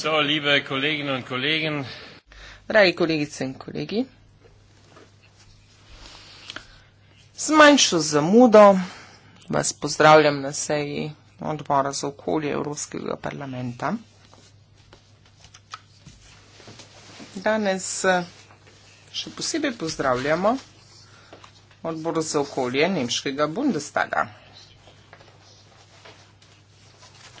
So, liebe Kolleginnen und Kollegen. Dragi kolegice in kolegi. Z manjšo zamudo vas pozdravljam na seji odbora za okolje Evropskega parlamenta. Danes še posebej pozdravljamo odbor za okolje Nemškega Bundestaga.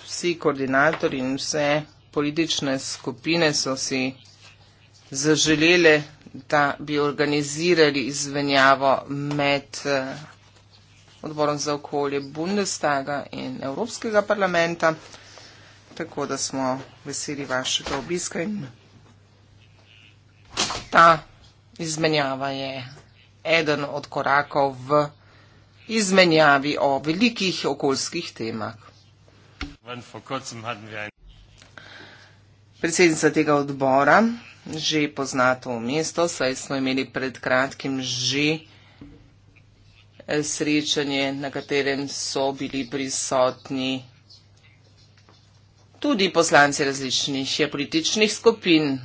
Vsi koordinatorji in vse politične skupine so si zaželele, da bi organizirali izvenjavo med eh, odborom za okolje Bundestaga in Evropskega parlamenta. Tako da smo veseli vašega obiska in ta izmenjava je eden od korakov v izmenjavi o velikih okoljskih temah. Vrn, predsednica tega odbora, že poznato v mesto, saj smo imeli pred kratkim že eh, srečanje, na katerem so bili prisotni tudi poslanci različnih političnih skupin,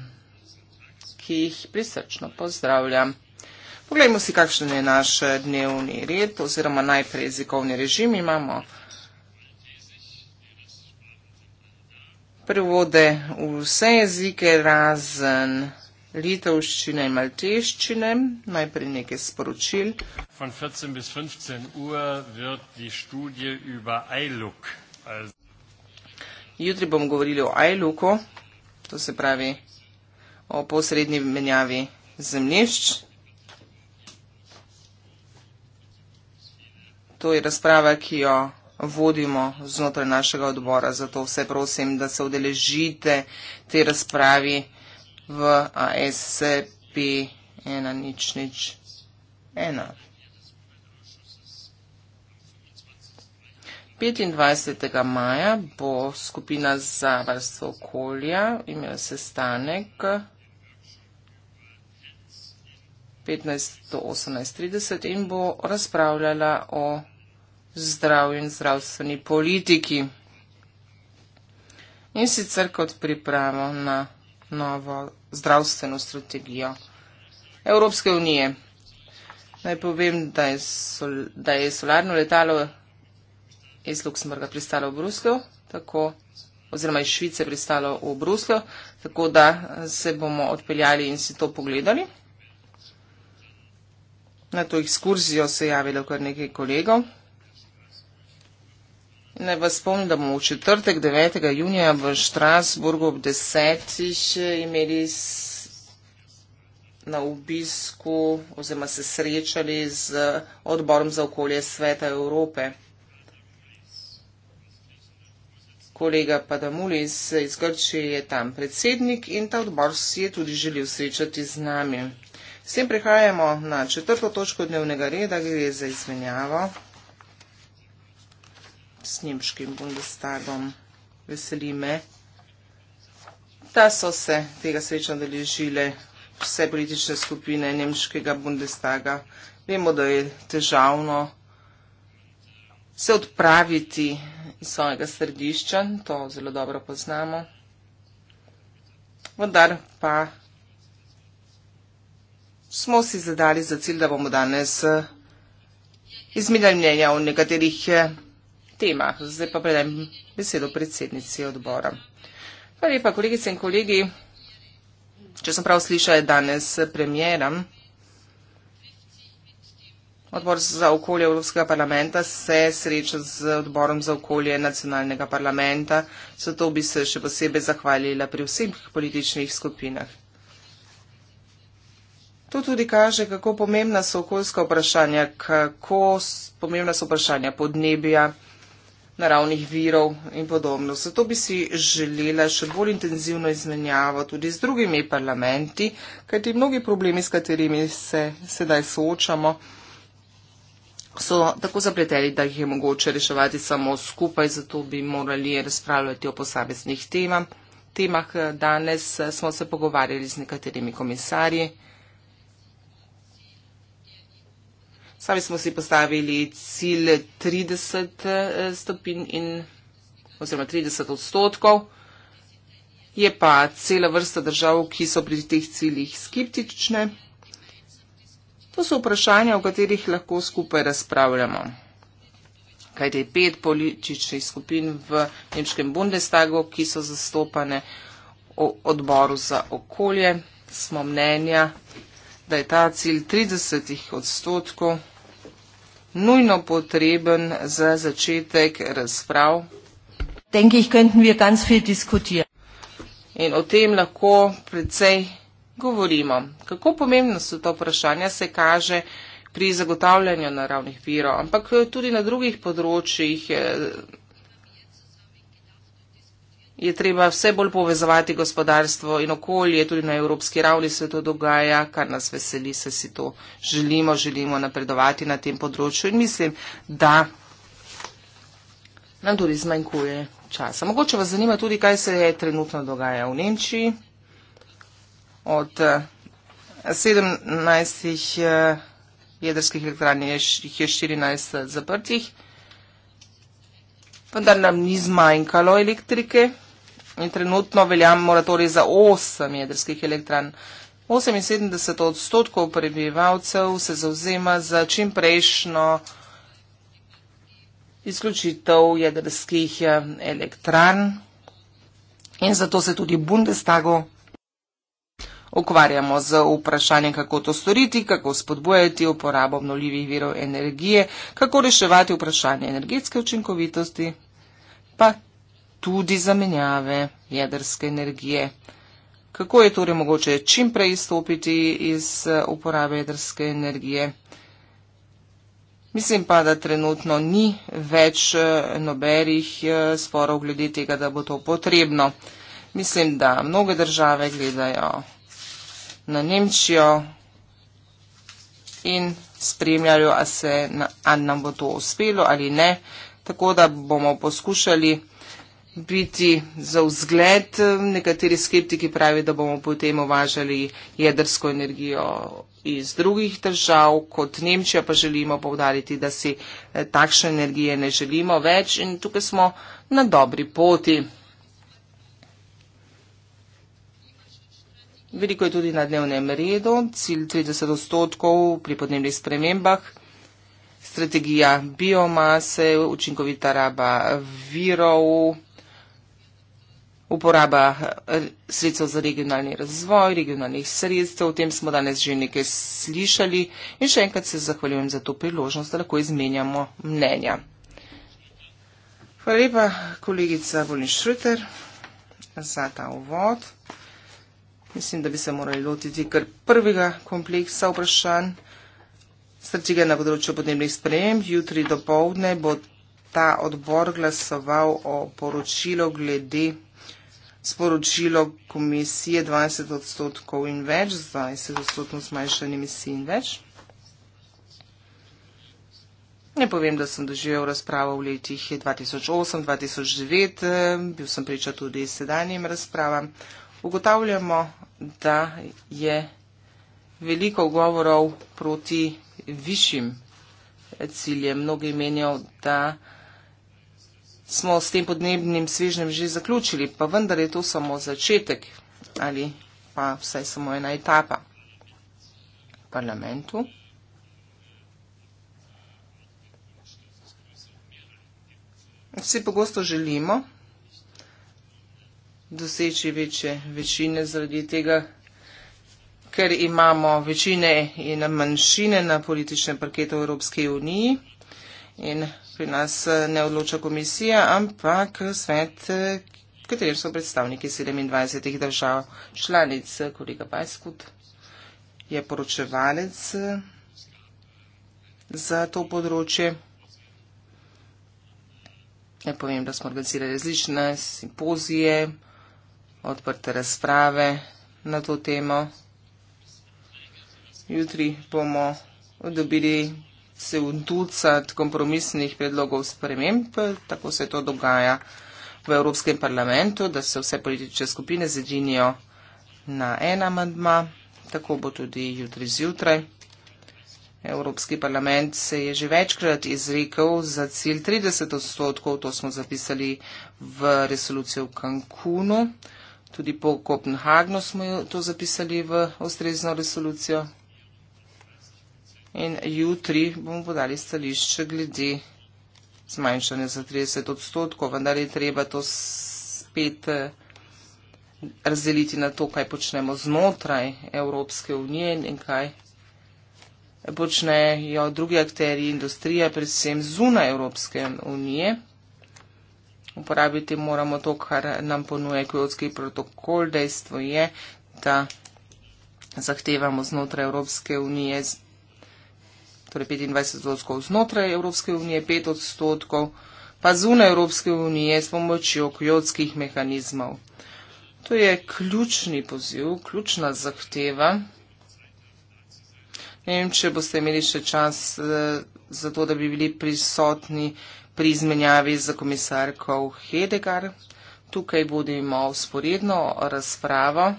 ki jih prisrčno pozdravljam. Poglejmo si, kakšen je naš dnevni red oziroma najprej jezikovni režim imamo. prevode v vse jezike razen litovščine in malteščine, najprej nekaj sporočil. Von 14 bis 15 Uhr wird die Studie über ILUK. Also Jutri bomo govorili o ILUKu, to se pravi o posrednji menjavi zemljišč. To je razprava, ki jo vodimo znotraj našega odbora. Zato vse prosim, da se odeležite te razpravi v ASCP 1001. 25. maja bo skupina za varstvo okolja imela sestanek 15.18.30 in bo razpravljala o zdrav in zdravstveni politiki. In sicer kot pripravo na novo zdravstveno strategijo Evropske unije. Naj povem, da je, sol, da je solarno letalo iz Luksemburga pristalo v Bruslju, tako, oziroma iz Švice pristalo v Bruslju, tako da se bomo odpeljali in si to pogledali. Na to ekskurzijo se je javilo kar nekaj kolegov. Naj vas spomnim, da bomo v četrtek 9. junija v Štrasburgu ob 10. imeli na obisku oziroma se srečali z odborom za okolje Sveta Evrope. Kolega Padamulis iz Grčije je tam predsednik in ta odbor si je tudi želel srečati z nami. S tem prehajamo na četrto točko dnevnega reda, gre za izmenjavo s nemškim bundestagom. Veseli me, da so se tega srečanja deležile vse politične skupine nemškega bundestaga. Vemo, da je težavno se odpraviti iz svojega središča, to zelo dobro poznamo. Vendar pa smo si zadali za cilj, da bomo danes izmenjali mnenja o nekaterih eh, tema. Zdaj pa predajem besedo predsednici odbora. Hvala lepa, kolegice in kolegi. Če sem prav slišala, je danes premjeram. Odbor za okolje Evropskega parlamenta se sreča z odborom za okolje nacionalnega parlamenta, zato bi se še posebej zahvalila pri vseh političnih skupinah. To tudi kaže, kako pomembna so okoljska vprašanja, kako pomembna so vprašanja podnebja, naravnih virov in podobno. Zato bi si želela še bolj intenzivno izmenjavo tudi z drugimi parlamenti, kajti mnogi problemi, s katerimi se sedaj soočamo, so tako zapleteni, da jih je mogoče reševati samo skupaj, zato bi morali razpravljati o posameznih temah. Eh, danes eh, smo se pogovarjali z nekaterimi komisarji. Sami smo si postavili cilj 30 eh, stopinj in oziroma 30 odstotkov. Je pa cela vrsta držav, ki so pri teh ciljih skeptične. To so vprašanja, o katerih lahko skupaj razpravljamo. Kaj te pet političnih skupin v Nemškem Bundestagu, ki so zastopane v odboru za okolje, smo mnenja, da je ta cilj 30 odstotkov nujno potreben za začetek razprav. Denke ich, könnten wir ganz viel diskutieren. In o tem lahko precej govorimo. Kako pomembno so to vprašanja, se kaže pri zagotavljanju naravnih virov, ampak tudi na drugih področjih. Eh, je treba vse bolj povezovati gospodarstvo in okolje, tudi na evropski ravni se to dogaja, kar nas veseli, se si to želimo, želimo napredovati na tem področju in mislim, da nam tudi zmanjkuje časa. Mogoče vas zanima tudi, kaj se je trenutno dogaja v Nemčiji. Od 17 eh, eh, jedrskih elektrarn je 14 eh, zaprtih. Vendar nam ni zmanjkalo elektrike, In trenutno veljam moratorij za 8 jedrskih elektran. 78 odstotkov prebivalcev se zauzema za čimprejšno izključitev jedrskih eh, elektran in zato se tudi Bundestagu ukvarjamo z vprašanjem, kako to storiti, kako spodbujati uporabo obnovljivih virov energije, kako reševati vprašanje energetske učinkovitosti, pa tudi zamenjave jedrske energije. Kako je torej mogoče čim prej izstopiti iz eh, uporabe jedrske energije? Mislim pa, da trenutno ni več eh, noberih eh, sporov glede tega, da bo to potrebno. Mislim, da mnoge države gledajo na Nemčijo in spremljajo, a, se, a nam bo to uspelo ali ne. Tako da bomo poskušali biti za vzgled. Nekateri skeptiki pravi, da bomo potem uvažali jedrsko energijo iz drugih držav, kot Nemčija pa želimo povdariti, da si eh, takšne energije ne želimo več in tukaj smo na dobri poti. Veliko je tudi na dnevnem redu, cilj 30 odstotkov pri podnebnih spremembah. Strategija biomase, učinkovita raba virov uporaba eh, sredstev za regionalni razvoj, regionalnih sredstev, o tem smo danes že nekaj slišali in še enkrat se zahvaljujem za to priložnost, da lahko izmenjamo mnenja. Hvala lepa, kolegica Volin Šruter, za ta uvod. Mislim, da bi se morali lotiti kar prvega kompleksa vprašanj. Strategija na področju podnebnih sprejem. Jutri do povdne bo ta odbor glasoval o poročilo glede sporočilo komisije 20 odstotkov in več, 20 odstotno zmanjšanje emisij in več. Ne povem, da sem doživel razpravo v letih 2008-2009, eh, bil sem priča tudi sedanjim razpravam. Ugotavljamo, da je veliko govorov proti višjim ciljem. Mnogi menijo, da smo s tem podnebnim svežnjem že zaključili, pa vendar je to samo začetek ali pa vsaj samo ena etapa v parlamentu. Vsi pogosto želimo doseči večje večine zaradi tega, ker imamo večine in manjšine na političnem parketu v Evropski uniji in pri nas eh, ne odloča komisija, ampak svet, eh, katerim so predstavniki 27 držav članic. Kolega Bajskut je poročevalec eh, za to področje. Ne ja, povem, da smo organizirali različne simpozije, odprte razprave na to temo. Jutri bomo dobili cel ducat kompromisnih predlogov sprememb, tako se to dogaja v Evropskem parlamentu, da se vse politične skupine zedinijo na en amandma, tako bo tudi jutri zjutraj. Evropski parlament se je že večkrat izrekel za cilj 30 odstotkov, to smo zapisali v resolucijo v Cancunu, tudi po Kopenhagnu smo to zapisali v ustrezno resolucijo. In jutri bomo podali stališče glede zmanjšanja za 30 odstotkov, vendar je treba to spet eh, razdeliti na to, kaj počnemo znotraj Evropske unije in kaj počnejo drugi akteri, industrija, predvsem zunaj Evropske unije. Uporabiti moramo to, kar nam ponuje kvotski protokol. Dejstvo je, da zahtevamo znotraj Evropske unije torej 25 odstotkov znotraj Evropske unije, 5 odstotkov pa zunaj Evropske unije s pomočjo kjotskih mehanizmov. To je ključni poziv, ključna zahteva. Ne vem, če boste imeli še čas eh, za to, da bi bili prisotni pri izmenjavi za komisarko Hedegar. Tukaj bodimo usporedno razpravo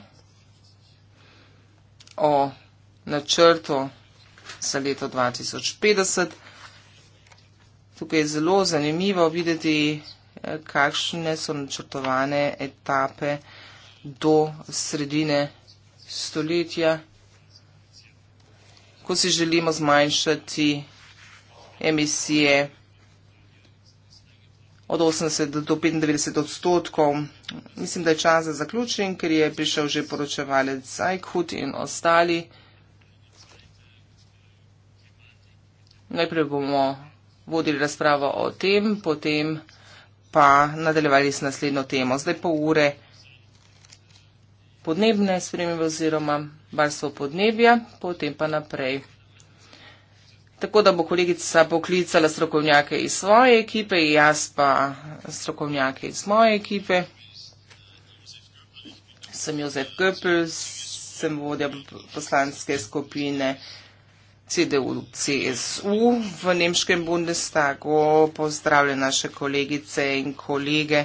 o načrtu za leto 2050. Tukaj je zelo zanimivo videti, eh, kakšne so načrtovane etape do sredine stoletja, ko si želimo zmanjšati emisije od 80 do 95 odstotkov. Mislim, da je čas za zaključen, ker je prišel že poročevalec Zajkhut in ostali. Najprej bomo vodili razpravo o tem, potem pa nadaljevali s naslednjo temo. Zdaj pol ure podnebne spremembe oziroma varstvo podnebja, potem pa naprej. Tako da bo kolegica poklicala strokovnjake iz svoje ekipe, jaz pa strokovnjake iz moje ekipe. Sem Jozef Göpel, sem vodja poslanske skupine CDU-CSU v Nemškem Bundestagu. Pozdravljam naše kolegice in kolege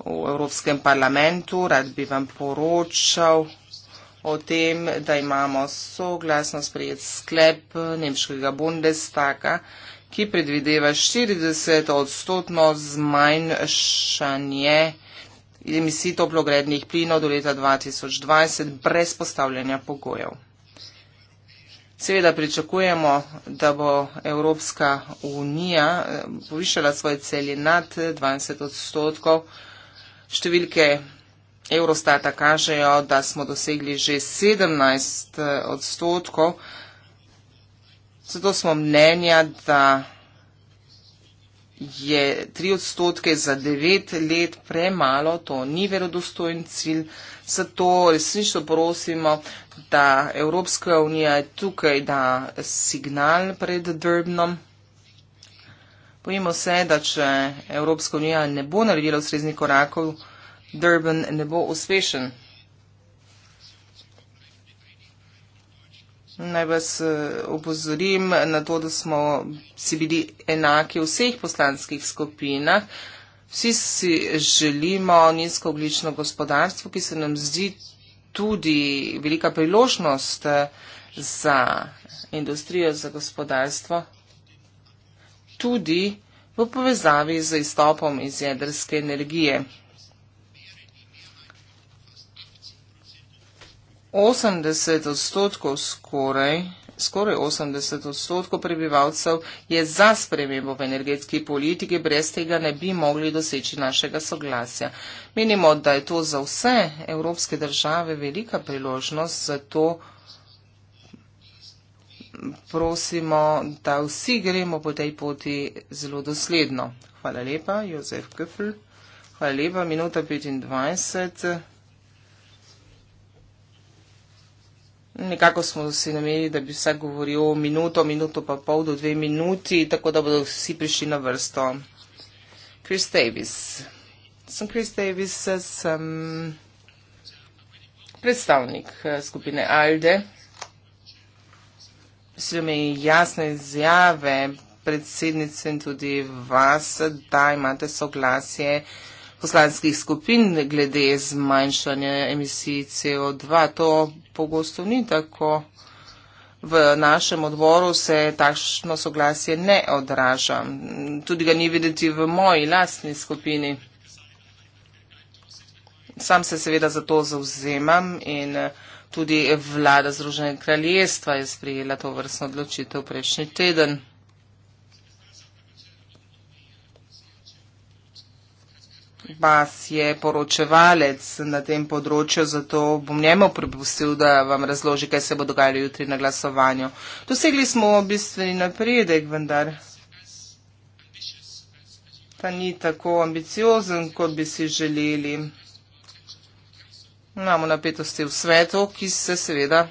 v Evropskem parlamentu. Rad bi vam poročal o tem, da imamo soglasno sprejet sklep Nemškega Bundestaga, ki predvideva 40 odstotno zmanjšanje emisij toplogrednih plinov do leta 2020 brez postavljanja pogojev. Seveda pričakujemo, da bo Evropska unija eh, povišala svoje celje nad 20 eh, odstotkov. Številke Eurostata kažejo, da smo dosegli že 17 eh, odstotkov. Zato smo mnenja, da je tri odstotke za devet let premalo, to ni verodostojen cilj, zato resnično prosimo, da Evropska unija je tukaj, da signal pred drbnom. Bojimo se, da če Evropska unija ne bo naredila ustreznih korakov, drben ne bo uspešen. Naj vas eh, opozorim na to, da smo si bili enaki v vseh poslanskih skupinah. Vsi si želimo nizkooglično gospodarstvo, ki se nam zdi tudi velika priložnost eh, za industrijo, za gospodarstvo, tudi v povezavi z izstopom iz jedrske energije. 80 odstotkov skoraj, skoraj 80 odstotkov prebivalcev je za spremembo v energetski politiki, brez tega ne bi mogli doseči našega soglasja. Menimo, da je to za vse evropske države velika priložnost, zato prosimo, da vsi gremo po tej poti zelo dosledno. Hvala lepa, Jozef Köfl. Hvala lepa, minuta 25. Nekako smo si namenili, da bi vsak govoril minuto, minuto pa pol do dve minuti, tako da bodo vsi prišli na vrsto. Chris Davis. Sem Chris Davis, sem predstavnik eh, skupine Alde. Mislim, da je jasne izjave predsednice in tudi vas, da imate soglasje poslanskih skupin glede zmanjšanja emisij CO2. To pogosto ni tako. V našem odboru se takšno soglasje ne odraža. Tudi ga ni videti v moji lastni skupini. Sam se seveda za to zauzemam in eh, tudi vlada Združenega kraljestva je sprijela to vrstno odločitev prejšnji teden. vas je poročevalec na tem področju, zato bom njemu pripustil, da vam razloži, kaj se bo dogajalo jutri na glasovanju. Dosegli smo bistveni napredek, vendar. Ta ni tako ambiciozen, kot bi si želeli. Imamo napetosti v svetu, ki se seveda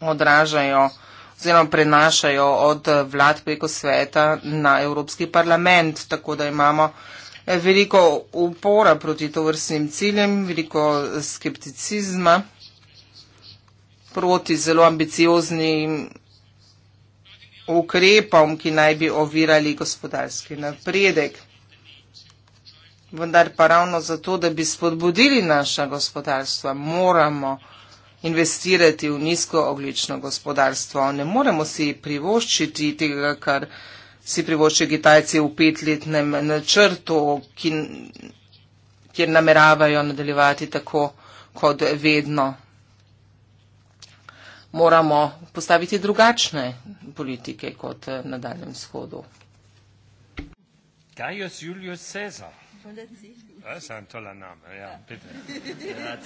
odražajo oziroma prenašajo od vlad preko sveta na Evropski parlament. Tako da imamo veliko upora proti tovrstnim ciljem, veliko skepticizma proti zelo ambicioznim ukrepom, ki naj bi ovirali gospodarski napredek. Vendar pa ravno zato, da bi spodbudili naša gospodarstva, moramo investirati v nizko oglično gospodarstvo. Ne moremo si privoščiti tega, kar si privoščijo Kitajci v petletnem načrtu, ki, kjer nameravajo nadaljevati tako kot vedno. Moramo postaviti drugačne politike kot na Daljem shodu. Gaius Julius Caesar. Name, ja, ja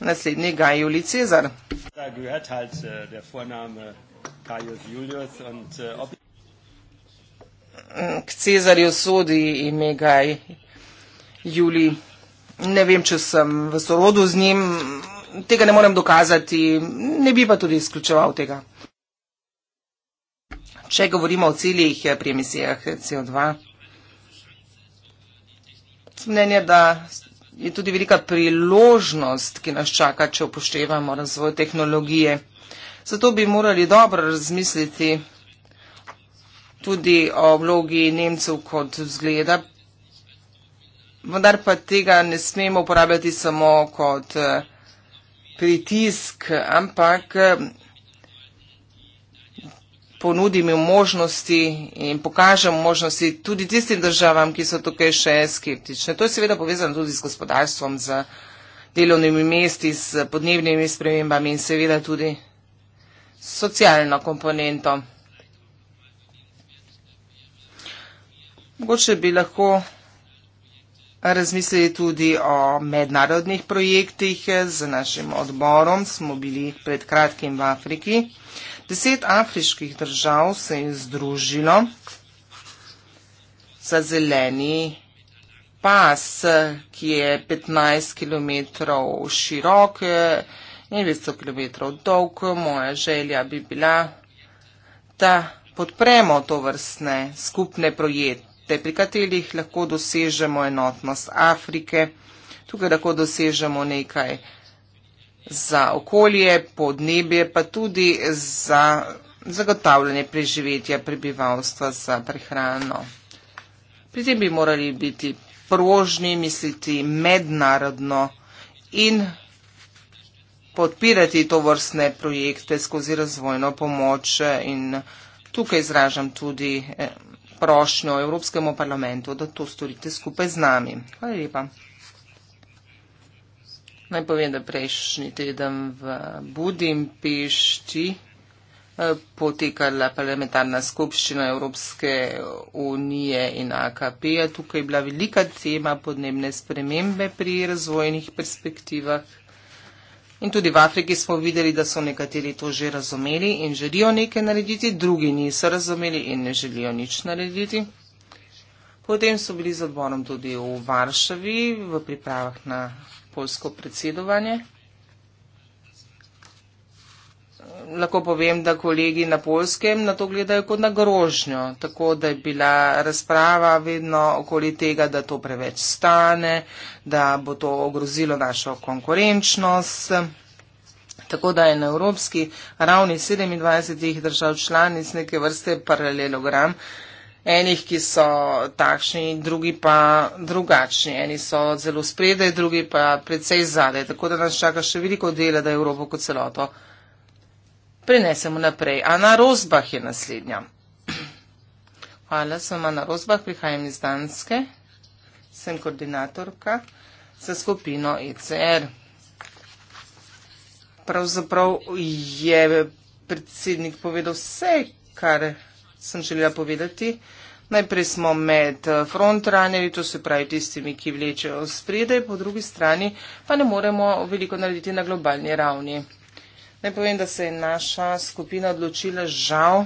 Naslednji Gaj Juli Cezar. Da, gehört halt äh, der Vorname Gaius Julius und äh, ob k Cezarju sodi ime Gaj Juli. Ne vem, če sem v sorodu z njim, tega ne morem dokazati, ne bi pa tudi izključeval tega. Če govorimo o ciljih eh, pri emisijah CO2, sem mnenja, da je tudi velika priložnost, ki nas čaka, če upoštevamo razvoj tehnologije. Zato bi morali dobro razmisliti, tudi o vlogi Nemcev kot zgleda, vendar pa tega ne smemo uporabljati samo kot eh, pritisk, ampak eh, ponudimo možnosti in pokažemo možnosti tudi tistim državam, ki so tukaj še skeptične. To je seveda povezano tudi z gospodarstvom, z delovnimi mesti, z podnebnimi spremembami in seveda tudi socialno komponento. Mogoče bi lahko razmislili tudi o mednarodnih projektih. Z našim odborom smo bili pred kratkim v Afriki. Deset afriških držav se je združilo za zeleni pas, ki je 15 km širok in 200 km dolg. Moja želja bi bila, da podpremo to vrstne skupne projekte te, pri katerih lahko dosežemo enotnost Afrike, tukaj lahko dosežemo nekaj za okolje, podnebje, pa tudi za zagotavljanje preživetja prebivalstva za prehrano. Pri tem bi morali biti prožni, misliti mednarodno in podpirati to vrstne projekte skozi razvojno pomoč in tukaj izražam tudi eh, prošnjo Evropskemu parlamentu, da to storite skupaj z nami. Hvala lepa. Naj povem, da prejšnji teden v Budimpešti eh, potekala parlamentarna skupščina Evropske unije in AKP. Tukaj je bila velika tema podnebne spremembe pri razvojnih perspektivah. In tudi v Afriki smo videli, da so nekateri to že razumeli in želijo nekaj narediti, drugi niso razumeli in ne želijo nič narediti. Potem so bili z odborom tudi v Varšavi v pripravah na polsko predsedovanje lahko povem, da kolegi na polskem na to gledajo kot na grožnjo, tako da je bila razprava vedno okoli tega, da to preveč stane, da bo to ogrozilo našo konkurenčnost. Tako da je na evropski ravni 27 držav članic neke vrste paralelogram. Enih, ki so takšni, drugi pa drugačni. Eni so zelo spredaj, drugi pa predvsej zadaj. Tako da nas čaka še veliko dela, da Evropo kot celoto prenesemo naprej. Ana Rozbah je naslednja. Hvala, sem Ana Rozbah, prihajam iz Danske, sem koordinatorka za skupino ECR. Pravzaprav je predsednik povedal vse, kar sem želela povedati. Najprej smo med eh, frontrunneri, to se pravi tistimi, ki vlečejo spredaj, po drugi strani pa ne moremo veliko narediti na globalni ravni. Naj povem, da se je naša skupina odločila žal,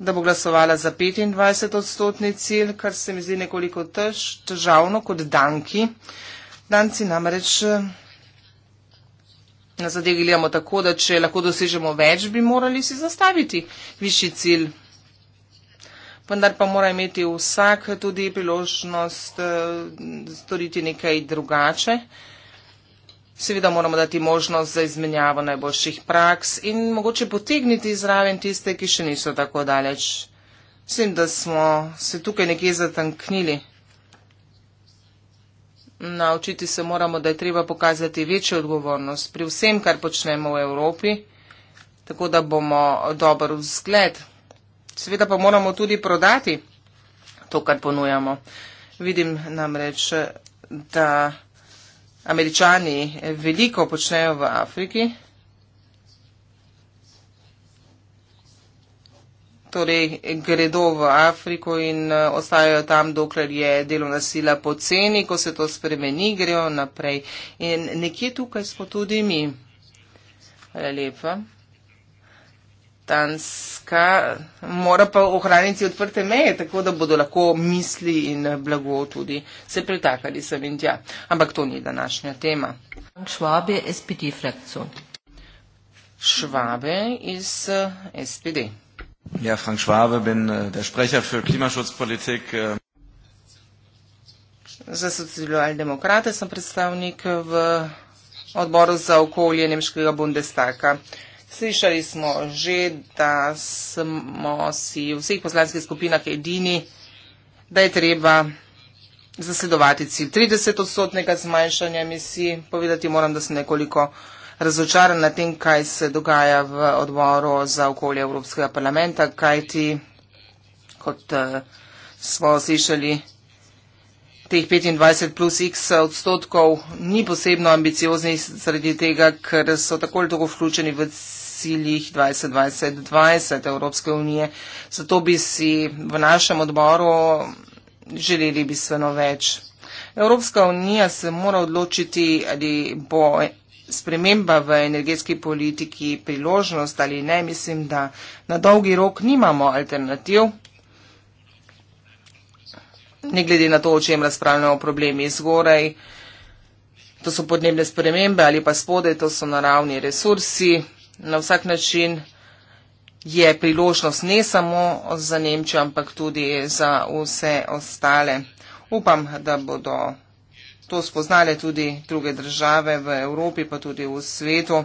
da bo glasovala za 25 odstotni cilj, kar se mi zdi nekoliko tež, težavno kot danki. Danci namreč eh, na zadevi gledamo tako, da če lahko dosežemo več, bi morali si zastaviti višji cilj. Vendar pa mora imeti vsak tudi priložnost eh, storiti nekaj drugače seveda moramo dati možnost za izmenjavo najboljših praks in mogoče potegniti zraven tiste, ki še niso tako daleč. Mislim, da smo se tukaj nekje zatanknili. Naučiti se moramo, da je treba pokazati večjo odgovornost pri vsem, kar počnemo v Evropi, tako da bomo dober vzgled. Seveda pa moramo tudi prodati to, kar ponujamo. Vidim namreč, da američani veliko počnejo v Afriki. Torej, gredo v Afriko in eh, ostajajo tam, dokler je delovna sila poceni, ko se to spremeni, grejo naprej. In nekje tukaj smo tudi mi. Hvala lepa britanska, mora pa ohraniti odprte meje, tako da bodo lahko misli in blago tudi se pritakali sem in tja. Ampak to ni današnja tema. Švabe SPD frakcijo. Švabe iz eh, SPD. Ja, Frank Švabe, bin äh, der Sprecher für Klimaschutzpolitik. Äh, za socialne demokrate sem predstavnik v odboru za okolje nemškega bundestaka. Slišali smo že, da smo si v vseh poslanskih skupinah edini, da je treba zasledovati cilj 30 odstotnega zmanjšanja emisij. Povedati moram, da sem nekoliko razočaran na tem, kaj se dogaja v odboru za okolje Evropskega parlamenta, kajti kot uh, smo slišali, teh 25 plus x odstotkov ni posebno ambicioznih zaradi tega, ker so tako ali tako vključeni v cilj ciljih 2020 Evropske unije. Zato bi si v našem odboru želeli bistveno več. Evropska unija se mora odločiti, ali bo sprememba v energetski politiki priložnost ali ne. Mislim, da na dolgi rok nimamo alternativ. Ne glede na to, o čem razpravljamo problemi zgoraj, to so podnebne spremembe ali pa spode, to so naravni resursi na vsak način je priložnost ne samo za Nemčijo, ampak tudi za vse ostale. Upam, da bodo to spoznale tudi druge države v Evropi, pa tudi v svetu.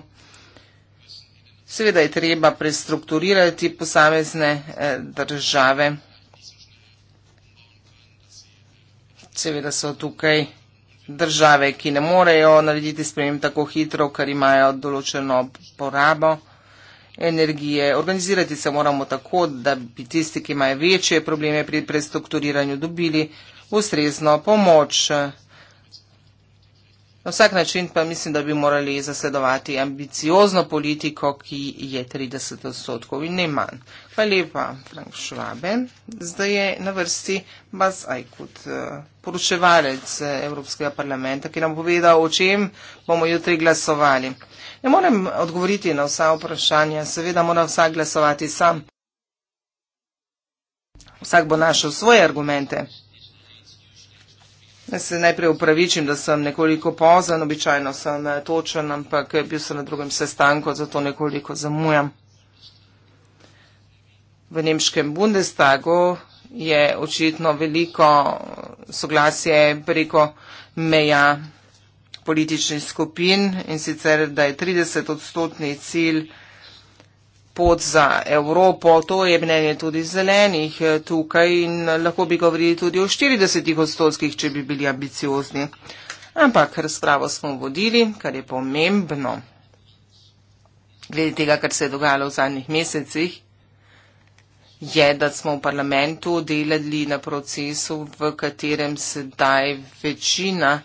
Seveda je treba prestrukturirati posamezne eh, države. Seveda so tukaj države, ki ne morejo narediti sprememb tako hitro, ker imajo določeno porabo energije. Organizirati se moramo tako, da bi tisti, ki imajo večje probleme pri prestrukturiranju, dobili ustrezno pomoč. Na vsak način pa mislim, da bi morali zasledovati ambiciozno politiko, ki je 30 odstotkov in ne manj. Hvala lepa, Frank Švabe. Zdaj je na vrsti Bas Ajkut, eh, poročevalec eh, Evropskega parlamenta, ki nam povedal, o čem bomo jutri glasovali. Ne morem odgovoriti na vsa vprašanja, seveda mora vsak glasovati sam. Vsak bo našel svoje argumente. Jaz se najprej upravičim, da sem nekoliko pozan, običajno sem eh, točen, ampak eh, bil sem na drugem sestanku, zato nekoliko zamujam. V nemškem Bundestagu je očitno veliko eh, soglasje preko meja političnih skupin in sicer, da je 30-odstotni cilj pot za Evropo, to je mnenje tudi zelenih eh, tukaj in lahko bi govorili tudi o 40 odstotkih, če bi bili ambiciozni. Ampak razpravo smo vodili, kar je pomembno, glede tega, kar se je dogajalo v zadnjih mesecih, je, da smo v parlamentu delali na procesu, v katerem sedaj večina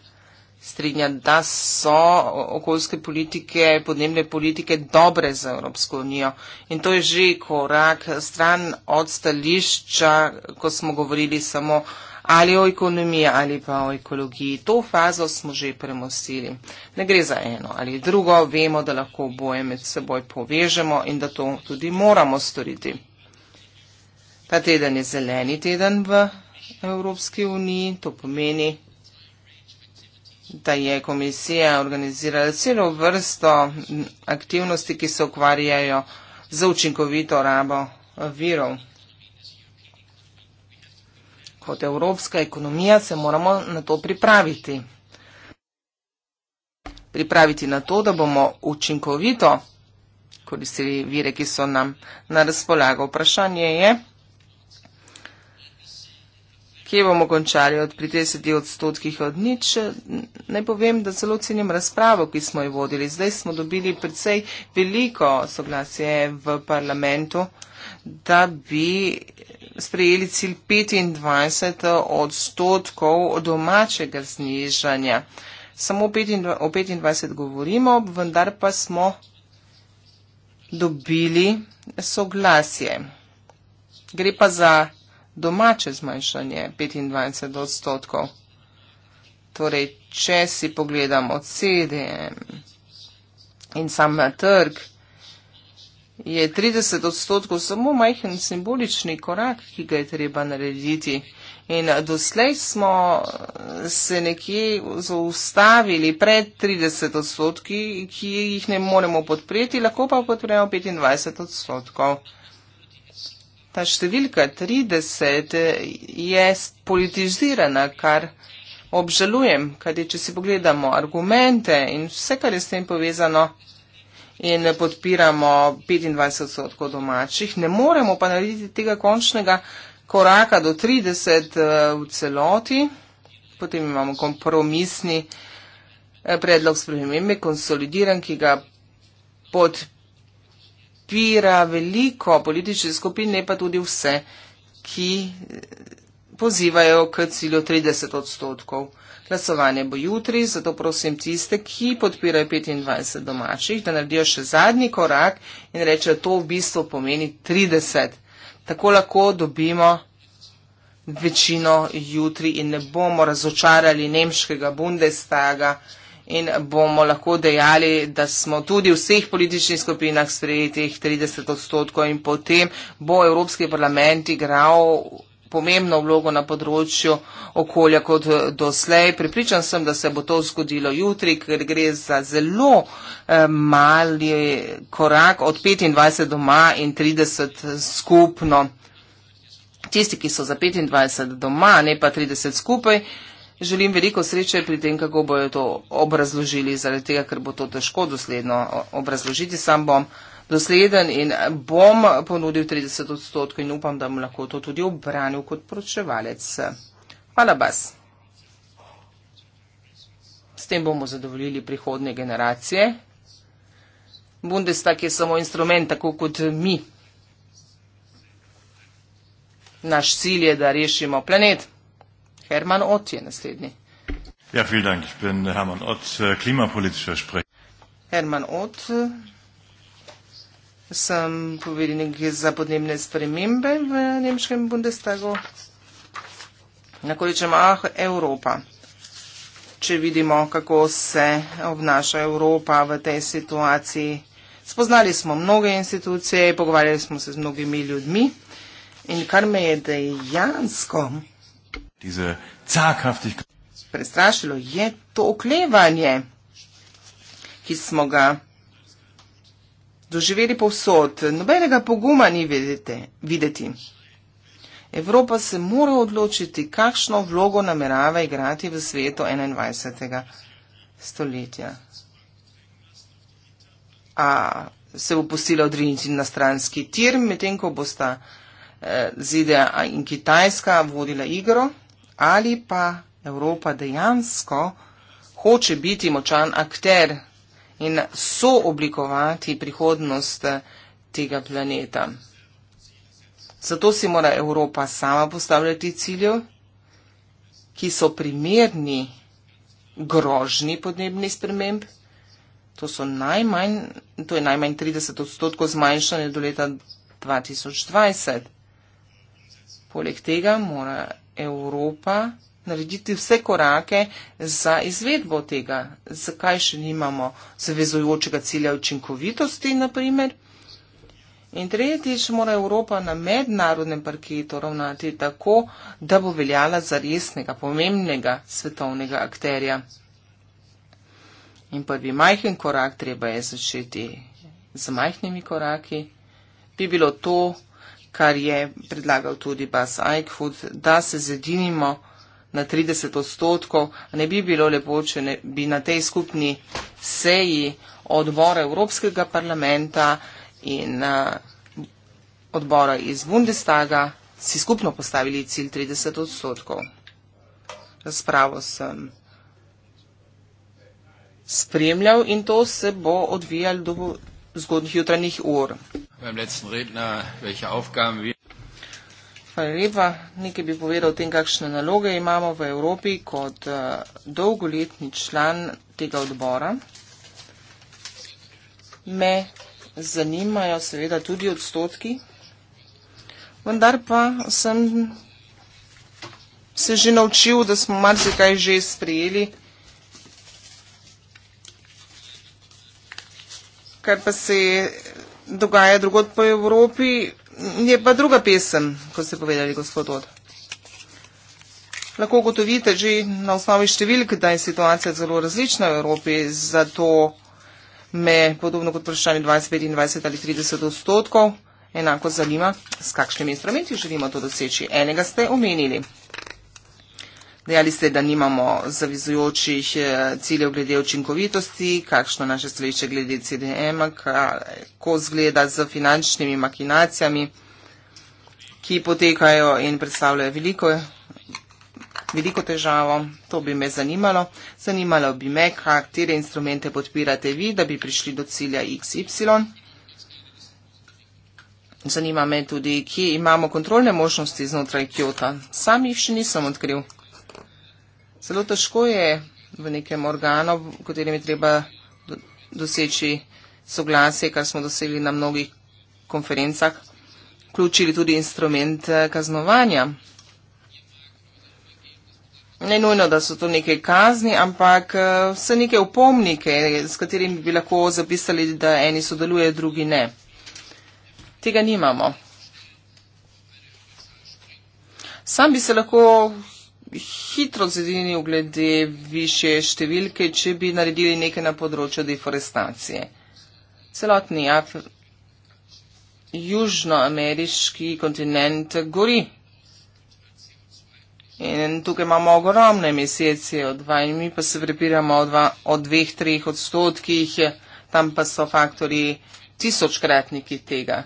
strinjati, da so okoljske politike, podnebne politike dobre za Evropsko unijo. In to je že korak stran od stališča, ko smo govorili samo ali o ekonomiji ali pa o ekologiji. To fazo smo že premostili. Ne gre za eno ali drugo, vemo, da lahko oboje med seboj povežemo in da to tudi moramo storiti. Ta teden je zeleni teden v Evropski uniji, to pomeni, da je komisija organizirala celo vrsto aktivnosti, ki se ukvarjajo za učinkovito rabo eh, virov. Kot evropska ekonomija se moramo na to pripraviti. Pripraviti na to, da bomo učinkovito koristili vire, ki so nam na razpolago. Vprašanje je. Kje bomo končali od pri 30 odstotkih od nič? Ne povem, da zelo cenim razpravo, ki smo jo vodili. Zdaj smo dobili predvsej veliko soglasje v parlamentu, da bi sprejeli cilj 25 odstotkov domačega znižanja. Samo o 25 govorimo, vendar pa smo dobili soglasje. Gre pa za domače zmanjšanje 25 odstotkov. Torej, če si pogledamo CDM in sam na trg, je 30 odstotkov samo majhen simbolični korak, ki ga je treba narediti. In doslej smo eh, se nekje zaustavili pred 30 odstotki, ki jih ne moremo podpreti, lahko pa podpremo 25 odstotkov. Ta številka 30 je politizirana, kar obžalujem, kajti če si pogledamo argumente in vse, kar je s tem povezano in podpiramo 25 odstotkov domačih, ne moremo pa narediti tega končnega koraka do 30 eh, v celoti, potem imamo kompromisni eh, predlog spremembe, konsolidiran, ki ga podpiramo podpira veliko političnih skupin, ne pa tudi vse, ki pozivajo k cilju 30 odstotkov. Glasovanje bo jutri, zato prosim tiste, ki podpirajo 25 domačih, da naredijo še zadnji korak in rečejo, to v bistvu pomeni 30. Tako lahko dobimo večino jutri in ne bomo razočarali nemškega bundestaga in bomo lahko dejali, da smo tudi v vseh političnih skupinah sprejetih 30 odstotkov in potem bo Evropski parlament igral pomembno vlogo na področju okolja kot doslej. Pripričan sem, da se bo to zgodilo jutri, ker gre za zelo eh, mali korak od 25 doma in 30 skupno. Tisti, ki so za 25 doma, ne pa 30 skupaj, eh, Želim veliko sreče pri tem, kako bojo to obrazložili, zaradi tega, ker bo to težko dosledno obrazložiti. Sam bom dosleden in bom ponudil 30 odstotkov in upam, da bom lahko to tudi obranil kot poročevalec. Hvala vas. S tem bomo zadovoljili prihodne generacije. Bundestag je samo instrument, tako kot mi. Naš cilj je, da rešimo planet. Hermann Ott je naslednji. Ja, vielen Dank. Ich bin Hermann Ott, äh, klimapolitischer Sprecher. Hermann Ott, sem povednik za podnebne spremembe v Nemškem Bundestagu. Na količem, ah, Evropa. Če vidimo, kako se obnaša Evropa v tej situaciji. Spoznali smo mnoge institucije, pogovarjali smo se z mnogimi ljudmi in kar me je dejansko diese Zaghaftigkeit. Prestrašilo je to oklevanje, ki smo ga doživeli povsod. Nobenega poguma ni videti. videti. Evropa se mora odločiti, kakšno vlogo namerava igrati v svetu 21. stoletja. A se bo pustila odriniti na stranski tir, medtem ko bosta eh, ZDA in Kitajska vodila igro ali pa Evropa dejansko hoče biti močan akter in sooblikovati prihodnost tega planeta. Zato si mora Evropa sama postavljati cilje, ki so primerni grožni podnebni sprememb. To, najmanj, to je najmanj 30 odstotkov zmanjšanje do leta 2020. Poleg tega mora Evropa narediti vse korake za izvedbo tega. Zakaj še nimamo zavezujočega cilja učinkovitosti, naprimer? In tretjič, mora Evropa na mednarodnem parketu ravnati tako, da bo veljala za resnega, pomembnega svetovnega akterja. In prvi majhen korak treba je začeti z majhnimi koraki. Bi bilo to kar je predlagal tudi Bas Eichhut, da se zedinimo na 30 odstotkov. Ne bi bilo lepo, če ne, bi na tej skupni seji odbora Evropskega parlamenta in uh, odbora iz Bundestaga si skupno postavili cilj 30 odstotkov. Razpravo sem spremljal in to se bo odvijalo do zgodnih jutranjih ur beim letzten Redner, welche Aufgaben wir. Hvala lepa. Nekaj bi povedal o tem, kakšne naloge imamo v Evropi kot uh, dolgoletni član tega odbora. Me zanimajo seveda tudi odstotki, vendar pa sem se že naučil, da smo marsikaj že sprejeli, kar pa se je dogaja drugot po Evropi, je pa druga pesem, kot ste povedali, gospod Od. Lahko gotovite že na osnovi številk, da je situacija zelo različna v Evropi, zato me podobno kot vprašanje 25, 25 ali 30 odstotkov enako zanima, s kakšnimi instrumenti želimo to doseči. Enega ste omenili. Dejali ste, da nimamo zavizujočih eh, ciljev glede učinkovitosti, kakšno naše stališče glede CDM, kako zgleda z finančnimi makinacijami, ki potekajo in predstavljajo veliko, veliko težavo. To bi me zanimalo. Zanimalo bi me, katere instrumente podpirate vi, da bi prišli do cilja XY. Zanima me tudi, kje imamo kontrolne možnosti znotraj Kyoto. Sam jih še nisem odkril zelo težko je v nekem organu, v katerem je treba doseči soglasje, kar smo dosegli na mnogih konferencah, vključili tudi instrument eh, kaznovanja. Ne nujno, da so to neke kazni, ampak eh, so neke upomnike, s katerimi bi lahko zapisali, da eni sodelujejo, drugi ne. Tega nimamo. Sam bi se lahko hitro zedinil glede više številke, če bi naredili nekaj na področju deforestacije. Celotni Af južnoameriški kontinent gori. In tukaj imamo ogromne emisije CO2 in mi pa se prepiramo o, dva, o dveh, treh odstotkih, tam pa so faktori tisočkratniki tega.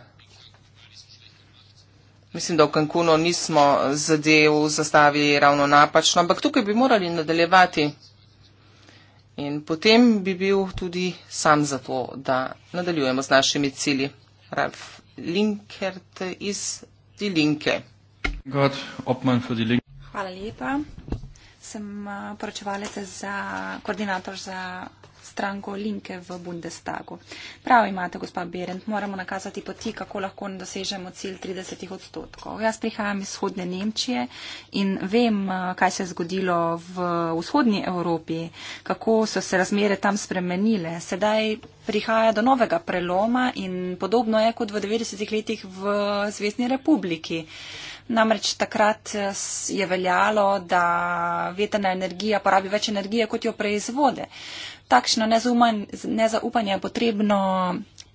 Mislim, da v Cancunu nismo zadev zastavili ravno napačno, ampak tukaj bi morali nadaljevati. In potem bi bil tudi sam za to, da nadaljujemo z našimi cili. Ralf Linkert iz Die Linke. God, für die Linke. Hvala lepa. Sem eh, poročevalec za koordinator za stranko Linke v Bundestagu. Prav imate, gospa Berend, moramo nakazati poti, kako lahko dosežemo cilj 30 odstotkov. Jaz prihajam iz vzhodne Nemčije in vem, eh, kaj se je zgodilo v vzhodni Evropi, kako so se razmere tam spremenile. Sedaj prihaja do novega preloma in podobno je kot v 90. letih v Zvezdni republiki. Namreč takrat eh, je veljalo, da vetrna energija porabi več energije, kot jo proizvode. Uh, takšno nezuman, nezaupanje je potrebno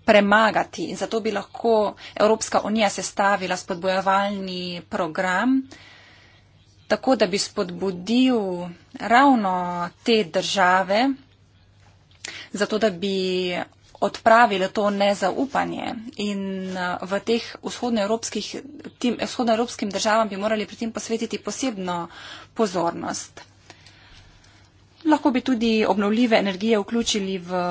premagati in zato bi lahko Evropska unija sestavila spodbojevalni program, tako da bi spodbudil ravno te države, zato da bi odpravile to nezaupanje in eh, v teh vzhodnoevropskih državam bi morali pri tem posvetiti posebno pozornost. Lahko bi tudi obnovljive energije vključili v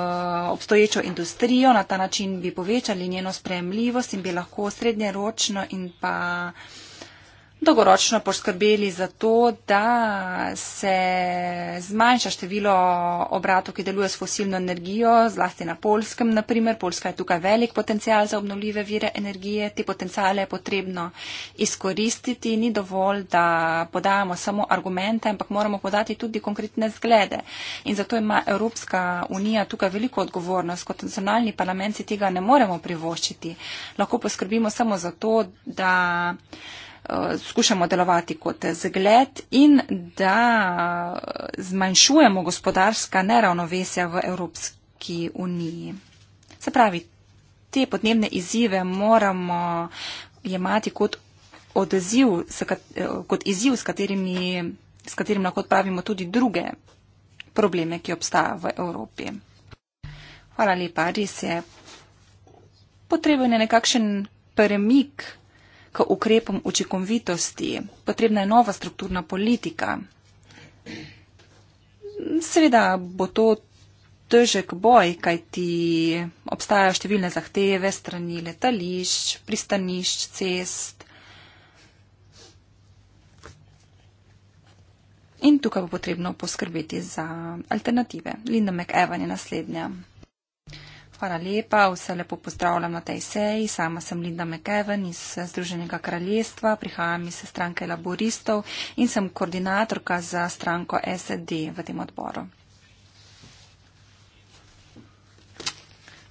obstoječo industrijo, na ta način bi povečali njeno spremljivost in bi lahko srednjeročno in pa dolgoročno poskrbeli za to, da se zmanjša število obratov, ki deluje s fosilno energijo, zlasti na Polskem, naprimer. Polska je tukaj velik potencial za obnovljive vire energije. Te potencijale je potrebno izkoristiti. Ni dovolj, da podajamo samo argumente, ampak moramo podati tudi konkretne zglede. In zato ima Evropska unija tukaj veliko odgovornost. Kot nacionalni parlamenti tega ne moremo privoščiti. Lahko poskrbimo samo za to, da skušamo delovati kot zgled in da zmanjšujemo gospodarska neravnovesja v Evropski uniji. Se pravi, te podnebne izzive moramo jemati kot odziv, kot izziv, s, katerimi, s katerim lahko odpravimo tudi druge probleme, ki obstajajo v Evropi. Hvala lepa, res je. Potreben je nekakšen premik k ukrepom učinkovitosti. Potrebna je nova strukturna politika. Seveda bo to težek boj, kaj ti obstajajo številne zahteve strani letališč, pristanišč, cest. In tukaj bo potrebno poskrbeti za alternative. Linda McEwan je naslednja. Hvala lepa, vse lepo pozdravljam na tej seji. Sama sem Linda McEwen iz Združenega kraljestva, prihajam iz stranke laboristov in sem koordinatorka za stranko SED v tem odboru.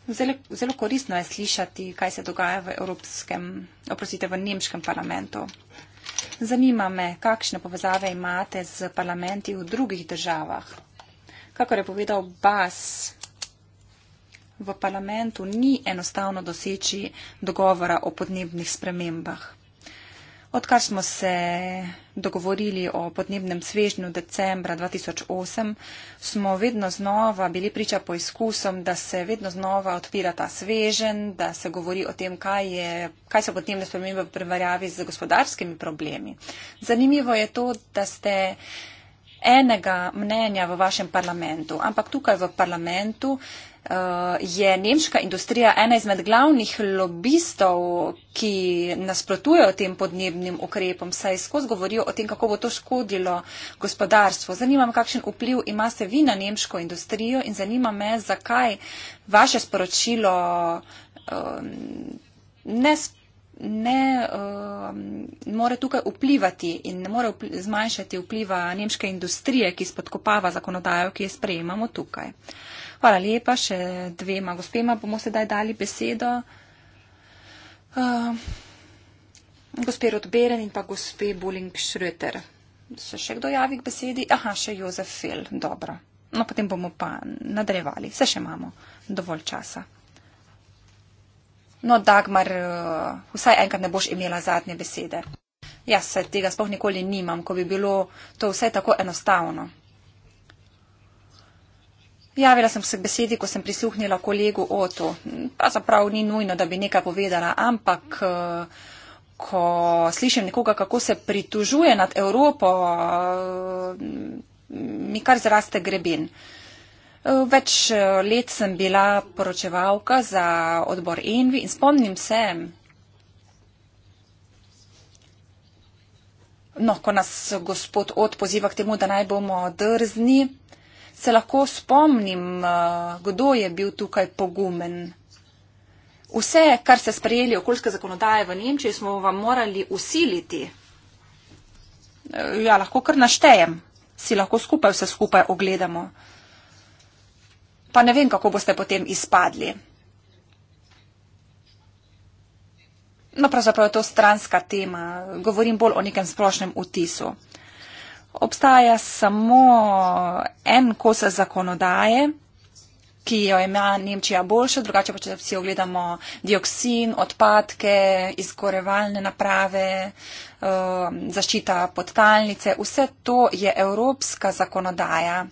Zelo, zelo koristno je slišati, kaj se dogaja v Evropskem, oprostite, v Nemškem parlamentu. Zanima me, kakšne povezave imate z parlamenti v drugih državah. Kakor je povedal Bas, v parlamentu ni enostavno doseči dogovora o podnebnih spremembah. Odkar smo se dogovorili o podnebnem svežnju decembra 2008, smo vedno znova bili priča po izkusom, da se vedno znova odpira ta svežen, da se govori o tem, kaj, je, kaj so podnebne spremembe v prevarjavi z gospodarskimi problemi. Zanimivo je to, da ste enega mnenja v vašem parlamentu, ampak tukaj v parlamentu eh, je nemška industrija ena izmed glavnih lobistov, ki nasprotujejo tem podnebnim ukrepom, saj skozi govorijo o tem, kako bo to škodilo gospodarstvo. Zanima me, kakšen vpliv imate vi na nemško industrijo in zanima me, zakaj vaše sporočilo um, ne sporočilo ne uh, more tukaj vplivati in ne more upl zmanjšati vpliva nemške industrije, ki spodkopava zakonodajo, ki jo sprejemamo tukaj. Hvala lepa še dvema gospema. Bomo sedaj dali besedo uh, gospe Rodberen in pa gospe Bulling-Schröter. Se še kdo javi k besedi? Aha, še Jozef Fell. Dobro. No, potem bomo pa nadaljevali. Se še imamo dovolj časa. No, Dagmar, eh, vsaj enkrat ne boš imela zadnje besede. Jaz se tega sploh nikoli nimam, ko bi bilo to vse tako enostavno. Javila sem se k besedi, ko sem prisluhnila kolegu Otu. Pravzaprav ni nujno, da bi nekaj povedala, ampak eh, ko slišim nekoga, kako se pritožuje nad Evropo, eh, mi kar zraste greben. Eh, več eh, let sem bila poročevalka za odbor Envi in spomnim se, no, ko nas gospod Od poziva k temu, da naj bomo drzni, se lahko spomnim, eh, kdo je bil tukaj pogumen. Vse, kar ste sprejeli okoljske zakonodaje v Nemčiji, smo vam morali usiliti. Ja, lahko kar naštejem, si lahko skupaj vse skupaj ogledamo pa ne vem, kako boste potem izpadli. No, pravzaprav je to stranska tema, govorim bolj o nekem splošnem vtisu. Obstaja samo en kos zakonodaje, ki jo ima Nemčija boljša, drugače pa če si ogledamo dioksin, odpadke, izgorevalne naprave, eh, zaščita podtalnice, vse to je evropska zakonodaja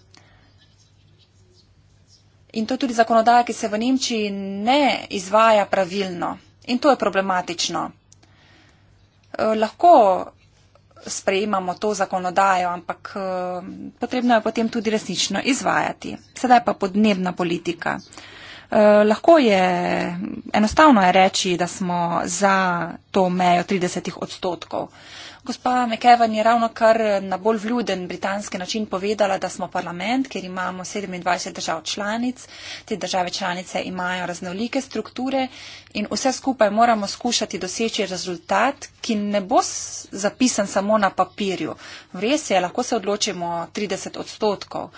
in to je tudi zakonodaja, ki se v Nemčiji ne izvaja pravilno in to je problematično. Eh, lahko sprejemamo to zakonodajo, ampak eh, potrebno je potem tudi resnično izvajati. Sedaj pa podnebna politika. Eh, lahko je, enostavno je reči, da smo za to mejo 30 odstotkov. Gospa McEwan je ravno kar na bolj vljuden britanski način povedala, da smo parlament, ker imamo 27 držav članic. Te države članice imajo raznolike strukture in vse skupaj moramo skušati doseči rezultat, ki ne bo zapisan samo na papirju. V res je, lahko se odločimo 30 odstotkov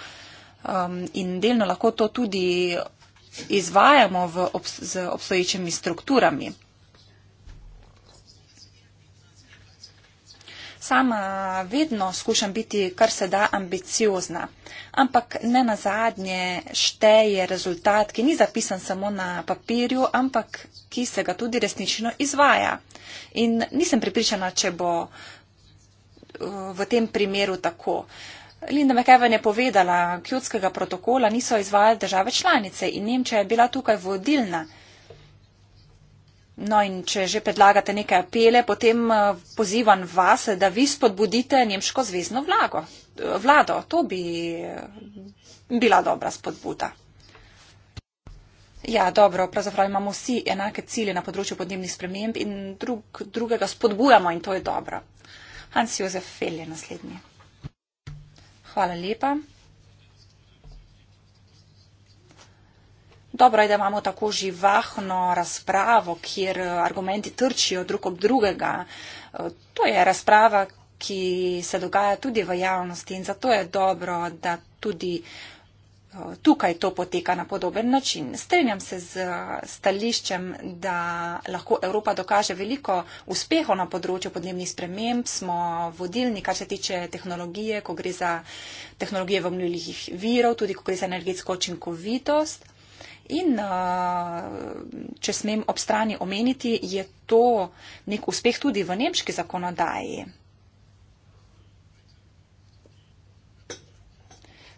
um, in delno lahko to tudi izvajamo ob, z obstoječimi strukturami. sama vedno skušam biti kar se da ambiciozna. Ampak ne na zadnje šteje rezultat, ki ni zapisan samo na papirju, ampak ki se ga tudi resnično izvaja. In nisem pripričana, če bo eh, v tem primeru tako. Linda McEwen je povedala, kjotskega protokola niso izvajali države članice in Nemčija je bila tukaj vodilna. No in če že predlagate neke apele, potem eh, pozivam vas, da vi spodbudite nemško zvezdno vlago. Eh, vlado. To bi eh, bila dobra spodbuda. Ja, dobro, pravzaprav imamo vsi enake cilje na področju podnebnih sprememb in drug, drugega spodbujamo in to je dobro. Hans Josef Fel je naslednji. Hvala lepa. Dobro je, da imamo tako živahno razpravo, kjer eh, argumenti trčijo drug ob drugega. Eh, to je razprava, ki se dogaja tudi v javnosti in zato je dobro, da tudi eh, tukaj to poteka na podoben način. Strenjam se z stališčem, da lahko Evropa dokaže veliko uspehov na področju podnebnih sprememb. Smo vodilni, kar se tiče tehnologije, ko gre za tehnologije v mnilih virov, tudi ko gre za energetsko očinkovitost. In uh, če smem ob strani omeniti, je to nek uspeh tudi v nemški zakonodaji.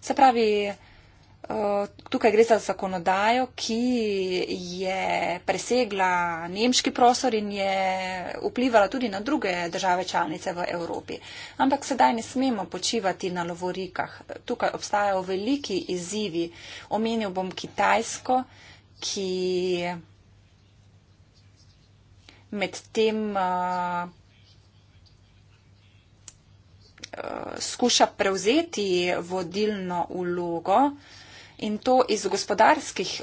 Se pravi, tukaj gre za zakonodajo, ki je presegla nemški prostor in je vplivala tudi na druge države članice v Evropi. Ampak sedaj ne smemo počivati na lovorikah. Tukaj obstajajo veliki izzivi. Omenil bom Kitajsko, ki med tem. Uh, eh, eh, skuša prevzeti vodilno ulogo uh, in to iz gospodarskih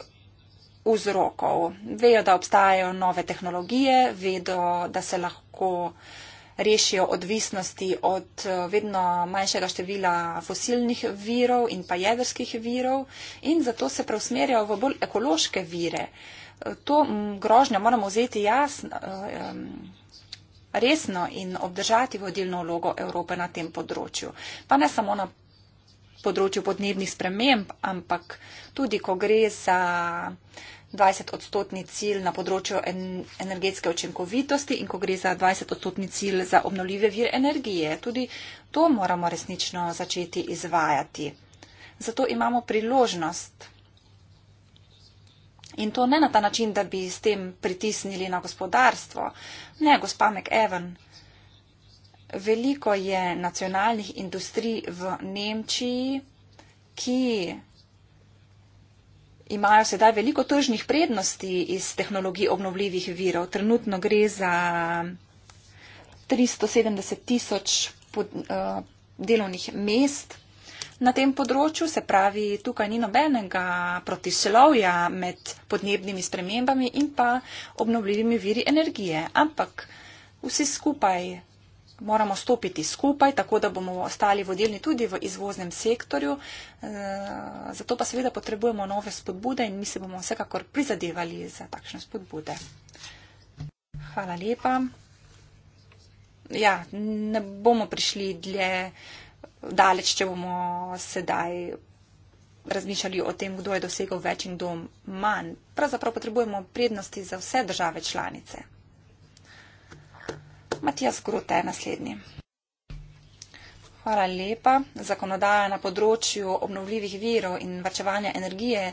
vzrokov. Vejo, da obstajajo nove tehnologije, vedo, da se lahko rešijo odvisnosti od eh, vedno manjšega števila fosilnih virov in pa jedrskih virov in zato se preusmerjajo v bolj ekološke vire. Eh, to grožnjo moramo vzeti jasno, eh, resno in obdržati vodilno vlogo Evrope na tem področju. Pa ne samo na področju podnebnih sprememb, ampak tudi, ko gre za 20-odstotni cilj na področju en energetske učinkovitosti in ko gre za 20-odstotni cilj za obnovljive vir energije. Tudi to moramo resnično začeti izvajati. Zato imamo priložnost. In to ne na ta način, da bi s tem pritisnili na gospodarstvo. Ne, gospa McEwan, veliko je nacionalnih industrij v Nemčiji, ki imajo sedaj veliko tržnih prednosti iz tehnologij obnovljivih virov. Trenutno gre za 370 tisoč eh, delovnih mest na tem področju, se pravi, tukaj ni nobenega protislovja med podnebnimi spremembami in pa obnovljivimi viri energije. Ampak vsi skupaj moramo stopiti skupaj, tako da bomo ostali vodilni tudi v izvoznem sektorju. Eh, zato pa seveda potrebujemo nove spodbude in mi se bomo vsekakor prizadevali za takšne spodbude. Hvala lepa. Ja, ne bomo prišli dlje daleč, če bomo sedaj razmišljali o tem, kdo je dosegal več in kdo manj. Pravzaprav potrebujemo prednosti za vse države članice. Matijas Grote je naslednji. Hvala lepa. Zakonodaja na področju obnovljivih virov in vrčevanja energije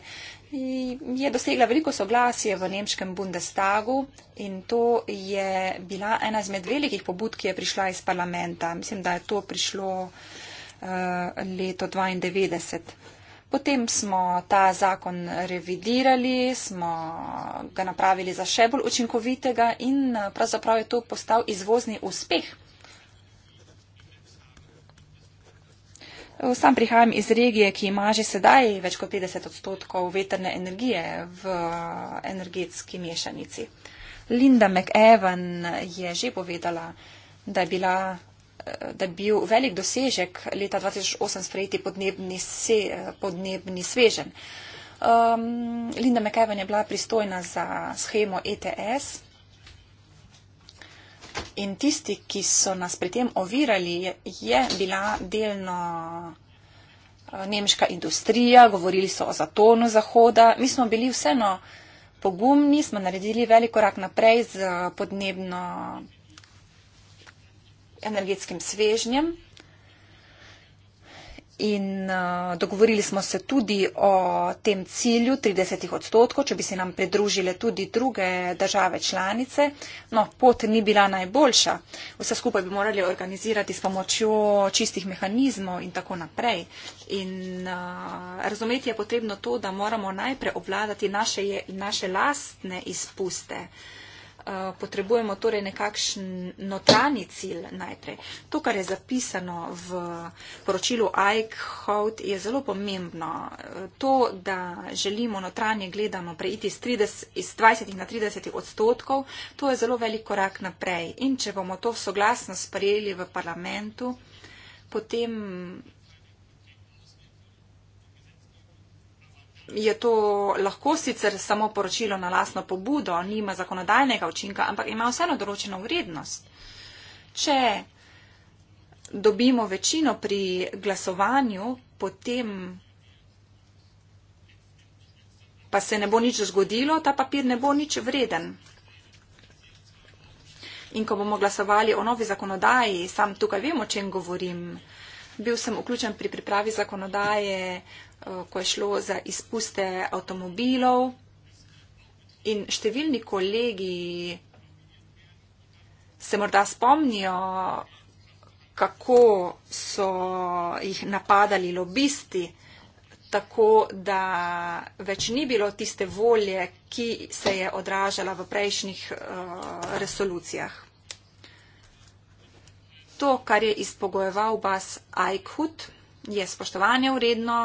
je dosegla veliko soglasje v nemškem Bundestagu in to je bila ena izmed velikih pobud, ki je prišla iz parlamenta. Mislim, da je to prišlo uh, leto 1992. Potem smo ta zakon revidirali, smo ga napravili za še bolj učinkovitega in eh, pravzaprav je to postal izvozni uspeh. Eh, sam prihajam iz regije, ki ima že sedaj več kot 50 odstotkov veterne energije v eh, energetski mešanici. Linda McEwan je že povedala, da je bila da bi bil velik dosežek leta 2008 sprejeti podnebni, se, podnebni svežen. Um, Linda McEwen je bila pristojna za schemo ETS in tisti, ki so nas pri tem ovirali, je bila delno uh, nemška industrija, govorili so o zatonu Zahoda. Mi smo bili vseeno pogumni, smo naredili velik korak naprej z podnebno energetskim svežnjem. In uh, dogovorili smo se tudi o tem cilju 30 odstotkov, če bi se nam pridružile tudi druge države članice. No, pot ni bila najboljša. Vse skupaj bi morali organizirati s pomočjo čistih mehanizmov in tako naprej. In uh, razumeti je potrebno to, da moramo najprej obvladati naše, naše lastne izpuste. Uh, Eh, potrebujemo torej nekakšen notranji cilj najprej. To, kar je zapisano v poročilu Eichhout, je zelo pomembno. Eh, to, da želimo notranje gledano preiti iz, 30, iz 20 na 30 odstotkov, to je zelo velik korak naprej. In če bomo to soglasno sprejeli v parlamentu, potem je to lahko sicer samo poročilo na lasno pobudo, nima zakonodajnega učinka, ampak ima vseeno določeno vrednost. Če dobimo večino pri glasovanju, potem pa se ne bo nič zgodilo, ta papir ne bo nič vreden. In ko bomo glasovali o novi zakonodaji, sam tukaj vemo, o čem govorim. Bil sem vključen pri pripravi zakonodaje Eh, ko je šlo za izpuste avtomobilov in številni kolegi se morda spomnijo, kako so jih napadali lobisti, tako da več ni bilo tiste volje, ki se je odražala v prejšnjih uh, resolucijah. To, kar je izpogojeval bas Eichhut, je spoštovanje vredno.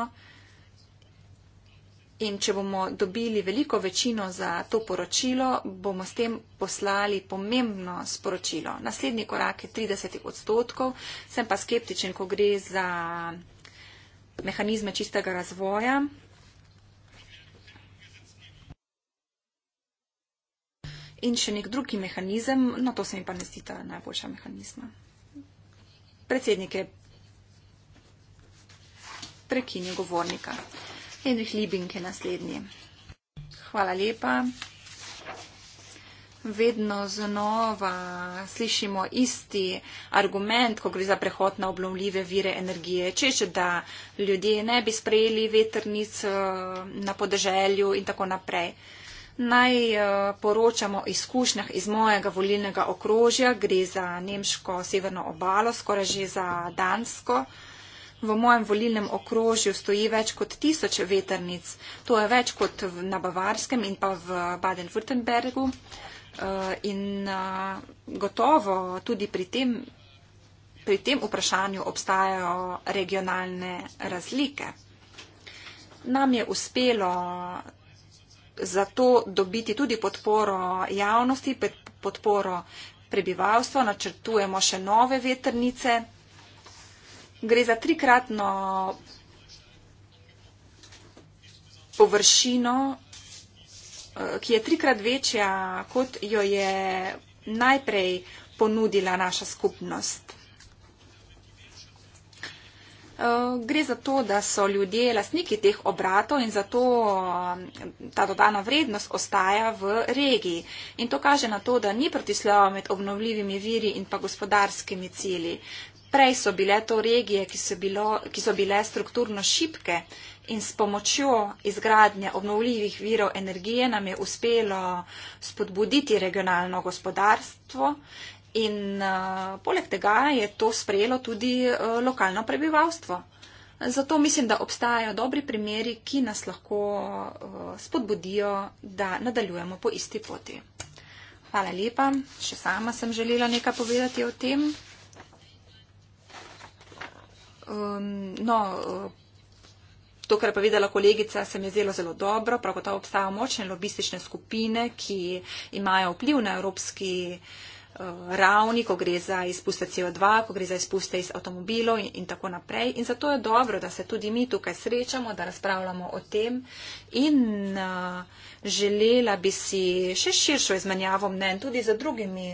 In če bomo dobili veliko večino za to poročilo, bomo s tem poslali pomembno sporočilo. Naslednji korak je 30 odstotkov. Sem pa skeptičen, ko gre za mehanizme čistega razvoja. In še nek drugi mehanizem, no to se mi pa ne zdi ta najboljša mehanizma. Predsednik je prekinil govornika. Henrik Libink je naslednji. Hvala lepa. Vedno znova slišimo isti argument, ko gre za prehod na obnovljive vire energije. Če če da ljudje ne bi sprejeli veternic eh, na podeželju in tako naprej. Naj eh, poročamo o izkušnjah iz mojega volilnega okrožja. Gre za nemško severno obalo, skoraj že za dansko. V mojem volilnem okrožju stoji več kot tisoč veternic. To je več kot na Bavarskem in pa v Baden-Württembergu. Eh, in eh, gotovo tudi pri tem, pri tem vprašanju obstajajo regionalne razlike. Nam je uspelo zato dobiti tudi podporo javnosti, podporo prebivalstva, načrtujemo še nove veternice gre za trikratno površino, eh, ki je trikrat večja, kot jo je najprej ponudila naša skupnost. Eh, gre za to, da so ljudje lastniki teh obratov in zato eh, ta dodana vrednost ostaja v regiji. In to kaže na to, da ni protislava med obnovljivimi viri in pa gospodarskimi cili. Prej so bile to regije, ki so, bilo, ki so bile strukturno šipke in s pomočjo izgradnje obnovljivih virov energije nam je uspelo spodbuditi regionalno gospodarstvo in uh, poleg tega je to sprejelo tudi uh, lokalno prebivalstvo. Zato mislim, da obstajajo dobri primeri, ki nas lahko uh, spodbudijo, da nadaljujemo po isti poti. Hvala lepa, še sama sem želela nekaj povedati o tem. Um, no, To, kar je povedala kolegica, se mi je zelo, zelo dobro. Prav gotovo obstajajo močne lobistične skupine, ki imajo vpliv na evropski. Uh, Eh, ravni, ko gre za izpuste CO2, ko gre za izpuste iz avtomobilov in, in tako naprej. In zato je dobro, da se tudi mi tukaj srečamo, da razpravljamo o tem in uh, želela bi si še širšo izmenjavo mnen tudi za drugimi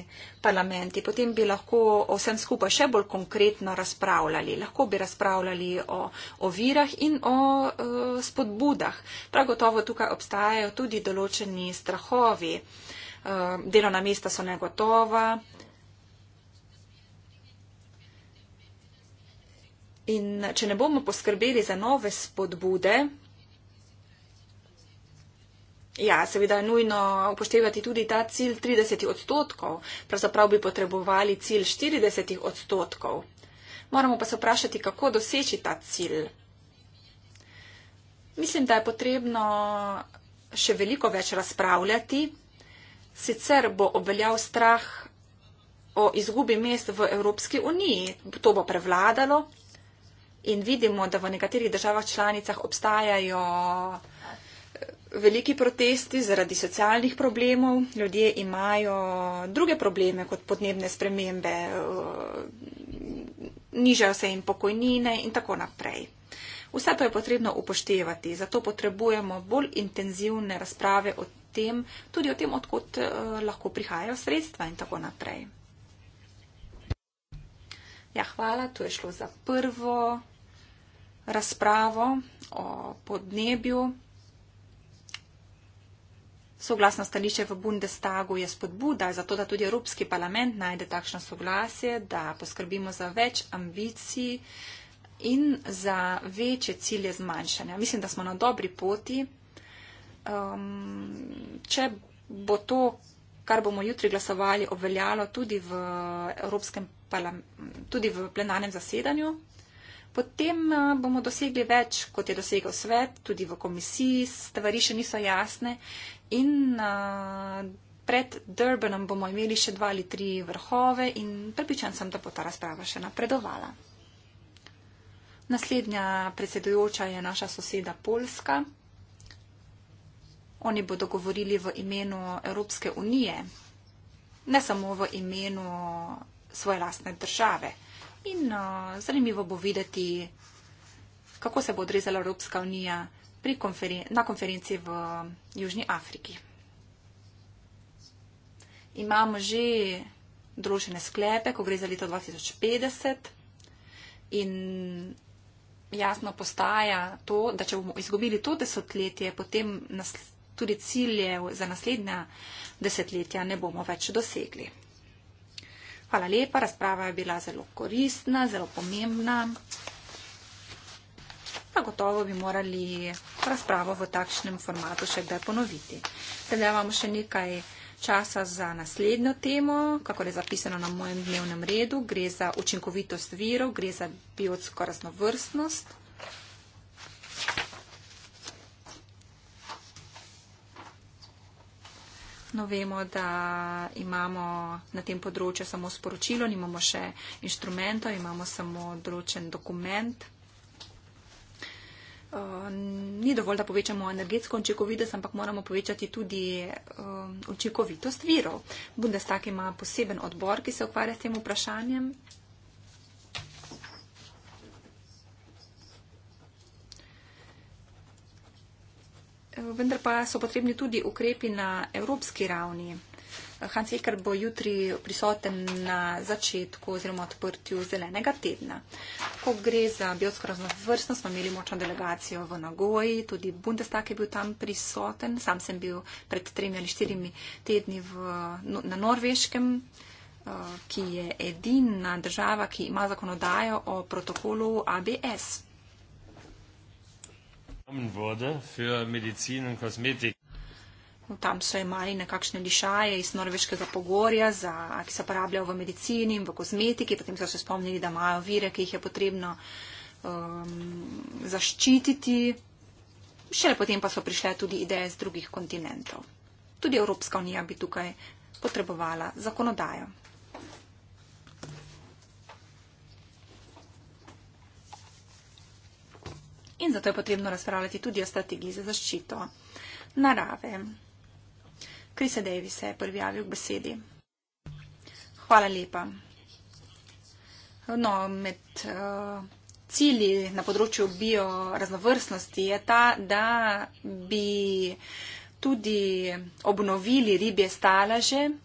parlamenti. Potem bi lahko o vsem skupaj še bolj konkretno razpravljali. Lahko bi razpravljali o, o virah in o uh, spodbudah. Prav gotovo tukaj obstajajo tudi določeni strahovi. Uh, Ehm, delovna mesta so negotova. In če ne bomo poskrbeli za nove spodbude, ja, seveda je nujno upoštevati tudi ta cilj 30 odstotkov, pravzaprav bi potrebovali cilj 40 odstotkov. Moramo pa se vprašati, kako doseči ta cilj. Mislim, da je potrebno še veliko več razpravljati sicer bo obveljal strah o izgubi mest v Evropski uniji. To bo prevladalo in vidimo, da v nekaterih državah članicah obstajajo eh, veliki protesti zaradi socialnih problemov. Ljudje imajo druge probleme kot podnebne spremembe, eh, nižajo se jim pokojnine in tako naprej. Vse to je potrebno upoštevati, zato potrebujemo bolj intenzivne razprave o tem, tudi o tem, odkot eh, lahko prihajajo sredstva in tako naprej. Ja, hvala, to je šlo za prvo razpravo o podnebju. Soglasno stališče v Bundestagu je spodbuda za to, da tudi Evropski parlament najde takšno soglasje, da poskrbimo za več ambicij in za večje cilje zmanjšanja. Mislim, da smo na dobri poti um, če bo to, kar bomo jutri glasovali, obveljalo tudi v Evropskem parlamentu, tudi v plenarnem zasedanju, potem uh, bomo dosegli več, kot je dosegal svet, tudi v komisiji, stvari še niso jasne in uh, Pred Durbanom bomo imeli še dva ali tri vrhove in prepričan sem, da bo ta razprava še napredovala. Naslednja predsedujoča je naša soseda Poljska. Oni bodo govorili v imenu Evropske unije, ne samo v imenu svoje lastne države. In uh, zanimivo bo videti, kako se bo odrezala Evropska unija pri konferen na konferenci v Južni Afriki. Imamo že družene sklepe, ko gre za leto 2050 in jasno postaja to, da če bomo izgubili to desetletje, potem naslednje tudi ciljev za naslednja desetletja ne bomo več dosegli. Hvala lepa, razprava je bila zelo koristna, zelo pomembna. Pa gotovo bi morali razpravo v takšnem formatu še kdaj ponoviti. Sedaj imamo še nekaj časa za naslednjo temo, kako je zapisano na mojem dnevnem redu. Gre za učinkovitost virov, gre za biotsko raznovrstnost. jasno vemo, da imamo na tem področju samo sporočilo, nimamo še inštrumentov, imamo samo določen dokument. Uh, ni dovolj, da povečamo energetsko učinkovitost, ampak moramo povečati tudi um, učinkovitost virov. Bundestag ima poseben odbor, ki se ukvarja s tem vprašanjem. Eh, vendar pa so potrebni tudi ukrepi na evropski ravni. Eh, Hans Eker bo jutri prisoten na začetku oziroma odprtju zelenega tedna. Ko gre za biotsko raznovrstnost, smo imeli močno delegacijo v Nagoji, tudi Bundestag je bil tam prisoten. Sam sem bil pred tremi ali štirimi tedni v, no, na Norveškem, eh, ki je edina država, ki ima zakonodajo o protokolu ABS. Pomen vode za medicino in kosmetiko. No, tam so imeli nekakšne lišaje iz norveškega pogorja, za, ki se uporabljajo v medicini in v kozmetiki. Potem so se spomnili, da imajo vire, ki jih je potrebno um, zaščititi. Šele potem pa so prišle tudi ideje z drugih kontinentov. Tudi Evropska unija bi tukaj potrebovala zakonodajo. in zato je potrebno razpravljati tudi o strategiji za zaščito narave. Krise Davis se je prvi javil k besedi. Hvala lepa. No, med uh, cilji na področju bioraznovrstnosti je ta, da bi tudi obnovili ribje stalaže uh,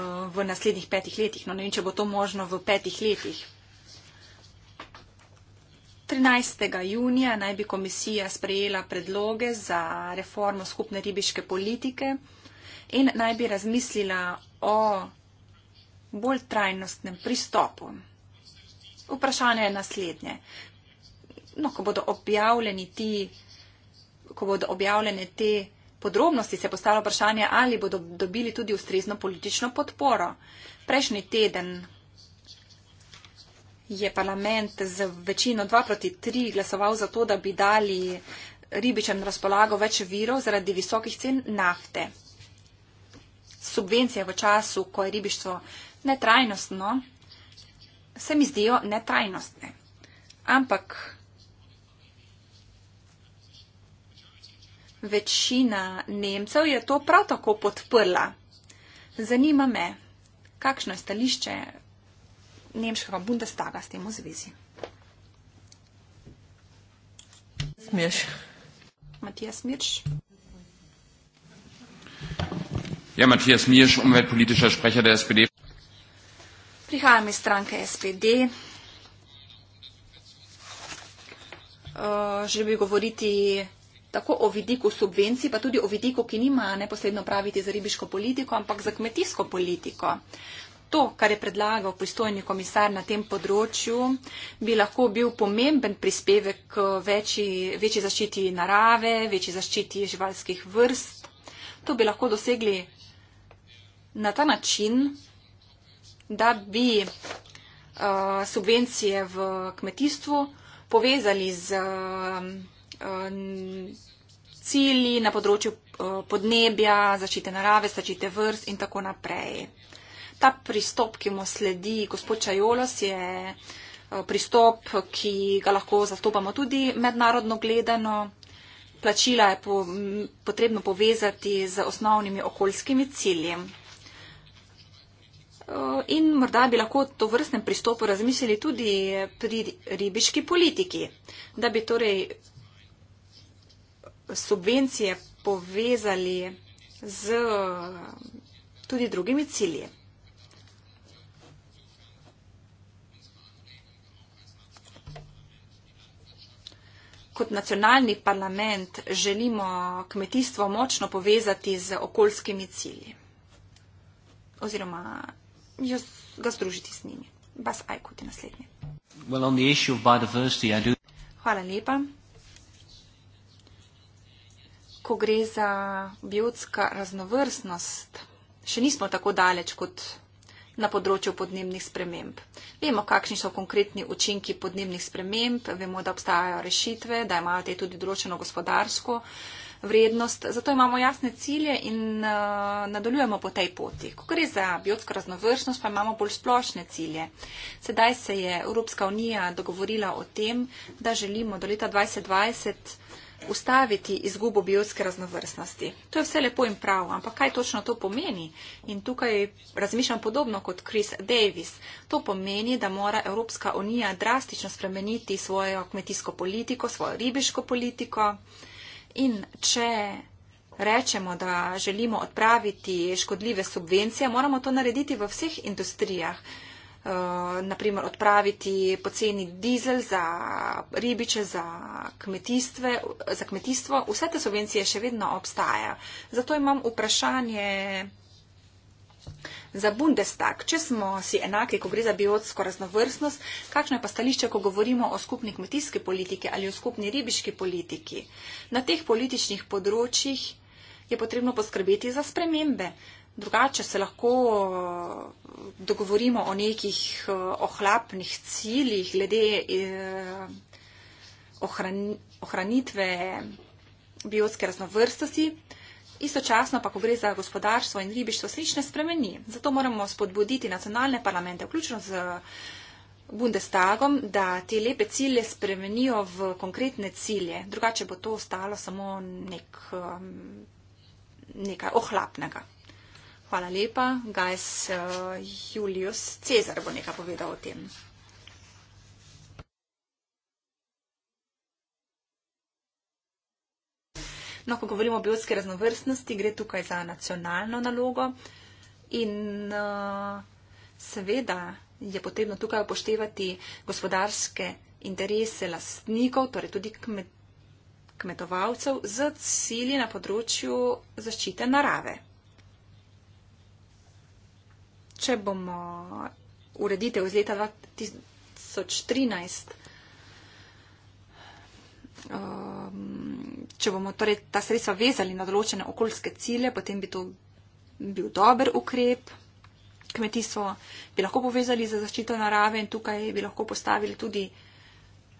eh, v naslednjih petih letih. No, ne vem, če bo to možno v petih letih. 13. junija naj bi komisija sprejela predloge za reformo skupne ribiške politike in naj bi razmislila o bolj trajnostnem pristopu. Vprašanje je naslednje. No, ko bodo objavljeni ti, ko bodo objavljene te podrobnosti, se postavlja vprašanje, ali bodo dobili tudi ustrezno politično podporo. Prejšnji teden je parlament z večino 2 proti 3 glasoval za to, da bi dali ribičem razpolago več virov zaradi visokih cen nafte. Subvencije v času, ko je ribištvo netrajnostno, se mi zdijo netrajnostne. Ampak večina Nemcev je to prav tako podprla. Zanima me, kakšno je stališče nemškega Bundestaga s tem v zvezi. Smeš. Matija Smirš. Ja, Matija Smirš, umetpolitična sprecher da SPD. Prihajam iz stranke SPD. Uh, äh, želim govoriti tako o vidiku subvencij, pa tudi o vidiku, ki nima neposredno praviti za ribiško politiko, ampak za kmetijsko politiko. Uh, To, kar je predlagal pristojni komisar na tem področju, bi lahko bil pomemben prispevek k večji, večji zaščiti narave, večji zaščiti živalskih vrst. To bi lahko dosegli na ta način, da bi uh, subvencije v kmetijstvu povezali z uh, uh, cilji na področju uh, podnebja, zaščite narave, zaščite vrst in tako naprej ta pristop, ki mu sledi gospod Čajolos, je eh, pristop, ki ga lahko zastopamo tudi mednarodno gledano. Plačila je potrebno povezati z osnovnimi okoljskimi cilji. Eh, in morda bi lahko to vrstnem pristopu razmislili tudi pri ribiški politiki, da bi torej subvencije povezali z eh, tudi drugimi cilji. kot nacionalni parlament želimo kmetijstvo močno povezati z okoljskimi cilji oziroma ga združiti s njimi. Bas Ajkut je naslednji. Well, on the issue of biodiversity, I do... Hvala lepa. Ko gre za biotska raznovrstnost, še nismo tako daleč kot na področju podnebnih sprememb. Vemo, kakšni so konkretni učinki podnebnih sprememb, vemo, da obstajajo rešitve, da imajo te tudi določeno gospodarsko vrednost. Zato imamo jasne cilje in uh, nadaljujemo po tej poti. Ko gre za biotsko raznovrstnost, pa imamo bolj splošne cilje. Sedaj se je Evropska unija dogovorila o tem, da želimo do leta 2020 ustaviti izgubo biotske raznovrstnosti. To je vse lepo in prav, ampak kaj točno to pomeni? In tukaj razmišljam podobno kot Chris Davis. To pomeni, da mora Evropska unija drastično spremeniti svojo kmetijsko politiko, svojo ribiško politiko. In če rečemo, da želimo odpraviti škodljive subvencije, moramo to narediti v vseh industrijah. Eh, naprimer odpraviti poceni dizel za ribiče, za, za kmetijstvo. Vse te subvencije še vedno obstajajo. Zato imam vprašanje za Bundestag. Če smo si enake, ko gre za biotsko raznovrstnost, kakšno je pa stališče, ko govorimo o skupni kmetijski politiki ali o skupni ribiški politiki? Na teh političnih področjih je potrebno poskrbeti za spremembe. Drugače se lahko eh, dogovorimo o nekih eh, ohlapnih ciljih glede eh, ohranitve biotske raznovrstosti, istočasno pa, ko gre za gospodarstvo in ribištvo, se nič ne spremeni. Zato moramo spodbuditi nacionalne parlamente, vključno z Bundestagom, da te lepe cilje spremenijo v konkretne cilje. Drugače bo to ostalo samo nek, nekaj ohlapnega. Hvala lepa. Gajs uh, Julius Cezar bo nekaj povedal o tem. No, ko govorimo o biotski raznovrstnosti, gre tukaj za nacionalno nalogo in uh, seveda je potrebno tukaj upoštevati gospodarske interese lastnikov, torej tudi kmet, kmetovalcev, z cilji na področju zaščite narave če bomo ureditev iz leta 2013, um, če bomo torej ta sredstva vezali na določene okoljske cilje, potem bi to bil dober ukrep. Kmetijstvo bi lahko povezali za zaščito narave in tukaj bi lahko postavili tudi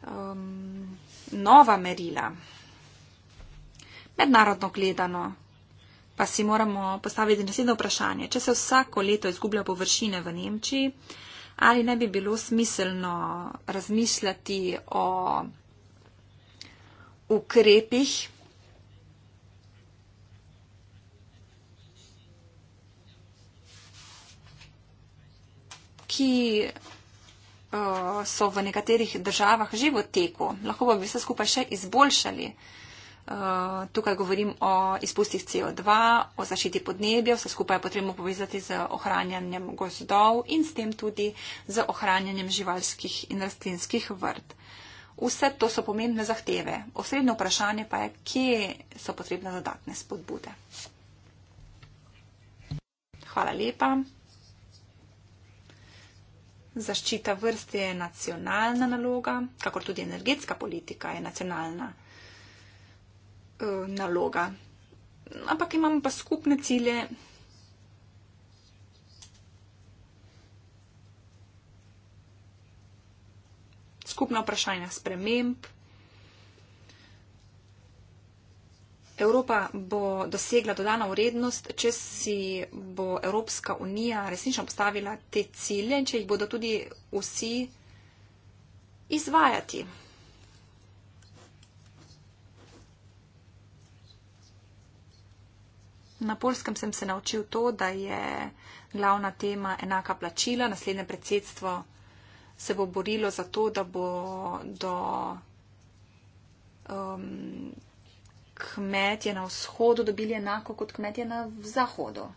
um, nova merila. Mednarodno gledano, Pa si moramo postaviti naslednje vprašanje. Če se vsako leto izgublja površine v Nemčiji, ali ne bi bilo smiselno razmišljati o ukrepih, ki uh, so v nekaterih državah že v teku, lahko bi se skupaj še izboljšali. Uh, Eh, tukaj govorim o izpustih CO2, o zaščiti podnebja, vse skupaj je potrebno povezati z ohranjanjem gozdov in s tem tudi z ohranjanjem živalskih in rastlinskih vrt. Vse to so pomembne zahteve. Osrednje vprašanje pa je, kje so potrebne dodatne spodbude. Hvala lepa. Zaščita vrste je nacionalna naloga, kakor tudi energetska politika je nacionalna naloga. Eh, naloga. Ampak imamo pa skupne cilje. Skupna vprašanja sprememb. Evropa bo dosegla dodana vrednost, če si bo Evropska unija resnično postavila te cilje in če jih bodo tudi vsi izvajati. Na polskem sem se naučil to, da je glavna tema enaka plačila. Naslednje predsedstvo se bo borilo za to, da bo do um, kmetje na vzhodu dobili enako kot kmetje na zahodu.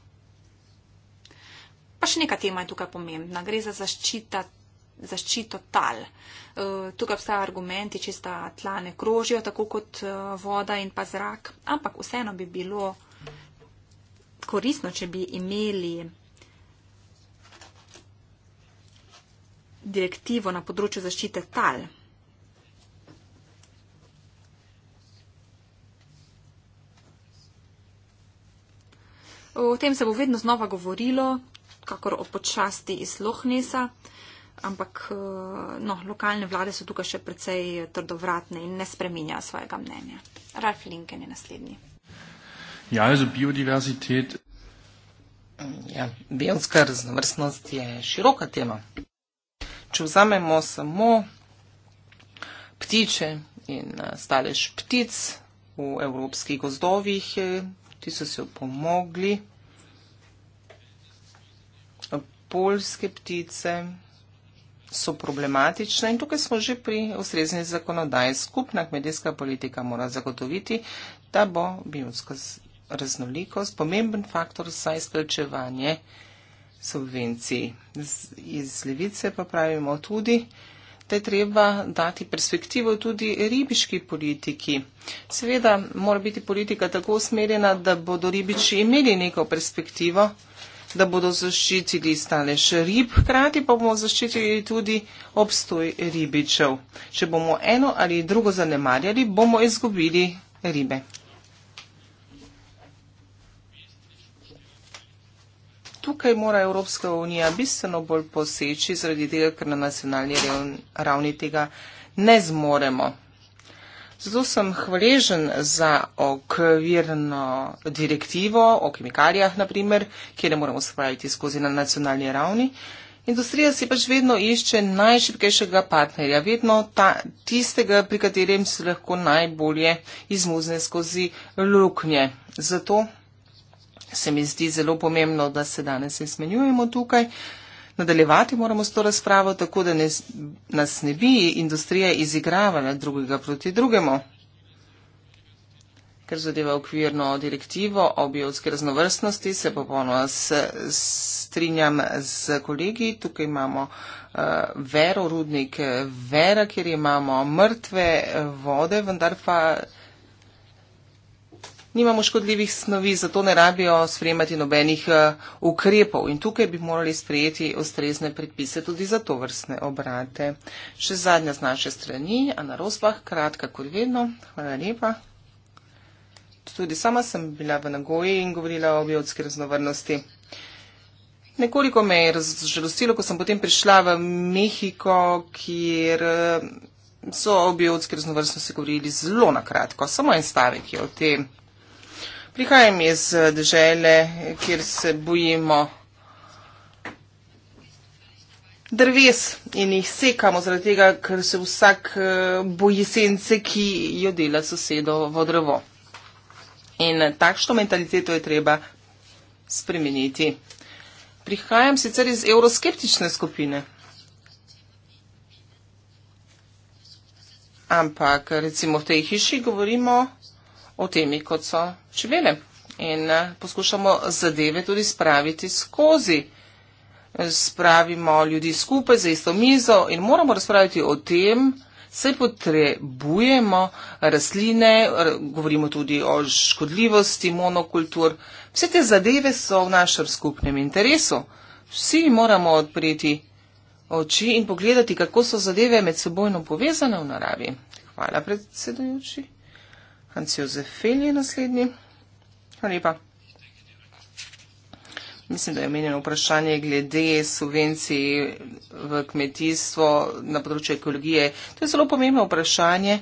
Pa še neka tema je tukaj pomembna. Gre za zaščita, zaščito tal. E, tukaj obstajajo argumenti, če sta tla ne krožijo, tako kot uh, voda in pa zrak. Ampak vseeno bi bilo koristno, če bi imeli direktivo na področju zaščite tal. O tem se bo vedno znova govorilo, kakor o počasti iz Lohnesa, ampak eh, no, lokalne vlade so tukaj še precej trdovratne in ne spreminjajo svojega mnenja. Ralf Linken je naslednji. Ja, also biodiversität. Ja, biotska raznovrstnost je široka tema. Če vzamemo samo ptiče in stalež ptic v evropskih gozdovih, ti so se opomogli. Poljske ptice so problematične in tukaj smo že pri ustrezni zakonodaji. Skupna kmetijska politika mora zagotoviti, da bo biotska raznolikost, pomemben faktor za izplačevanje subvencij. Iz levice pa pravimo tudi, da je treba dati perspektivo tudi ribiški politiki. Seveda mora biti politika tako usmerjena, da bodo ribiči imeli neko perspektivo, da bodo zaščitili stalež rib, hkrati pa bomo zaščitili tudi obstoj ribičev. Če bomo eno ali drugo zanemarjali, bomo izgubili ribe. tukaj mora Evropska unija bistveno bolj poseči, zaradi tega, ker na nacionalni ravni tega ne zmoremo. Zato sem hvaležen za okvirno direktivo o kemikalijah, naprimer, kjer ne moramo spraviti skozi na nacionalni ravni. Industrija si pač vedno išče najšipkejšega partnerja, vedno ta, tistega, pri katerem se lahko najbolje izmuzne skozi luknje. Zato se mi zdi zelo pomembno, da se danes izmenjujemo tukaj. Nadaljevati moramo s to razpravo, tako da ne, nas ne bi industrija izigravala drugega proti drugemu. Ker zadeva okvirno direktivo o biotski raznovrstnosti, se popolno strinjam z kolegi. Tukaj imamo uh, eh, vero, rudnik vera, kjer imamo mrtve vode, vendar pa nimamo škodljivih snovi, zato ne rabijo sprejemati nobenih eh, ukrepov in tukaj bi morali sprejeti ustrezne predpise tudi za to vrstne obrate. Še zadnja z naše strani, Ana Rosbah, kratka kot vedno, hvala lepa. Tudi sama sem bila v Nagoji in govorila o biotski raznovrnosti. Nekoliko me je razžalostilo, ko sem potem prišla v Mehiko, kjer eh, so o biotski raznovrstnosti govorili zelo na kratko. Samo en stavek je o tem. Prihajam iz eh, države, kjer se bojimo dreves in jih sekamo, zaradi tega, ker se vsak eh, boji sence, ki jo dela sosedo v drevo. In eh, takšno mentaliteto je treba spremeniti. Prihajam sicer iz euroskeptične skupine. Ampak recimo v tej hiši govorimo o temi, kot so čebele. In eh, poskušamo zadeve tudi spraviti skozi. Spravimo ljudi skupaj za isto mizo in moramo razpravljati o tem, saj potrebujemo rastline, govorimo tudi o škodljivosti monokultur. Vse te zadeve so v našem skupnem interesu. Vsi moramo odpreti oči in pogledati, kako so zadeve med sebojno povezane v naravi. Hvala, predsedujoči. Hans Jozefel je naslednji. Hvala lepa. Mislim, da je omenjeno vprašanje glede subvencij v kmetijstvo na področju ekologije. To je zelo pomembno vprašanje,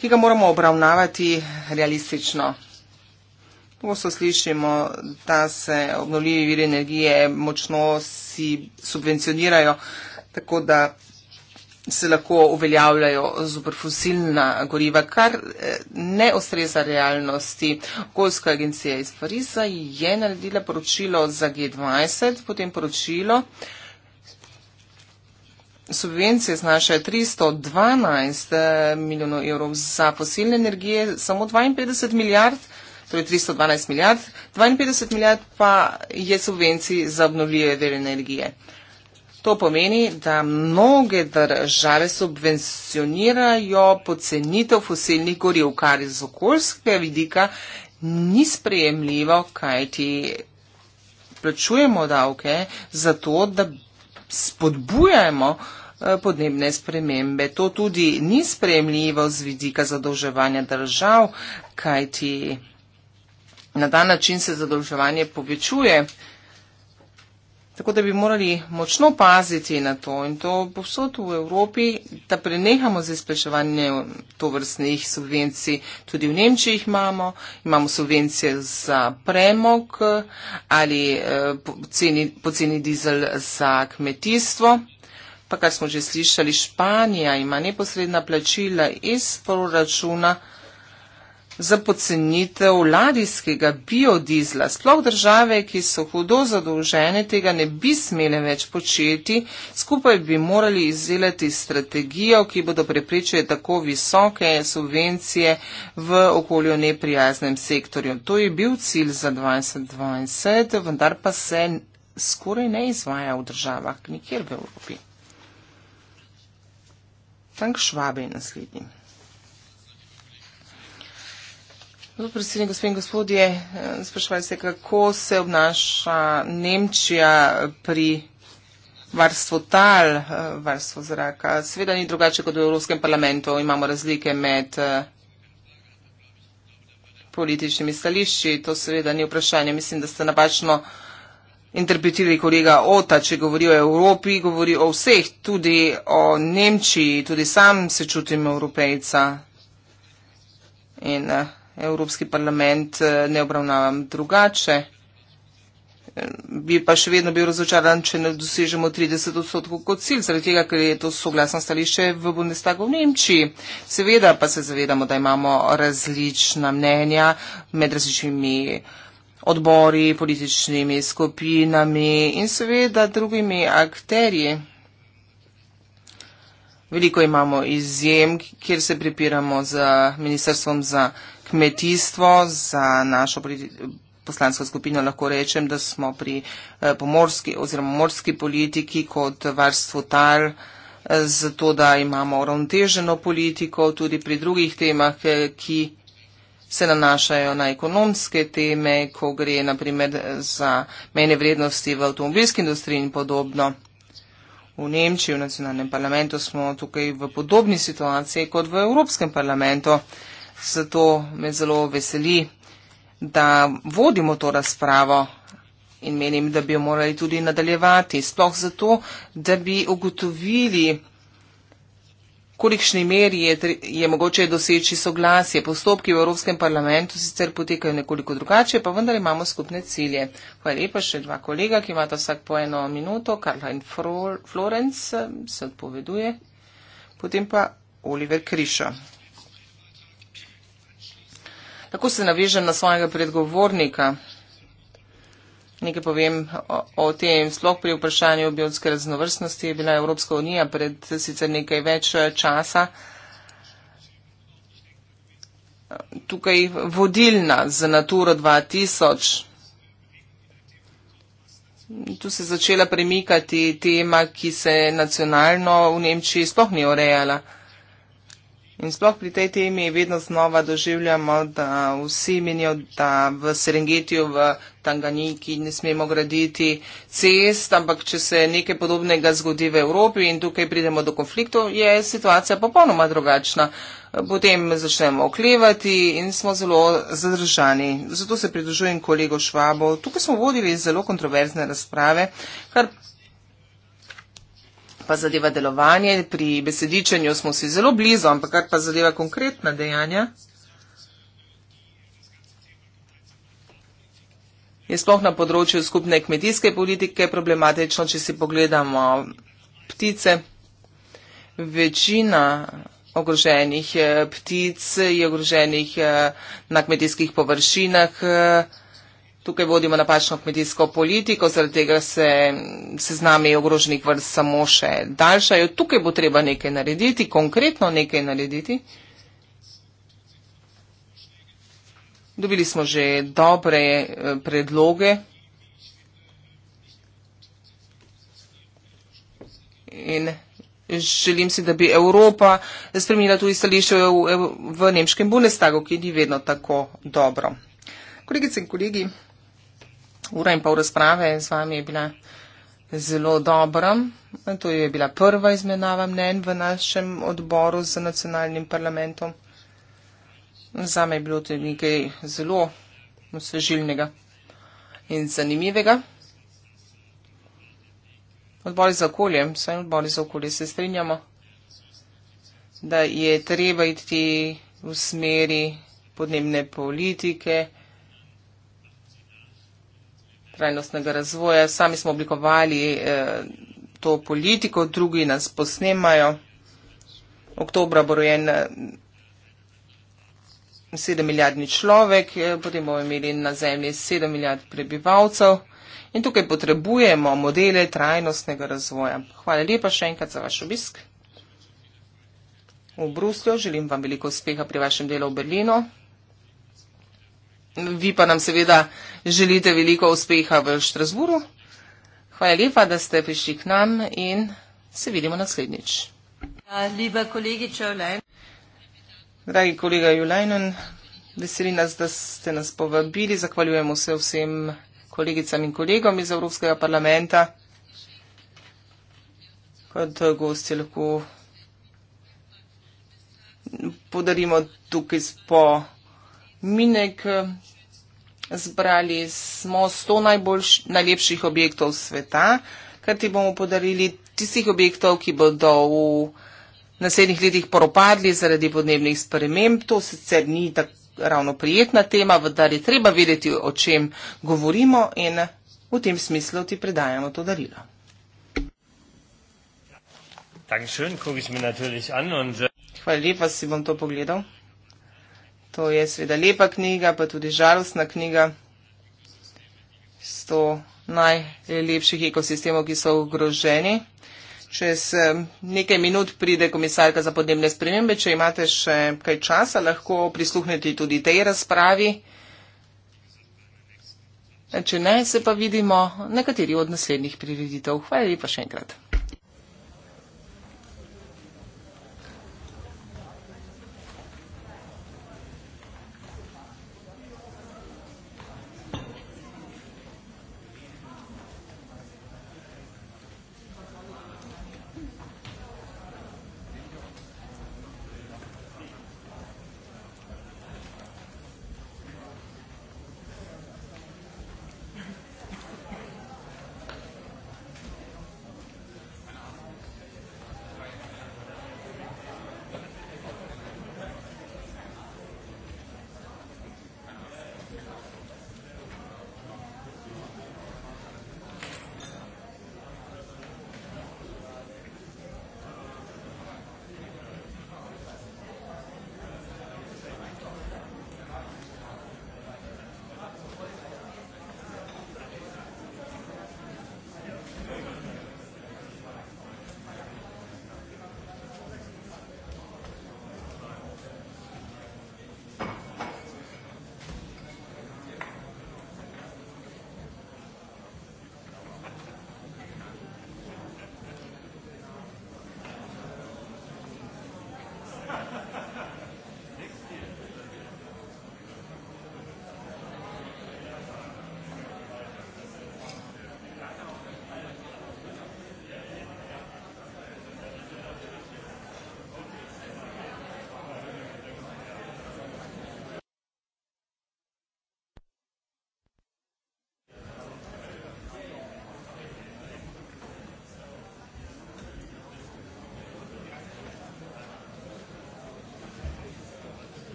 ki ga moramo obravnavati realistično. Pogosto slišimo, da se obnovljivi viri energije močno subvencionirajo, tako da se lahko uveljavljajo zopr fosilna goriva, kar eh, ne ustreza realnosti. Okoljska agencija iz Pariza je naredila poročilo za G20, potem poročilo. Subvencije znašajo 312 eh, milijonov evrov za fosilne energije, samo 52 milijard, torej 312 milijard, 52 milijard pa je subvencij za obnovljive vere energije. To pomeni, da mnoge države subvencionirajo pocenitev fosilnih goriv, kar iz okoljskega vidika ni sprejemljivo, kajti plačujemo davke zato, da spodbujamo eh, podnebne spremembe. To tudi ni sprejemljivo z vidika zadolževanja držav, kajti na ta način se zadolževanje povečuje. Tako da bi morali močno paziti na to in to povsod v Evropi, da prenehamo z izplačevanjem to vrstnih subvencij. Tudi v Nemčiji jih imamo, imamo subvencije za premog ali eh, poceni po dizel za kmetijstvo. Pa kar smo že slišali, Španija ima neposredna plačila iz proračuna za pocenitev ladijskega biodizla. Sploh države, ki so hudo zadolžene, tega ne bi smele več početi. Skupaj bi morali izdelati strategijo, ki bodo preprečile tako visoke subvencije v okolju neprijaznem sektorju. To je bil cilj za 2020, vendar pa se skoraj ne izvaja v državah, nikjer v Evropi. Tank Švabe je naslednji. Predsednik, gospod in gospodje, eh, sprašvali se, kako se obnaša Nemčija pri varstvu tal, eh, varstvu zraka. Sveda ni drugače kot v Evropskem parlamentu, imamo razlike med eh, političnimi stališči, to sveda ni vprašanje. Mislim, da ste napačno interpretirali kolega Ota, če govori o Evropi, govori o vseh, tudi o Nemčiji, tudi sam se čutim evropejca. In, uh, Evropski parlament eh, ne obravnavam drugače. Eh, bi pa še vedno bil razočaran, če ne dosežemo 30 odstotkov kot cilj, zaradi tega, ker je to soglasno stališče v Bundestagu v Nemčiji. Seveda pa se zavedamo, da imamo različna mnenja med različnimi odbori, političnimi skupinami in seveda drugimi akterji. Veliko imamo izjem, kjer se pripiramo z Ministrstvom za kmetijstvo, za našo poslansko skupino lahko rečem, da smo pri eh, pomorski oziroma morski politiki kot varstvu tal, eh, zato da imamo uravnoteženo politiko tudi pri drugih temah, eh, ki se nanašajo na ekonomske teme, ko gre naprimer za mene vrednosti v avtomobilski industriji in podobno. V Nemčiji, v nacionalnem parlamentu, smo tukaj v podobni situaciji kot v Evropskem parlamentu. Zato me zelo veseli, da vodimo to razpravo in menim, da bi jo morali tudi nadaljevati. Sploh zato, da bi ugotovili, kolikšni meri je, je mogoče doseči soglasje. Postopki v Evropskem parlamentu sicer potekajo nekoliko drugače, pa vendar imamo skupne cilje. Hvala lepa še dva kolega, ki imata vsak po eno minuto. Karla in Florence eh, se odpoveduje. Potem pa Oliver Kriša. Tako se navežem na svojega predgovornika. Nekaj povem o, o tem, sploh pri vprašanju biotske raznovrstnosti je bila Evropska unija pred sicer nekaj več eh, časa eh, tukaj vodilna za Natura 2000. Tu se je začela premikati tema, ki se nacionalno v Nemčiji sploh ni urejala. In sploh pri tej temi vedno znova doživljamo, da vsi menijo, da v Serengetiju, v Tanganiki ne smemo graditi cest, ampak če se nekaj podobnega zgodi v Evropi in tukaj pridemo do konfliktov, je situacija popolnoma drugačna. Potem začnemo oklevati in smo zelo zadržani. Zato se pridružujem kolego Švabo. Tukaj smo vodili zelo kontroverzne razprave, kar pa zadeva delovanje, pri besedičenju smo si zelo blizu, ampak kar pa zadeva konkretna dejanja. Je sploh na področju skupne kmetijske politike problematično, če si pogledamo ptice. Večina ogroženih eh, ptic je ogroženih eh, na kmetijskih površinah. Eh, Tukaj vodimo napačno kmetijsko politiko, zaradi tega se seznami ogroženih vrst samo še daljšajo. Tukaj bo treba nekaj narediti, konkretno nekaj narediti. Dobili smo že dobre eh, predloge in želim si, da bi Evropa spremenila tudi stališče v nemškem Bundestagu, ki ni vedno tako dobro. Kolegice in kolegi, ura in pol razprave z vami je bila zelo dobra. To je bila prva izmenava mnen v našem odboru z nacionalnim parlamentom. Za me je bilo to nekaj zelo osvežilnega in zanimivega. Odbor za okolje, vsaj odbor za okolje se strinjamo, da je treba iti v smeri podnebne politike trajnostnega razvoja. Sami smo oblikovali eh, to politiko, drugi nas posnemajo. Oktober bo rojen 7 eh, milijardni človek, eh, potem bomo imeli na zemlji 7 milijard prebivalcev in tukaj potrebujemo modele trajnostnega razvoja. Hvala lepa še enkrat za vaš obisk. V Bruslju želim vam veliko uspeha pri vašem delu v Berlinu. Vi pa nam seveda želite veliko uspeha v Štrasburu. Hvala lepa, da ste prišli k nam in se vidimo naslednjič. Ja, Dragi kolega Julajnen, veseli nas, da ste nas povabili. Zahvaljujemo se vsem kolegicam in kolegom iz Evropskega parlamenta. Kot gost je lahko podarimo tukaj po. Minek zbrali smo 100 najboljš, najlepših objektov sveta, kar ti bomo podarili tistih objektov, ki bodo v naslednjih letih poropadli zaradi podnebnih sprememb. To sicer ni tako ravno prijetna tema, vendar je treba vedeti, o čem govorimo in v tem smislu ti predajamo to darilo. Äh, Hvala lepa, si bom to pogledal. To je seveda lepa knjiga, pa tudi žalostna knjiga. Sto najlepših ekosistemov, ki so ogroženi. Čez nekaj minut pride komisarka za podnebne spremembe. Če imate še kaj časa, lahko prisluhnete tudi tej razpravi. Če ne, se pa vidimo nekateri od naslednjih prireditev. Hvala lepa še enkrat.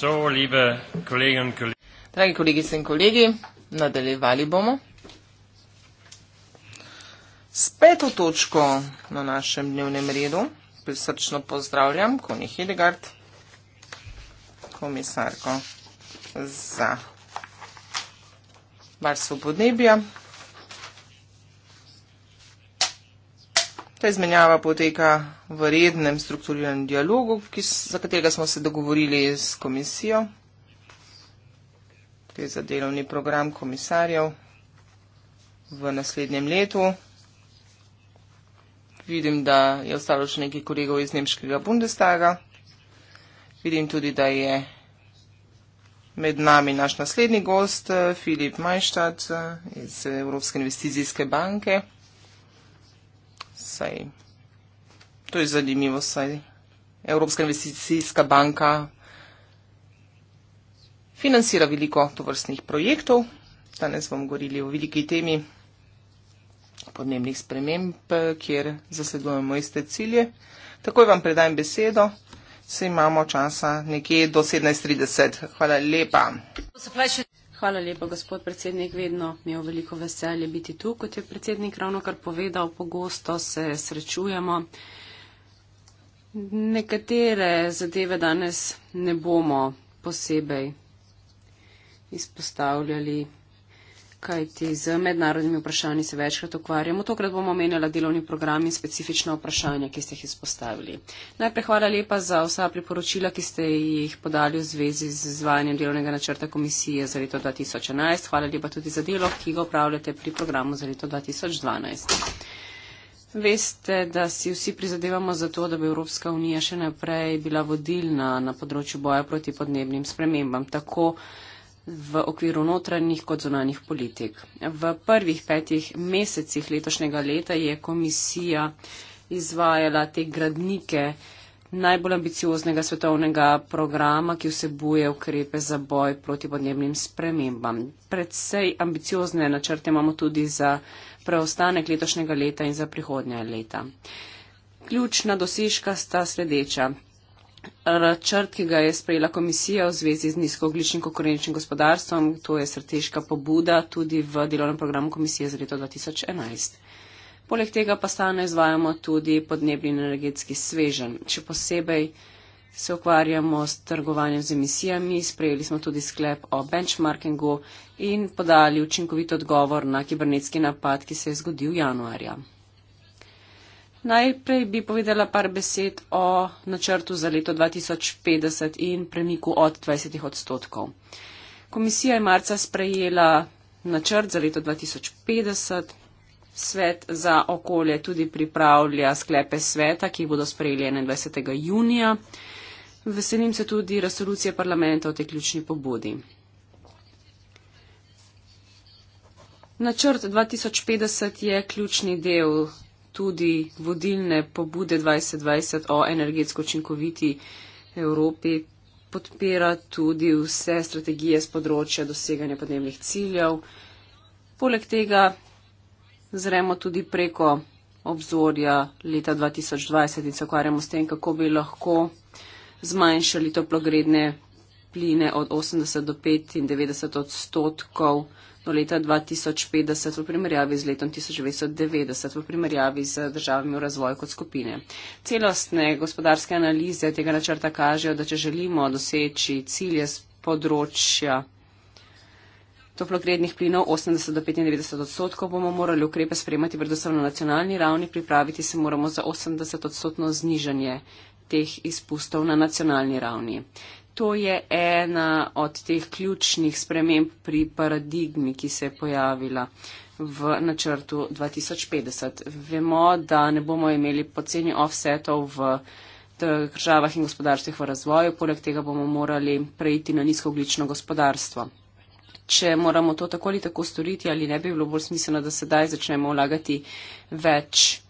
So, liebe Kolleginnen und Kollegen. Dragi kolegice in kolegi, nadaljevali bomo s peto točko na našem dnevnem redu. Prisrčno pozdravljam Koni Hildegard, komisarko za varstvo podnebja, izmenjava poteka v rednem strukturiranem dialogu, ki, za katerega smo se dogovorili s komisijo, ki je za delovni program komisarjev v naslednjem letu. Vidim, da je ostalo še nekaj kolegov iz Nemškega Bundestaga. Vidim tudi, da je med nami naš naslednji gost, eh, Filip Majštad eh, iz Evropske investicijske banke saj to je zanimivo, saj Evropska investicijska banka financira veliko tovrstnih projektov. Danes bom govorili o veliki temi podnebnih sprememb, kjer zasledujemo iste cilje. Takoj vam predajem besedo. Se imamo časa nekje do 17.30. Hvala lepa. Hvala lepa, gospod predsednik. Vedno mi je veliko veselje biti tu, kot je predsednik ravno kar povedal. Pogosto se srečujemo. Nekatere zadeve danes ne bomo posebej izpostavljali, kajti z mednarodnimi vprašanji se večkrat ukvarjamo. Tokrat bomo omenjala delovni program in specifična vprašanja, ki ste jih izpostavili. Najprej hvala lepa za vsa priporočila, ki ste jih podali v zvezi z izvajanjem delovnega načrta komisije za leto 2011. Hvala lepa tudi za delo, ki ga upravljate pri programu za leto 2012. Veste, da si vsi prizadevamo za to, da bi Evropska unija še naprej bila vodilna na področju boja proti podnebnim spremembam. Tako v okviru notranjih kot zunanjih politik. V prvih petih mesecih letošnjega leta je komisija izvajala te gradnike najbolj ambicioznega svetovnega programa, ki vsebuje ukrepe za boj proti podnebnim spremembam. Predvsej ambiciozne načrte imamo tudi za preostanek letošnjega leta in za prihodnje leta. Ključna dosežka sta sledeča. Račrt, ki ga je sprejela komisija v zvezi z nizkoogličnim konkurenčnim gospodarstvom, to je strateška pobuda tudi v delovnem programu komisije za leto 2011. Poleg tega pa stano izvajamo tudi podnebni in energetski svežen. Če posebej se ukvarjamo s trgovanjem z emisijami, sprejeli smo tudi sklep o benchmarkingu in podali učinkovit odgovor na kibernetski napad, ki se je zgodil januarja. Najprej bi povedala par besed o načrtu za leto 2050 in premiku od 20 odstotkov. Komisija je marca sprejela načrt za leto 2050. Svet za okolje tudi pripravlja sklepe sveta, ki bodo sprejeli 21. junija. Veselim se tudi resolucije parlamenta o tej ključni pobudi. Načrt 2050 je ključni del tudi vodilne pobude 2020 o energetsko učinkoviti Evropi, podpira tudi vse strategije z področja doseganja podnebnih ciljev. Poleg tega zremo tudi preko obzorja leta 2020 in se ukvarjamo s tem, kako bi lahko zmanjšali toplogredne pline od 80 do 95 odstotkov do leta 2050 v primerjavi z letom 1990 v primerjavi z državami v razvoju kot skupine. Celostne gospodarske analize tega načrta kažejo, da če želimo doseči cilje z področja toplogrednih plinov 80 do 95 odstotkov bomo morali ukrepe spremati predvsem na nacionalni ravni, pripraviti se moramo za 80 odstotno znižanje teh izpustov na nacionalni ravni to je ena od teh ključnih sprememb pri paradigmi, ki se je pojavila v načrtu 2050. Vemo, da ne bomo imeli poceni offsetov v državah in gospodarstvih v razvoju, poleg tega bomo morali preiti na nizkooglično gospodarstvo. Če moramo to tako ali tako storiti, ali ne bi bilo bolj smiselno, da sedaj začnemo vlagati več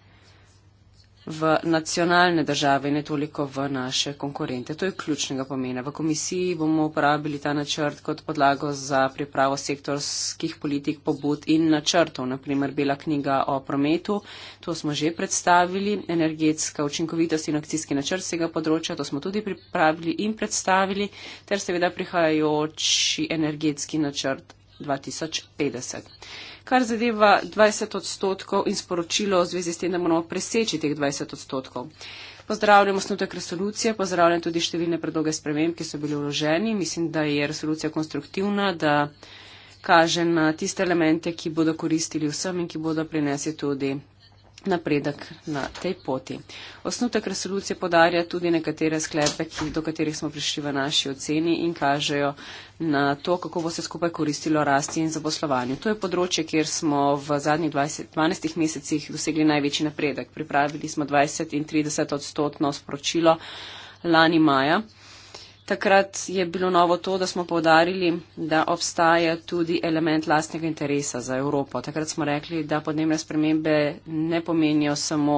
v nacionalne države in ne toliko v naše konkurente. To je ključnega pomena. V komisiji bomo uporabili ta načrt kot podlago za pripravo sektorskih politik, pobud in načrtov, naprimer Bela knjiga o prometu, to smo že predstavili, energetska učinkovitost in akcijski načrt tega področja, to smo tudi pripravili in predstavili, ter seveda prihajajoči energetski načrt 2050 kar zadeva 20 odstotkov in sporočilo v zvezi s tem, da moramo preseči teh 20 odstotkov. Pozdravljam osnutek resolucije, pozdravljam tudi številne predloge sprememb, ki so bili vloženi. Mislim, da je resolucija konstruktivna, da kaže na tiste elemente, ki bodo koristili vsem in ki bodo prinesli tudi napredek na tej poti. Osnutek resolucije podarja tudi nekatere sklepe, ki, do katerih smo prišli v naši oceni in kažejo na to, kako bo se skupaj koristilo rasti in zaposlovanju. To je področje, kjer smo v zadnjih 20, 12 mesecih dosegli največji napredek. Pripravili smo 20 in 30 odstotno sporočilo lani maja. Takrat je bilo novo to, da smo povdarili, da obstaja tudi element lastnega interesa za Evropo. Takrat smo rekli, da podnebne spremembe ne pomenijo samo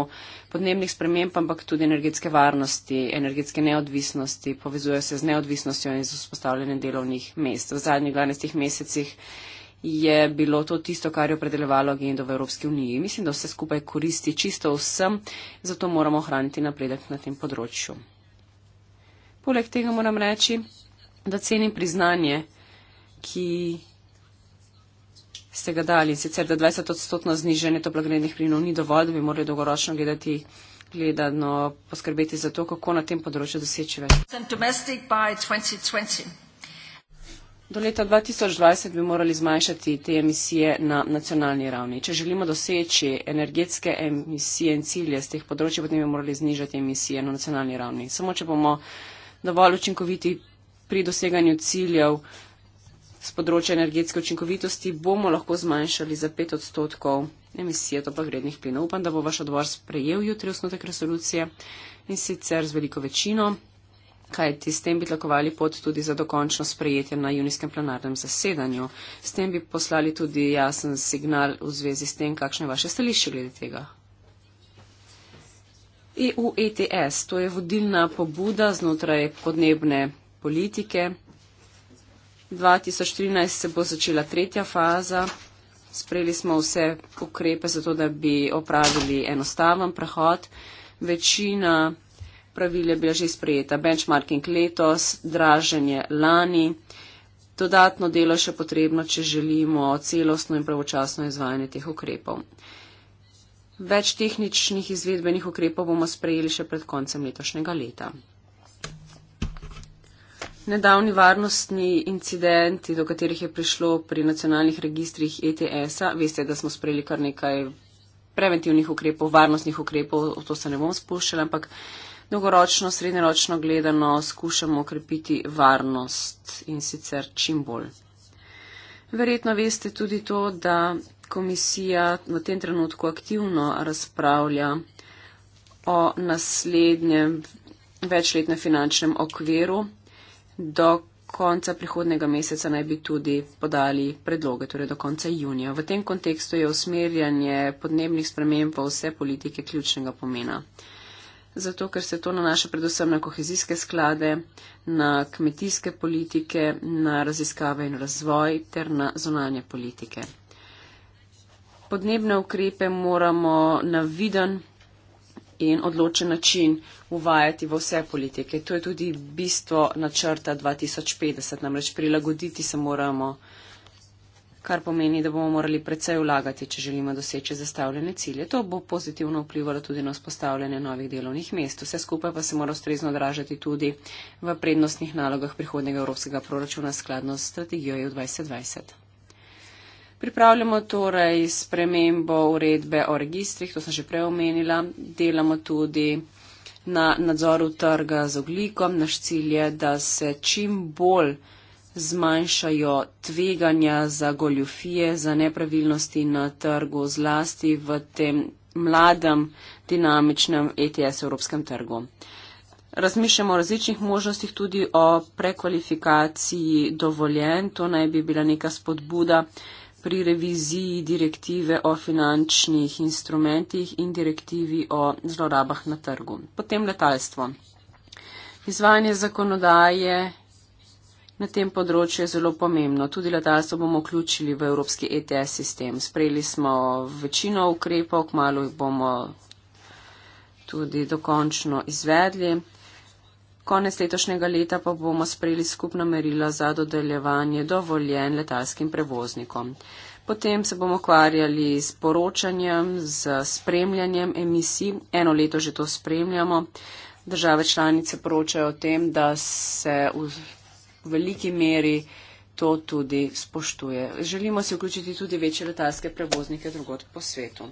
podnebnih sprememb, ampak tudi energetske varnosti, energetske neodvisnosti, povezujejo se z neodvisnostjo in z vzpostavljanjem delovnih mest. V zadnjih 12 mesecih je bilo to tisto, kar je opredeljevalo agendo v Evropski uniji. Mislim, da vse skupaj koristi čisto vsem, zato moramo ohraniti napredek na tem področju. Poleg tega moram reči, da cenim priznanje, ki ste ga dali. Sicer, da 20 odstotno zniženje toplogrednih plinov ni dovolj, da bi morali dolgoročno gledati gledano poskrbeti za to, kako na tem področju doseči več. Do leta 2020 bi morali zmanjšati te emisije na nacionalni ravni. Če želimo doseči energetske emisije in cilje z teh področji, potem bi morali znižati emisije na nacionalni ravni. Samo če bomo dovolj učinkoviti pri doseganju ciljev z področja energetske učinkovitosti, bomo lahko zmanjšali za pet odstotkov emisije topa vrednih plinov. Upam, da bo vaš odbor sprejel jutri osnotek resolucije in sicer z veliko večino, kajti s tem bi tlakovali pot tudi za dokončno sprejetje na junijskem plenarnem zasedanju. S tem bi poslali tudi jasen signal v zvezi s tem, kakšno je vaše stališče glede tega. EU ETS, to je vodilna pobuda znotraj podnebne politike. 2013 se bo začela tretja faza. Sprejeli smo vse ukrepe za to, da bi opravili enostaven prehod. Večina pravil je bila že sprejeta. Benchmarking letos, draženje lani. Dodatno delo je še potrebno, če želimo celostno in pravočasno izvajanje teh ukrepov. Več tehničnih izvedbenih ukrepov bomo sprejeli še pred koncem letošnjega leta. Nedavni varnostni incidenti, do katerih je prišlo pri nacionalnih registrih ETS-a, veste, da smo sprejeli kar nekaj preventivnih ukrepov, varnostnih ukrepov, v to se ne bom spuščala, ampak dolgoročno, srednjeročno gledano skušamo okrepiti varnost in sicer čim bolj. Verjetno veste tudi to, da komisija v tem trenutku aktivno razpravlja o naslednjem večletnem finančnem okviru. Do konca prihodnega meseca naj bi tudi podali predloge, torej do konca junija. V tem kontekstu je usmerjanje podnebnih sprememb pa vse politike ključnega pomena. Zato, ker se to nanaša predvsem na kohezijske sklade, na kmetijske politike, na raziskave in razvoj ter na zonanje politike podnebne ukrepe moramo na viden in odločen način uvajati v vse politike. To je tudi bistvo načrta 2050, namreč prilagoditi se moramo, kar pomeni, da bomo morali predvsej vlagati, če želimo doseči zastavljene cilje. To bo pozitivno vplivalo tudi na vzpostavljanje novih delovnih mest. Vse skupaj pa se mora ustrezno odražati tudi v prednostnih nalogah prihodnega evropskega proračuna skladno s strategijo EU 2020. Pripravljamo torej spremembo uredbe o registrih, to sem že prej omenila. Delamo tudi na nadzoru trga z oglikom. Naš cilj je, da se čim bolj zmanjšajo tveganja za goljufije, za nepravilnosti na trgu, zlasti v tem mladem, dinamičnem ETS evropskem trgu. Razmišljamo o različnih možnostih tudi o prekvalifikaciji dovoljen, to naj bi bila neka spodbuda, pri reviziji direktive o finančnih instrumentih in direktivi o zlorabah na trgu. Potem letalstvo. Izvajanje zakonodaje na tem področju je zelo pomembno. Tudi letalstvo bomo vključili v evropski ETS sistem. Sprejeli smo večino ukrepov, kmalo jih bomo tudi dokončno izvedli. Konec letošnjega leta pa bomo sprejeli skupno merilo za dodeljevanje dovoljen letalskim prevoznikom. Potem se bomo ukvarjali s poročanjem, z spremljanjem emisij. Eno leto že to spremljamo. Države članice poročajo o tem, da se v veliki meri to tudi spoštuje. Želimo se vključiti tudi večje letalske prevoznike drugot po svetu.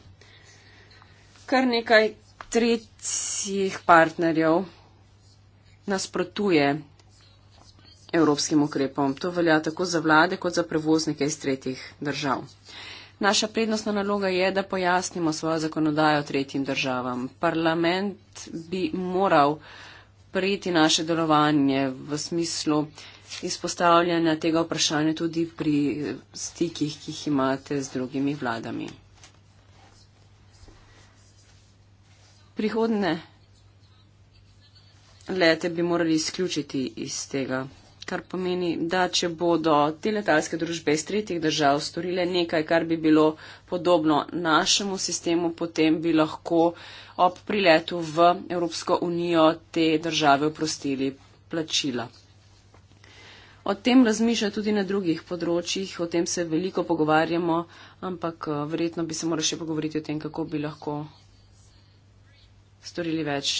Kar nekaj tretjih partnerjev nasprotuje evropskim ukrepom. To velja tako za vlade kot za prevoznike iz tretjih držav. Naša prednostna naloga je, da pojasnimo svojo zakonodajo tretjim državam. Parlament bi moral prijeti naše delovanje v smislu izpostavljanja tega vprašanja tudi pri stikih, ki jih imate z drugimi vladami. Prihodne lete bi morali izključiti iz tega. Kar pomeni, da če bodo te letalske družbe iz tretjih držav storile nekaj, kar bi bilo podobno našemu sistemu, potem bi lahko ob priletu v Evropsko unijo te države oprostili plačila. O tem razmišlja tudi na drugih področjih, o tem se veliko pogovarjamo, ampak eh, verjetno bi se morali še pogovoriti o tem, kako bi lahko storili več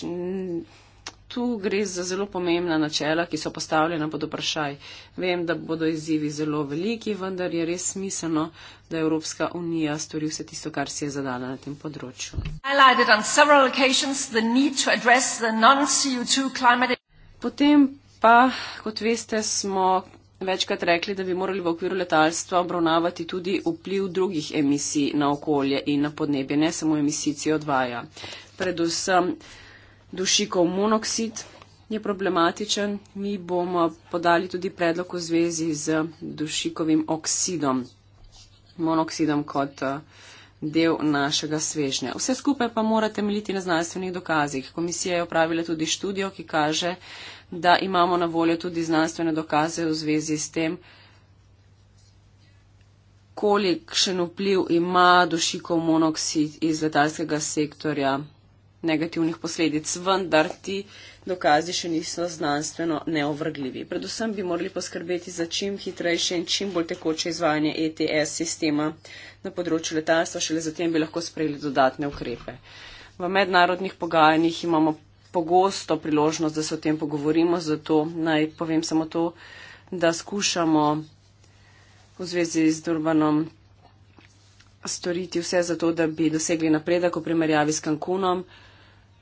tu gre za zelo pomembna načela, ki so postavljena pod vprašaj. Vem, da bodo izzivi zelo veliki, vendar je res smiselno, da Evropska unija stori vse tisto, kar si je zadala na tem področju. Potem pa, kot veste, smo večkrat rekli, da bi morali v okviru letalstva obravnavati tudi vpliv drugih emisij na okolje in na podnebje, ne samo emisij CO2. Predvsem dušikov monoksid je problematičen. Mi bomo podali tudi predlog v zvezi z dušikovim oksidom, monoksidom kot eh, del našega svežnja. Vse skupaj pa morate militi na znanstvenih dokazih. Komisija je opravila tudi študijo, ki kaže, da imamo na voljo tudi znanstvene dokaze v zvezi s tem, kolikšen vpliv ima dušikov monoksid iz letalskega sektorja negativnih posledic, vendar ti dokazi še niso znanstveno neovrgljivi. Predvsem bi morali poskrbeti za čim hitrejše in čim bolj tekoče izvajanje ETS sistema na področju letalstva, šele zatem bi lahko sprejeli dodatne ukrepe. V mednarodnih pogajanjih imamo pogosto priložnost, da se o tem pogovorimo, zato naj povem samo to, da skušamo v zvezi z Durbanom storiti vse za to, da bi dosegli napredek v primerjavi s Cancunom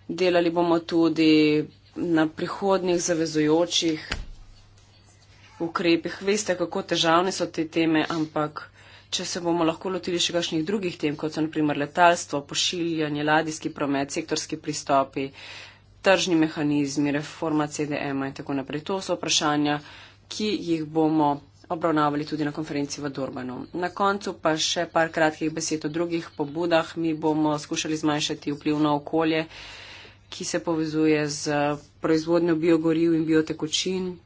delali bomo tudi na prihodnih zavezujočih ukrepih. Veste, kako težavne so te teme, ampak če se bomo lahko lotili še kakšnih drugih tem, kot so naprimer letalstvo, pošiljanje, ladijski promet, sektorski pristopi, tržni mehanizmi, reforma CDM in tako naprej. To so vprašanja, ki jih bomo obravnavali tudi na konferenci v Durbanu. Na koncu pa še par kratkih besed o drugih pobudah. Mi bomo skušali zmanjšati vpliv na okolje ki se povezuje z proizvodnjo biogoriv in biotekočin.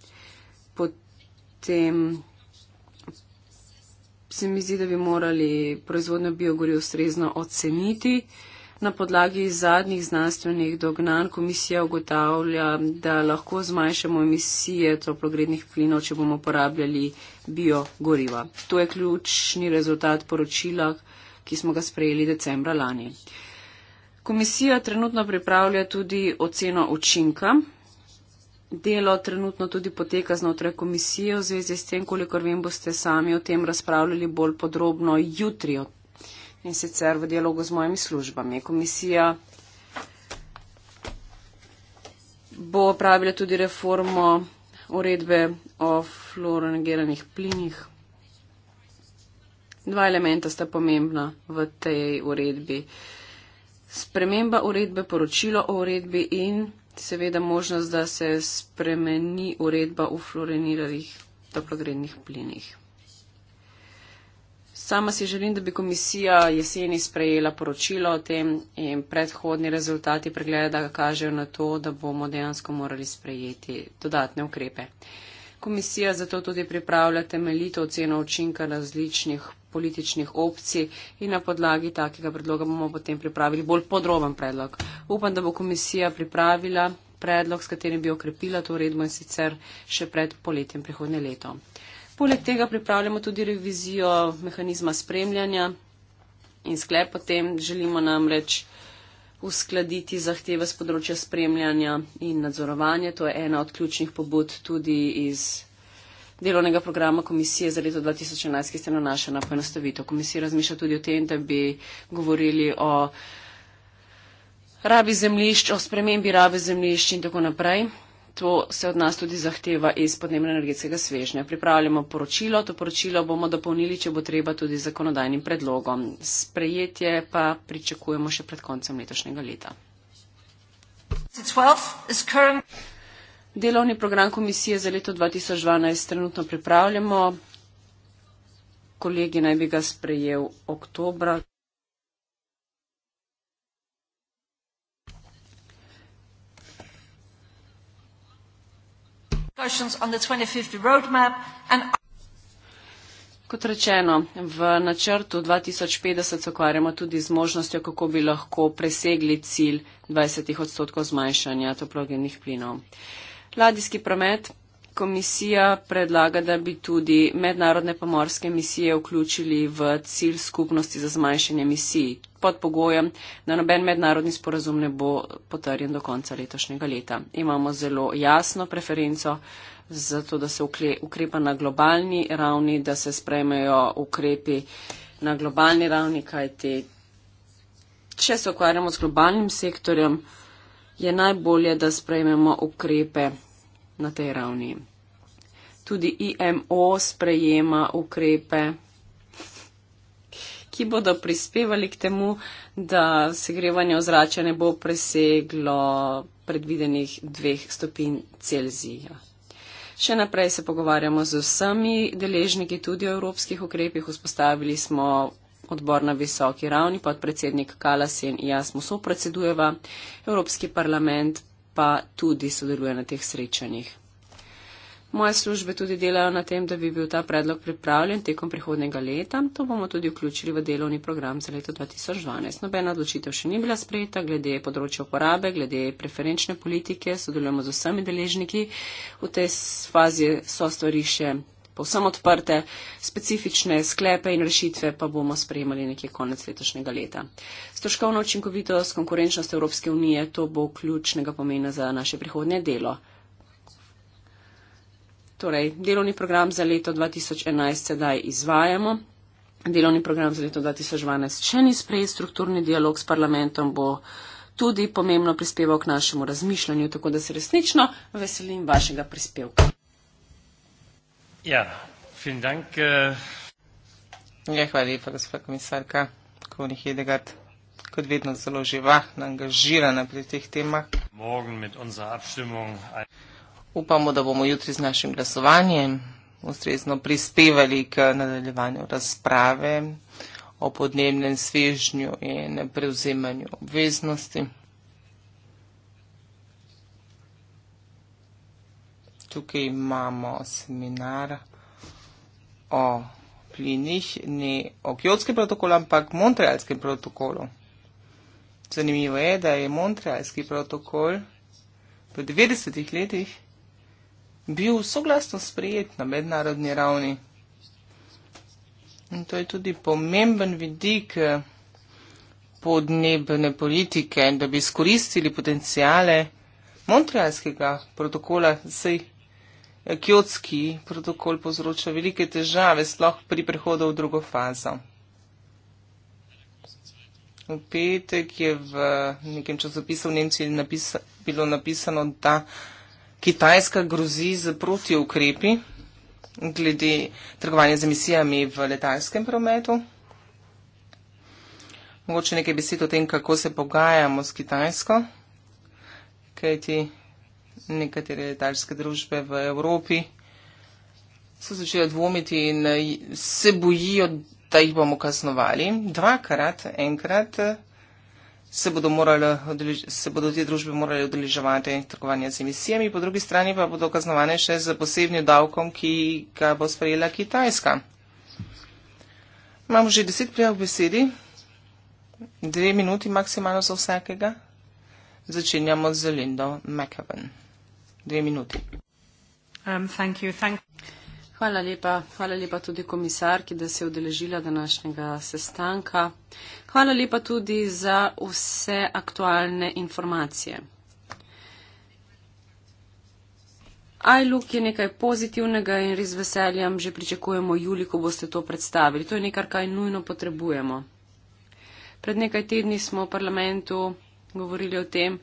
Potem se mi zdi, da bi morali proizvodnjo biogoriv ustrezno oceniti. Na podlagi zadnjih znanstvenih dognanj komisija ugotavlja, da lahko zmanjšamo emisije toplogrednih plinov, če bomo uporabljali biogoriva. To je ključni rezultat poročila, ki smo ga sprejeli decembra lani. Komisija trenutno pripravlja tudi oceno učinka. Delo trenutno tudi poteka znotraj komisije v zvezi s tem, kolikor vem, boste sami o tem razpravljali bolj podrobno jutri in sicer v dialogu z mojimi službami. Komisija bo pravila tudi reformo uredbe o fluoranegiranih plinih. Dva elementa sta pomembna v tej uredbi. Uh, sprememba uredbe, poročilo o uredbi in seveda možnost, da se spremeni uredba v fluoriniranih toplogrednih plinih. Sama si želim, da bi komisija jeseni sprejela poročilo o tem in predhodni rezultati pregleda kažejo na to, da bomo dejansko morali sprejeti dodatne ukrepe. Komisija zato tudi pripravlja temeljito oceno učinka različnih političnih opcij in na podlagi takega predloga bomo potem pripravili bolj podroben predlog. Upam, da bo komisija pripravila predlog, s katerim bi okrepila to uredbo in sicer še pred poletjem prihodne leto. Poleg tega pripravljamo tudi revizijo mehanizma spremljanja in sklep o tem želimo namreč uskladiti zahteve z področja spremljanja in nadzorovanja. To je ena od ključnih pobud tudi iz delovnega programa komisije za leto 2011, ki se nanaša na poenostavitev. Komisija razmišlja tudi o tem, da bi govorili o rabi zemljišč, o spremembi rabe zemljišč in tako naprej. To se od nas tudi zahteva iz podnebne energetskega svežnja. Pripravljamo poročilo, to poročilo bomo dopolnili, če bo treba, tudi z zakonodajnim predlogom. Sprejetje pa pričakujemo še pred koncem letošnjega leta. 12 is current. Delovni program komisije za leto 2012 trenutno pripravljamo. Kolegi naj bi ga sprejel oktobra. Kot rečeno, v načrtu 2050 se okvarjamo tudi z možnostjo, kako bi lahko presegli cilj 20 odstotkov zmanjšanja toplogenih plinov. Ladijski promet komisija predlaga, da bi tudi mednarodne pomorske misije vključili v cilj skupnosti za zmanjšanje misij pod pogojem, da noben mednarodni sporazum ne bo potrjen do konca letošnjega leta. Imamo zelo jasno preferenco za to, da se ukrepa na globalni ravni, da se sprejmejo ukrepi na globalni ravni, kajti če se ukvarjamo z globalnim sektorjem, je najbolje, da sprejmemo ukrepe na tej ravni. Tudi IMO sprejema ukrepe, ki bodo prispevali k temu, da segrevanje ozračja ne bo preseglo predvidenih dveh stopinj Celzija. Še naprej se pogovarjamo z vsemi deležniki tudi o evropskih ukrepih. Vzpostavili smo odbor na visoki ravni, podpredsednik Kalas in jaz smo sopredsedujeva, Evropski parlament pa tudi sodeluje na teh srečanjih. Moje službe tudi delajo na tem, da bi bil ta predlog pripravljen tekom prihodnega leta. To bomo tudi vključili v delovni program za leto 2012. Nobena odločitev še ni bila sprejeta glede področja uporabe, glede preferenčne politike. Sodelujemo z vsemi deležniki. V tej fazi so stvari še povsem odprte, specifične sklepe in rešitve pa bomo sprejemali nekje konec letošnjega leta. Stroškovna učinkovitost, konkurenčnost Evropske unije, to bo ključnega pomena za naše prihodnje delo. Torej, delovni program za leto 2011 sedaj izvajamo. Delovni program za leto 2012 še ni sprejet, strukturni dialog s parlamentom bo tudi pomembno prispeval k našemu razmišljanju, tako da se resnično veselim vašega prispevka. Ja, vielen Dank. Äh... Ja, hvala lepa, gospa komisarka Koni Hedegard, kot vedno zelo živa, angažirana pri teh temah. Upamo, da bomo jutri z našim glasovanjem ustrezno prispevali k nadaljevanju razprave o podnebnem svežnju in prevzemanju obveznosti. tukaj imamo seminar o plinih, ne o kjotskem protokolu, ampak montrealskem protokolu. Zanimivo je, da je montrealski protokol v 90-ih letih bil soglasno sprejet na mednarodni ravni. In to je tudi pomemben vidik eh, podnebne politike, da bi skoristili potencijale montrealskega protokola, saj kjotski protokol povzroča velike težave, sploh pri prehodu v drugo fazo. V petek je v nekem časopisu v Nemčiji napisa, bilo napisano, da Kitajska grozi z protiukrepi glede trgovanja z emisijami v letalskem prometu. Mogoče nekaj besed o tem, kako se pogajamo s Kitajsko, kajti nekatere letalske družbe v Evropi so začele dvomiti in eh, se bojijo, da jih bomo kaznovali. Dvakrat, enkrat eh, se bodo, morali, se bodo te družbe morali odeleževati trgovanja z emisijami, po drugi strani pa bodo kaznovane še z posebnim davkom, ki ga bo sprejela Kitajska. Imamo že deset prijav besedi, dve minuti maksimalno za vsakega. Začenjamo z Lindo McEwen. Um, Hvala lepa. Hvala lepa tudi komisarki, da se je odeležila današnjega sestanka. Hvala lepa tudi za vse aktualne informacije. ILUK je nekaj pozitivnega in res veseljem že pričakujemo juli, ko boste to predstavili. To je nekaj, kaj nujno potrebujemo. Pred nekaj tedni smo v parlamentu govorili o tem,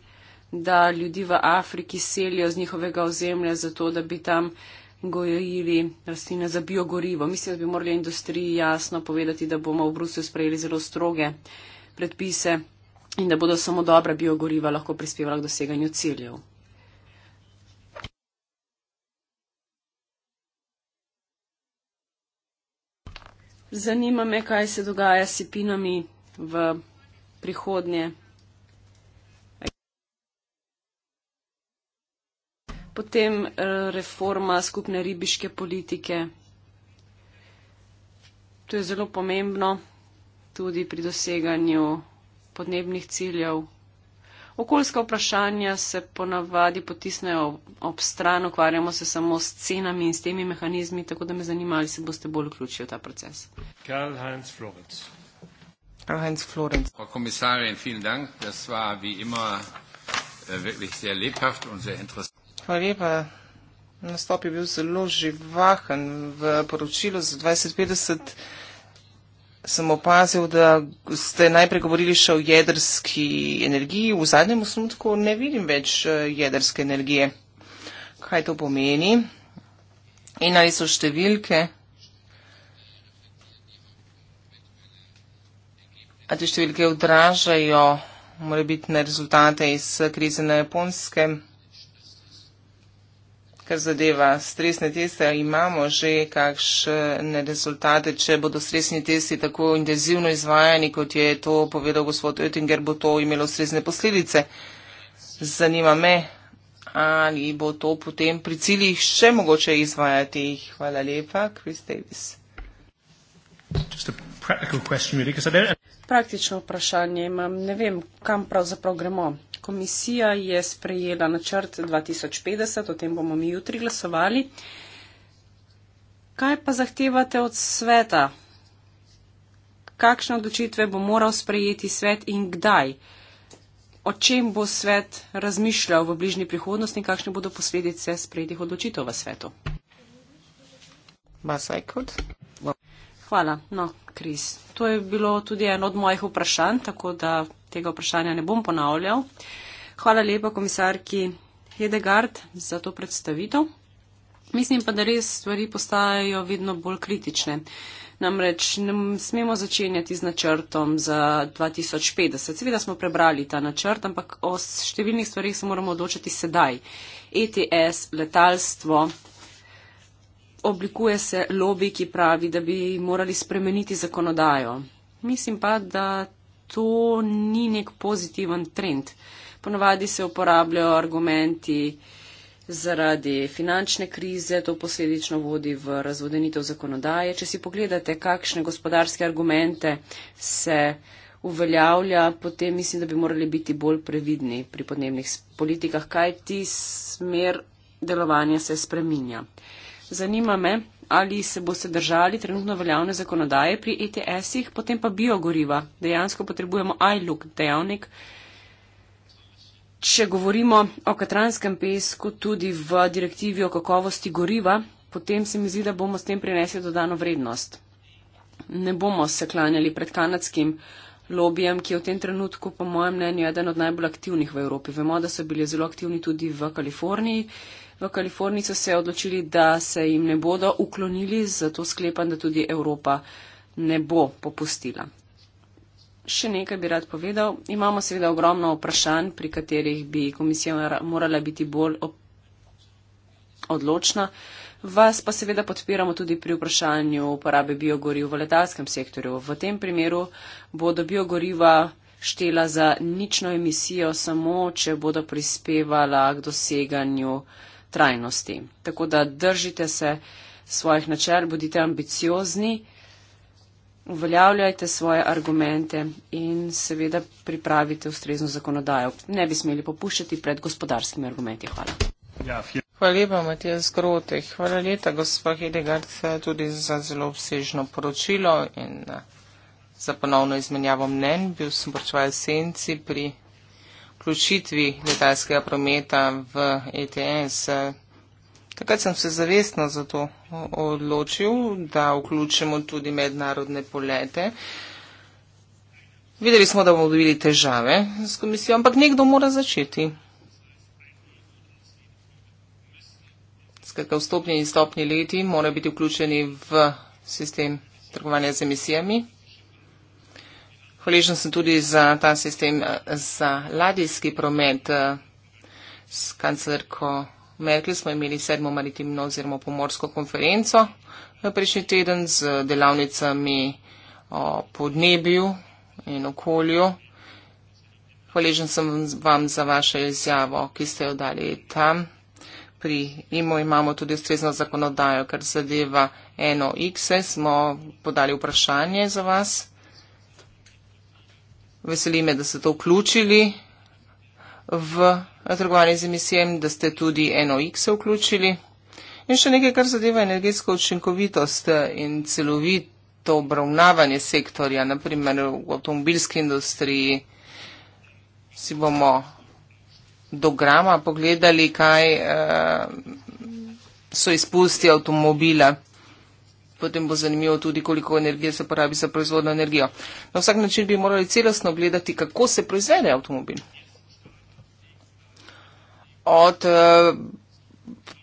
da ljudi v Afriki selijo z njihovega ozemlja zato, da bi tam gojili rastline za biogorivo. Mislim, da bi morali industriji jasno povedati, da bomo v Bruslju sprejeli zelo stroge predpise in da bodo samo dobra biogoriva lahko prispevala k doseganju ciljev. Zanima me, kaj se dogaja s sipinami v prihodnje. potem eh, reforma skupne ribiške politike. To je zelo pomembno tudi pri doseganju podnebnih ciljev. Okoljska vprašanja se ponavadi potisnejo ob stran, ukvarjamo se samo s cenami in s temi mehanizmi, tako da me zanima, ali se boste bolj vključili v ta proces. Karl Heinz Florenz. Karl Heinz Florenz. Frau Kommissarin, vielen Dank. Das war wie immer äh, wirklich sehr lebhaft und sehr interessant. Hvala lepa. Nastop je bil zelo živahen. V poročilu za 2050 sem opazil, da ste najprej govorili še o jedrski energiji. V zadnjem osnutku ne vidim več eh, jedrske energije. Kaj to pomeni? In ali so številke? A te številke odražajo morebitne rezultate iz krize na japonskem? Kar zadeva stresne teste, imamo že kakšne rezultate, če bodo stresni testi tako intenzivno izvajani, kot je to povedal gospod Oettinger, bo to imelo stresne posledice. Zanima me, ali bo to potem pri ciljih še mogoče izvajati. Hvala lepa, Chris Davis. Just a practical question, really, because I don't Praktično vprašanje imam, ne vem, kam pravzaprav gremo. Komisija je sprejela načrt 2050, o tem bomo mi jutri glasovali. Kaj pa zahtevate od sveta? Kakšne odločitve bo moral sprejeti svet in kdaj? O čem bo svet razmišljal v bližnji prihodnosti in kakšne bodo posledice sprejetih odločitev v svetu? Hvala. No, Kris, to je bilo tudi eno od mojih vprašanj, tako da tega vprašanja ne bom ponavljal. Hvala lepa komisarki Hedegard za to predstavitev. Mislim pa, da res stvari postajajo vedno bolj kritične. Namreč ne smemo začenjati z načrtom za 2050. Seveda smo prebrali ta načrt, ampak o številnih stvarih se moramo odločiti sedaj. ETS, letalstvo, oblikuje se lobby, ki pravi, da bi morali spremeniti zakonodajo. Mislim pa, da to ni nek pozitiven trend. Ponovadi se uporabljajo argumenti zaradi finančne krize, to posledično vodi v razvodenitev zakonodaje. Če si pogledate, kakšne gospodarske argumente se uveljavlja, potem mislim, da bi morali biti bolj previdni pri podnebnih politikah, kaj ti smer delovanja se spreminja. Zanima me, ali se boste držali trenutno veljavne zakonodaje pri ETS-ih, potem pa biogoriva. Dejansko potrebujemo iLook dejavnik. Če govorimo o katranskem pesku, tudi v direktivi o kakovosti goriva, potem se mi zdi, da bomo s tem prinesli dodano vrednost. Ne bomo se klanjali pred kanadskim lobijem, ki je v tem trenutku, po mojem mnenju, eden od najbolj aktivnih v Evropi. Vemo, da so bili zelo aktivni tudi v Kaliforniji, v Kaliforniji so se odločili, da se jim ne bodo uklonili, zato sklepam, da tudi Evropa ne bo popustila. Še nekaj bi rad povedal. Imamo seveda ogromno vprašanj, pri katerih bi komisija morala biti bolj odločna. Vas pa seveda podpiramo tudi pri vprašanju uporabe biogoriv v letalskem sektorju. V tem primeru bodo biogoriva štela za nično emisijo samo, če bodo prispevala k doseganju trajnosti. Tako da držite se svojih načel, bodite ambiciozni, uveljavljajte svoje argumente in seveda pripravite ustrezno zakonodajo. Ne bi smeli popuščati pred gospodarskimi argumenti. Hvala. Ja, Hvala lepa, Matija Zgrote. Hvala lepa, gospod Hedegard, tudi za zelo obsežno poročilo in eh, za ponovno izmenjavo mnen. Bil sem počval senci pri vključitvi letalskega prometa v ETS. Takrat sem se zavestno zato odločil, da vključimo tudi mednarodne polete. Videli smo, da bomo dobili težave s komisijo, ampak nekdo mora začeti. Skratka, vstopni in stopni leti mora biti vključeni v sistem trgovanja z emisijami. Hvaležen sem tudi za ta sistem eh, za ladijski promet. Eh, s kanclerko Merkel smo imeli sedmo maritimno oziroma pomorsko konferenco eh, prejšnji teden z delavnicami o podnebju in okolju. Hvaležen sem vam za vaše izjavo, ki ste jo dali tam. Pri IMO imamo tudi ustrezno zakonodajo, kar zadeva 1X, smo podali vprašanje za vas. Veseli me, da ste to vključili v trgovanje z emisijem, da ste tudi NOX vključili. In še nekaj, kar zadeva energetsko učinkovitost in celovito obravnavanje sektorja, naprimer v avtomobilski industriji, si bomo do grama pogledali, kaj eh, so izpusti avtomobila potem bo zanimivo tudi, koliko energije se porabi za proizvodno energijo. Na vsak način bi morali celostno gledati, kako se proizvede avtomobil. Od eh,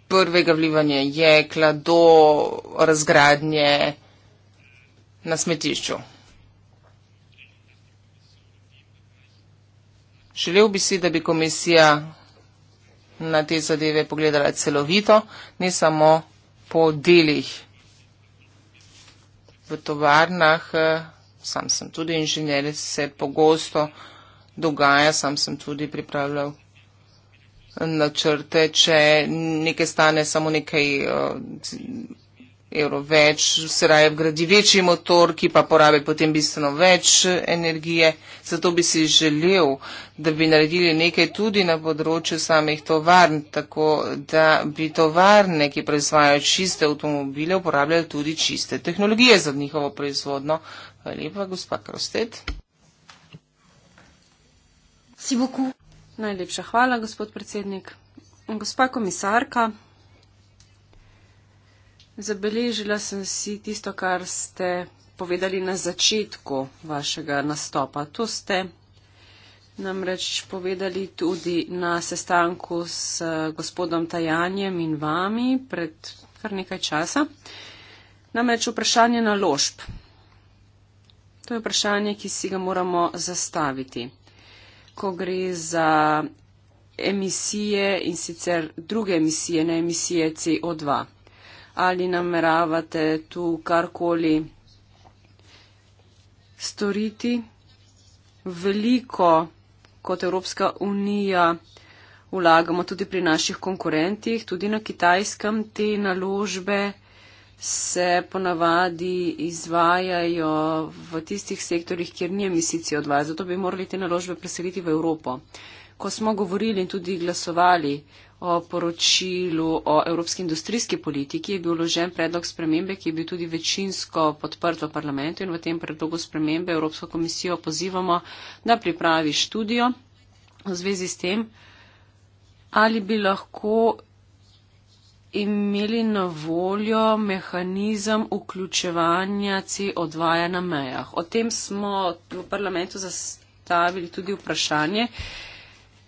prvega vlivanja jekla do razgradnje na smetišču. Želel bi si, da bi komisija na te zadeve pogledala celovito, ne samo po delih tovarnah, eh, sam sem tudi inženir, se pogosto dogaja, sam sem tudi pripravljal načrte, če nekaj stane samo nekaj. Uh, evrov več, se raje vgradi večji motor, ki pa porabi potem bistveno več energije. Zato bi si želel, da bi naredili nekaj tudi na področju samih tovarn, tako da bi tovarne, ki proizvajajo čiste avtomobile, uporabljali tudi čiste tehnologije za njihovo proizvodno. Hvala lepa, gospa Krostet. Najlepša hvala, gospod predsednik. Gospa komisarka, Zabeležila sem si tisto, kar ste povedali na začetku vašega nastopa. To ste namreč povedali tudi na sestanku s gospodom Tajanjem in vami pred kar nekaj časa. Namreč vprašanje naložb. To je vprašanje, ki si ga moramo zastaviti. Ko gre za emisije in sicer druge emisije, ne emisije CO2 ali nameravate tu karkoli storiti. Veliko kot Evropska unija vlagamo tudi pri naših konkurentih, tudi na kitajskem te naložbe se ponavadi izvajajo v tistih sektorjih, kjer ni emisicije od vas. Zato bi morali te naložbe preseliti v Evropo. Ko smo govorili in tudi glasovali o poročilu o evropski industrijski politiki je bil vložen predlog spremembe, ki je bil tudi večinsko podprt v parlamentu in v tem predlogu spremembe Evropsko komisijo pozivamo, da pripravi študijo v zvezi s tem, ali bi lahko imeli na voljo mehanizem vključevanja CO2 na mejah. O tem smo v parlamentu zastavili tudi vprašanje.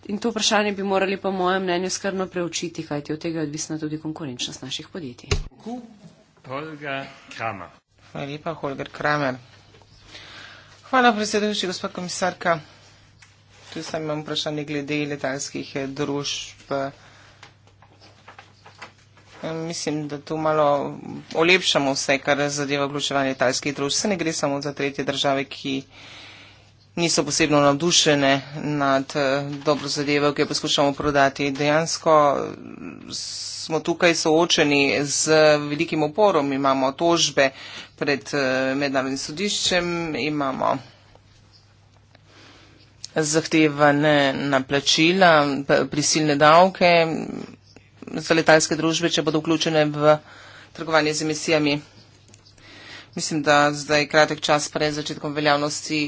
In to vprašanje bi morali, po mojem mnenju, skrbno preučiti, kajti od tega je odvisna tudi konkurenčnost naših podjetij. Holger Kramer. Hvala lepa, Holger Kramer. Hvala, predsedujoči, gospod komisarka. Tu sem imam vprašanje glede letalskih eh, družb. Ja, mislim, da tu malo olepšamo vse, kar zadeva vključevanje letalskih družb. Se ne gre samo za tretje države, ki niso posebno navdušene nad eh, dobro zadevo, ki jo poskušamo prodati. Dejansko eh, smo tukaj soočeni z velikim oporom. Imamo tožbe pred eh, mednarodnim sodiščem, imamo zahtevane naplačila, prisilne davke za letalske družbe, če bodo vključene v trgovanje z emisijami. Mislim, da zdaj kratek čas pred začetkom veljavnosti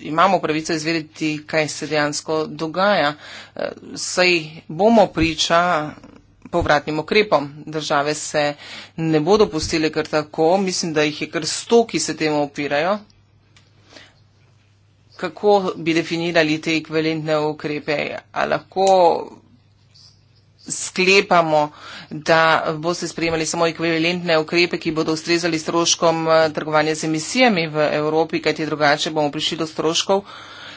imamo pravico izvedeti, kaj se dejansko dogaja. Eh, saj bomo priča povratnim okrepom. Države se ne bodo pustile kar tako. Mislim, da jih je kar sto, ki se temu opirajo. Kako bi definirali te ekvivalentne ukrepe? A lahko sklepamo, da boste sprejemali samo ekvivalentne ukrepe, ki bodo ustrezali stroškom eh, trgovanja z emisijami v Evropi, kajti drugače bomo prišli do stroškov,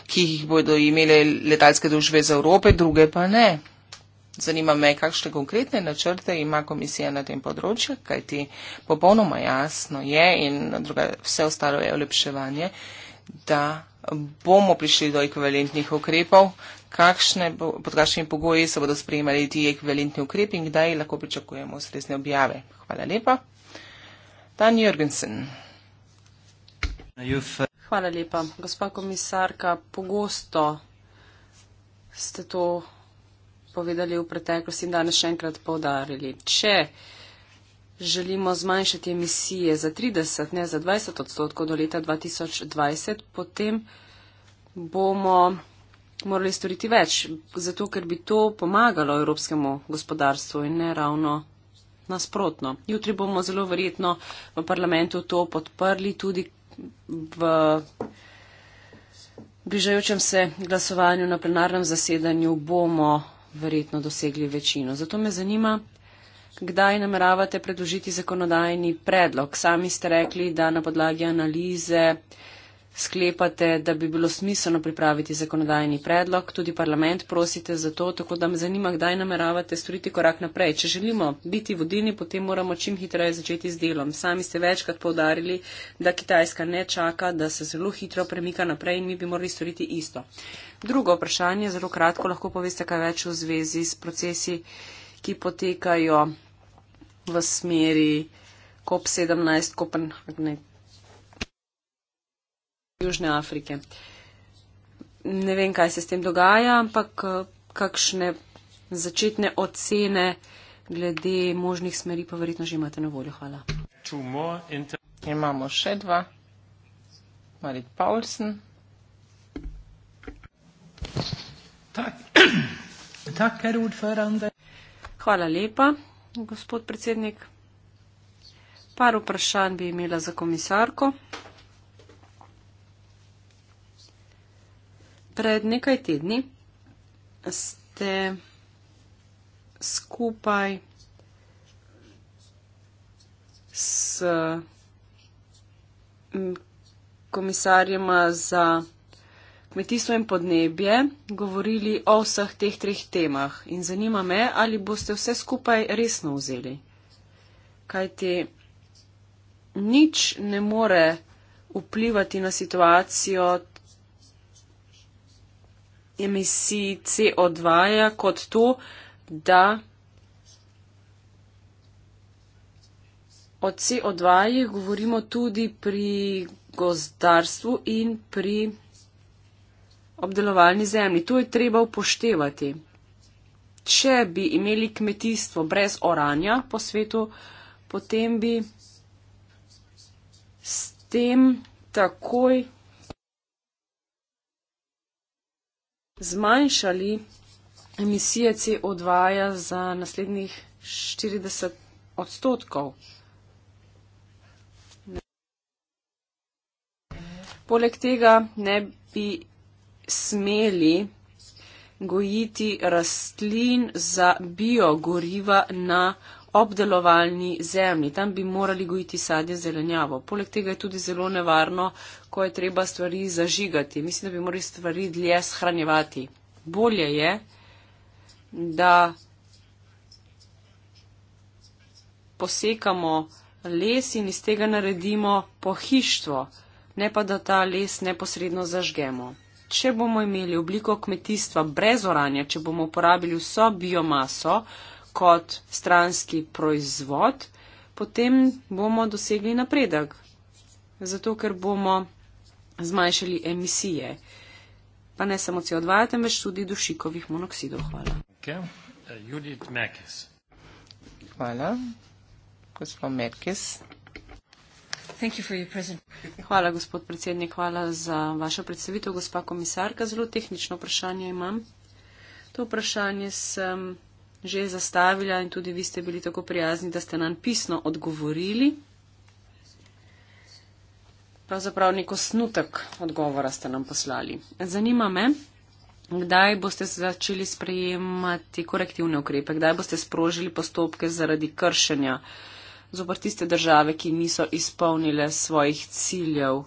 ki jih bodo imele letalske družbe z Evrope, druge pa ne. Zanima me, kakšne konkretne načrte ima komisija na tem področju, kajti popolnoma jasno je in druga, vse ostalo je olepševanje, da bomo prišli do ekvivalentnih ukrepov, kakšne, pod kakšnimi pogoji se bodo sprejemali ti ekvivalentni ukrepi in kdaj lahko pričakujemo ustrezne objave. Hvala lepa. Dan Jorgensen. Hvala lepa. Gospa komisarka, pogosto ste to povedali v preteklosti in danes še enkrat povdarili. Če želimo zmanjšati emisije za 30, ne za 20 odstotkov do leta 2020, potem bomo morali storiti več, zato ker bi to pomagalo evropskemu gospodarstvu in ne ravno nasprotno. Jutri bomo zelo verjetno v parlamentu to podprli tudi v bližajočem se glasovanju na plenarnem zasedanju bomo verjetno dosegli večino. Zato me zanima, kdaj nameravate predložiti zakonodajni predlog. Sami ste rekli, da na podlagi analize sklepate, da bi bilo smiselno pripraviti zakonodajni predlog, tudi parlament prosite za to, tako da me zanima, kdaj nameravate storiti korak naprej. Če želimo biti vodilni, potem moramo čim hitreje začeti z delom. Sami ste večkrat povdarili, da Kitajska ne čaka, da se zelo hitro premika naprej in mi bi morali storiti isto. Drugo vprašanje, zelo kratko, lahko poveste kaj več v zvezi s procesi, ki potekajo v smeri COP17, Kopenhagen. Južne Afrike. Ne vem, kaj se s tem dogaja, ampak eh, kakšne začetne ocene glede možnih smeri pa verjetno že imate na voljo. Hvala. Imamo še dva. Marit Paulsen. Tak. Tak, Hvala lepa, gospod predsednik. Par vprašanj bi imela za komisarko. pred nekaj tedni ste skupaj s mm, komisarjema za kmetijstvo in podnebje govorili o vseh teh treh temah. In zanima me, ali boste vse skupaj resno vzeli. Kajti nič ne more vplivati na situacijo emisij CO2 kot to, da o CO2 govorimo tudi pri gozdarstvu in pri obdelovalni zemlji. To je treba upoštevati. Če bi imeli kmetijstvo brez oranja po svetu, potem bi s tem takoj zmanjšali emisije CO2 -ja za naslednjih 40 odstotkov. Poleg tega ne bi smeli gojiti rastlin za biogoriva na obdelovalni zemlji. Tam bi morali gojiti sadje zelenjavo. Poleg tega je tudi zelo nevarno ko je treba stvari zažigati. Mislim, da bi morali stvari dlje shranjevati. Bolje je, da posekamo les in iz tega naredimo pohištvo, ne pa da ta les neposredno zažgemo. Če bomo imeli obliko kmetijstva brez oranja, če bomo uporabili vso biomaso kot stranski proizvod, potem bomo dosegli napredek. Zato, ker bomo zmanjšali emisije, pa ne samo CO2, temveč tudi dušikovih monoksidov. Hvala. Uh, hvala. Gospod Merkis. Hvala, gospod predsednik, hvala za vašo predstavitev, gospa komisarka. Zelo tehnično vprašanje imam. To vprašanje sem že zastavila in tudi vi ste bili tako prijazni, da ste nam pisno odgovorili pravzaprav neko snutek odgovora ste nam poslali. Zanima me, kdaj boste začeli sprejemati korektivne ukrepe, kdaj boste sprožili postopke zaradi kršenja zopr tiste države, ki niso izpolnile svojih ciljev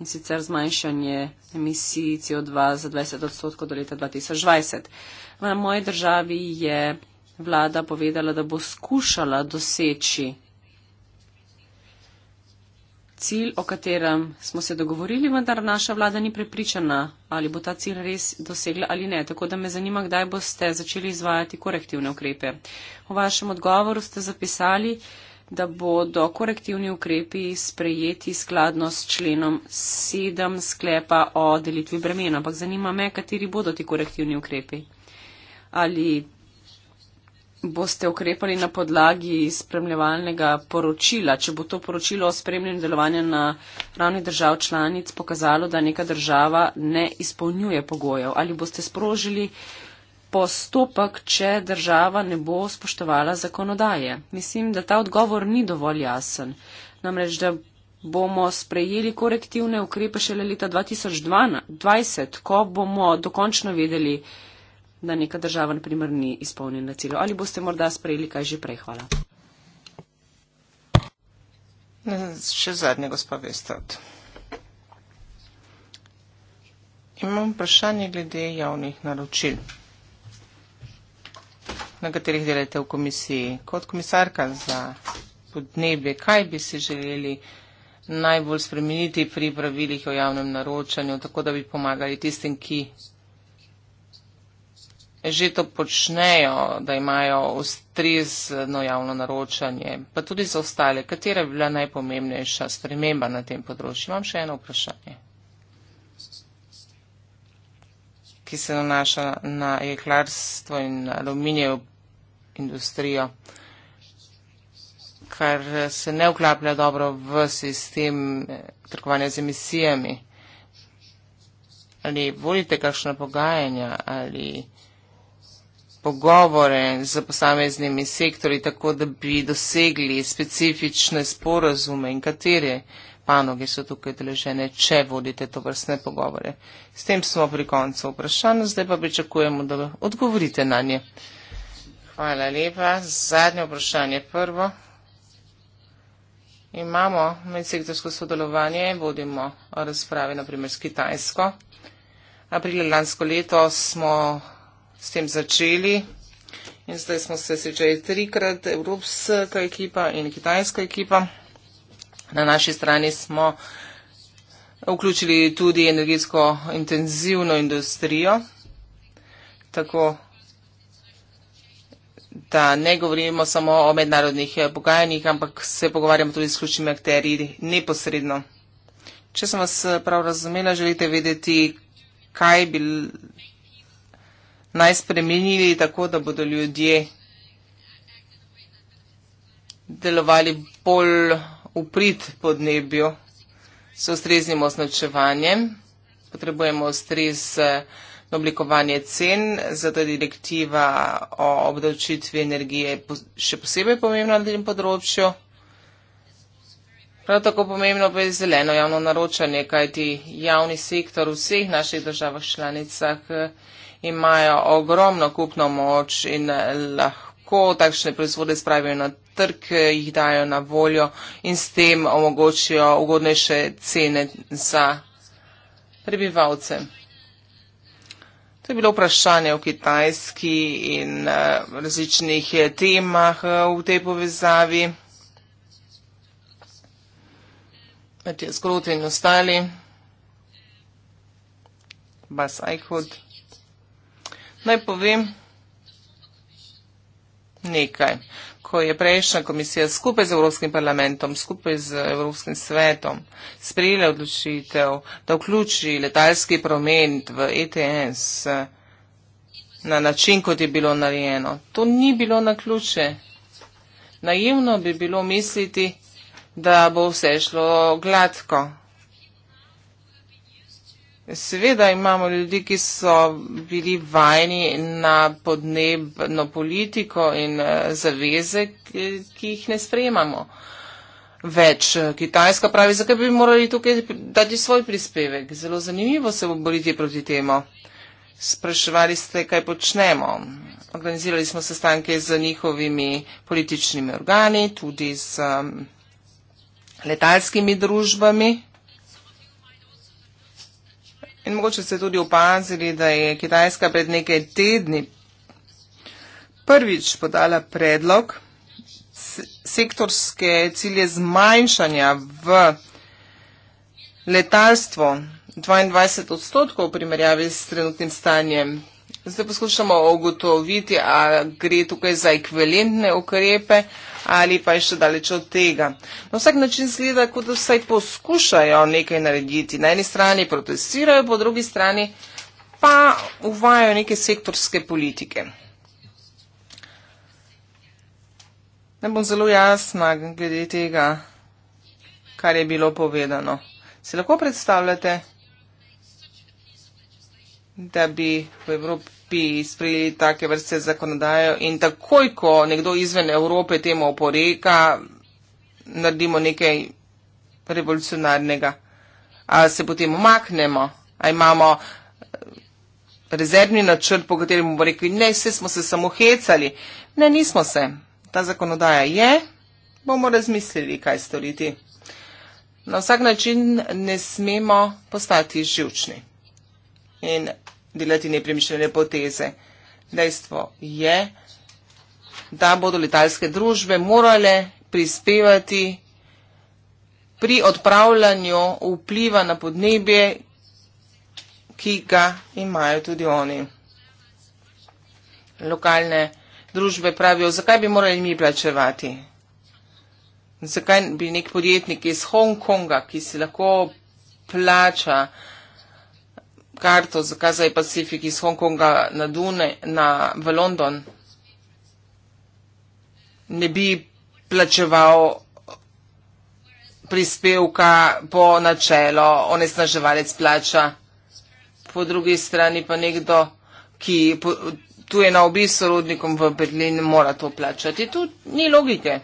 in sicer zmanjšanje emisij CO2 za 20 odstotkov do leta 2020. V moji državi je vlada povedala, da bo skušala doseči cilj, o katerem smo se dogovorili, vendar naša vlada ni prepričana, ali bo ta cilj res dosegla ali ne. Tako da me zanima, kdaj boste začeli izvajati korektivne ukrepe. V vašem odgovoru ste zapisali, da bodo korektivni ukrepi sprejeti skladno s členom 7 sklepa o delitvi bremena. Ampak zanima me, kateri bodo ti korektivni ukrepi. Ali boste ukrepali na podlagi spremljevalnega poročila. Če bo to poročilo o spremljanju delovanja na ravni držav članic pokazalo, da neka država ne izpolnjuje pogojev, ali boste sprožili postopek, če država ne bo spoštovala zakonodaje. Mislim, da ta odgovor ni dovolj jasen. Namreč, da bomo sprejeli korektivne ukrepe šele leta 2020, ko bomo dokončno vedeli, da neka država naprimer ni izpolnjena ciljev. Ali boste morda sprejeli kaj že prej? Hvala. Še zadnje, gospa Vestad. Imam vprašanje glede javnih naročil, na katerih delate v komisiji. Kot komisarka za podnebje, kaj bi si želeli najbolj spremeniti pri pravilih o javnem naročanju, tako da bi pomagali tistim, ki že to počnejo, da imajo ustrezno javno naročanje, pa tudi za ostale, katera bi bila najpomembnejša sprememba na tem področju? Imam še eno vprašanje, ki se nanaša na jeklarstvo in aluminijev industrijo, kar se ne vklaplja dobro v sistem trgovanja z emisijami. Ali volite kakšna pogajanja ali pogovore z posameznimi sektori, tako da bi dosegli specifične sporazume in katere panoge so tukaj deležene, če vodite to vrstne pogovore. S tem smo pri koncu vprašanj, zdaj pa pričakujemo, da odgovorite na nje. Hvala lepa. Zadnje vprašanje prvo. Imamo medsektorsko sodelovanje, vodimo razprave naprimer s Kitajsko. Aprila lansko leto smo s tem začeli. In zdaj smo se že trikrat, evropska ekipa in kitajska ekipa. Na naši strani smo vključili tudi energetsko intenzivno industrijo, tako da ne govorimo samo o mednarodnih pogajanjih, ampak se pogovarjamo tudi s ključnimi akterji neposredno. Če sem vas prav razumela, želite vedeti, kaj bi naj spremenili tako, da bodo ljudje delovali bolj uprit podnebju s ustreznim označevanjem. Potrebujemo ustrez oblikovanje cen, zato je direktiva o obdavčitvi energije še posebej pomembna na tem področju. Prav tako pomembno pa je zeleno javno naročanje, kajti javni sektor v vseh naših državah članicah imajo ogromno kupno moč in lahko takšne proizvode spravijo na trg, jih dajo na voljo in s tem omogočijo ugodnejše cene za prebivalce. To je bilo vprašanje o Kitajski in eh, različnih eh, temah eh, v tej povezavi. Matija Skrote in ostali. Bas Eichhut. Naj povem nekaj. Ko je prejšnja komisija skupaj z Evropskim parlamentom, skupaj z Evropskim svetom sprejela odločitev, da vključi letalski promet v ETS eh, na način, kot je bilo narejeno, to ni bilo na ključe. Naivno bi bilo misliti, da bo vse šlo gladko. Seveda imamo ljudi, ki so bili vajeni na podnebno politiko in eh, zaveze, ki jih ne sprejemamo. Več Kitajska pravi, zakaj bi morali tukaj dati svoj prispevek. Zelo zanimivo se bo boriti proti temu. Spraševali ste, kaj počnemo. Organizirali smo sestanke z njihovimi političnimi organi, tudi z eh, letalskimi družbami. In mogoče ste tudi opazili, da je Kitajska pred nekaj tedni prvič podala predlog sektorske cilje zmanjšanja v letalstvo 22 odstotkov v primerjavi s trenutnim stanjem Zdaj poskušamo ugotoviti, a gre tukaj za ekvivalentne ukrepe ali pa je še daleč od tega. Na vsak način sleda, kot da vsaj poskušajo nekaj narediti. Na eni strani protestirajo, po drugi strani pa uvajajo neke sektorske politike. Ne bom zelo jasna glede tega, kar je bilo povedano. Se lahko predstavljate, da bi v Evropi Evropi sprejeli take vrste zakonodajo in takoj, ko nekdo izven Evrope temu oporeka, naredimo nekaj revolucionarnega. A se potem omaknemo, a imamo eh, rezervni načrt, po katerem bomo rekli, ne, vse smo se samo hecali. Ne, nismo se. Ta zakonodaja je, bomo razmislili, kaj storiti. Na vsak način ne smemo postati živčni. In delati nepremišljene poteze. Dejstvo je, da bodo letalske družbe morale prispevati pri odpravljanju vpliva na podnebje, ki ga imajo tudi oni. Lokalne družbe pravijo, zakaj bi morali mi plačevati? Zakaj bi nek podjetnik iz Hongkonga, ki si lahko plača karto za Kazaj Pacifik iz Hongkonga na Dune, na, v London, ne bi plačeval prispevka po načelo, onesnaževalec plača. Po drugi strani pa nekdo, ki tu je na obisku s rodnikom v Berlin, mora to plačati. Tu ni logike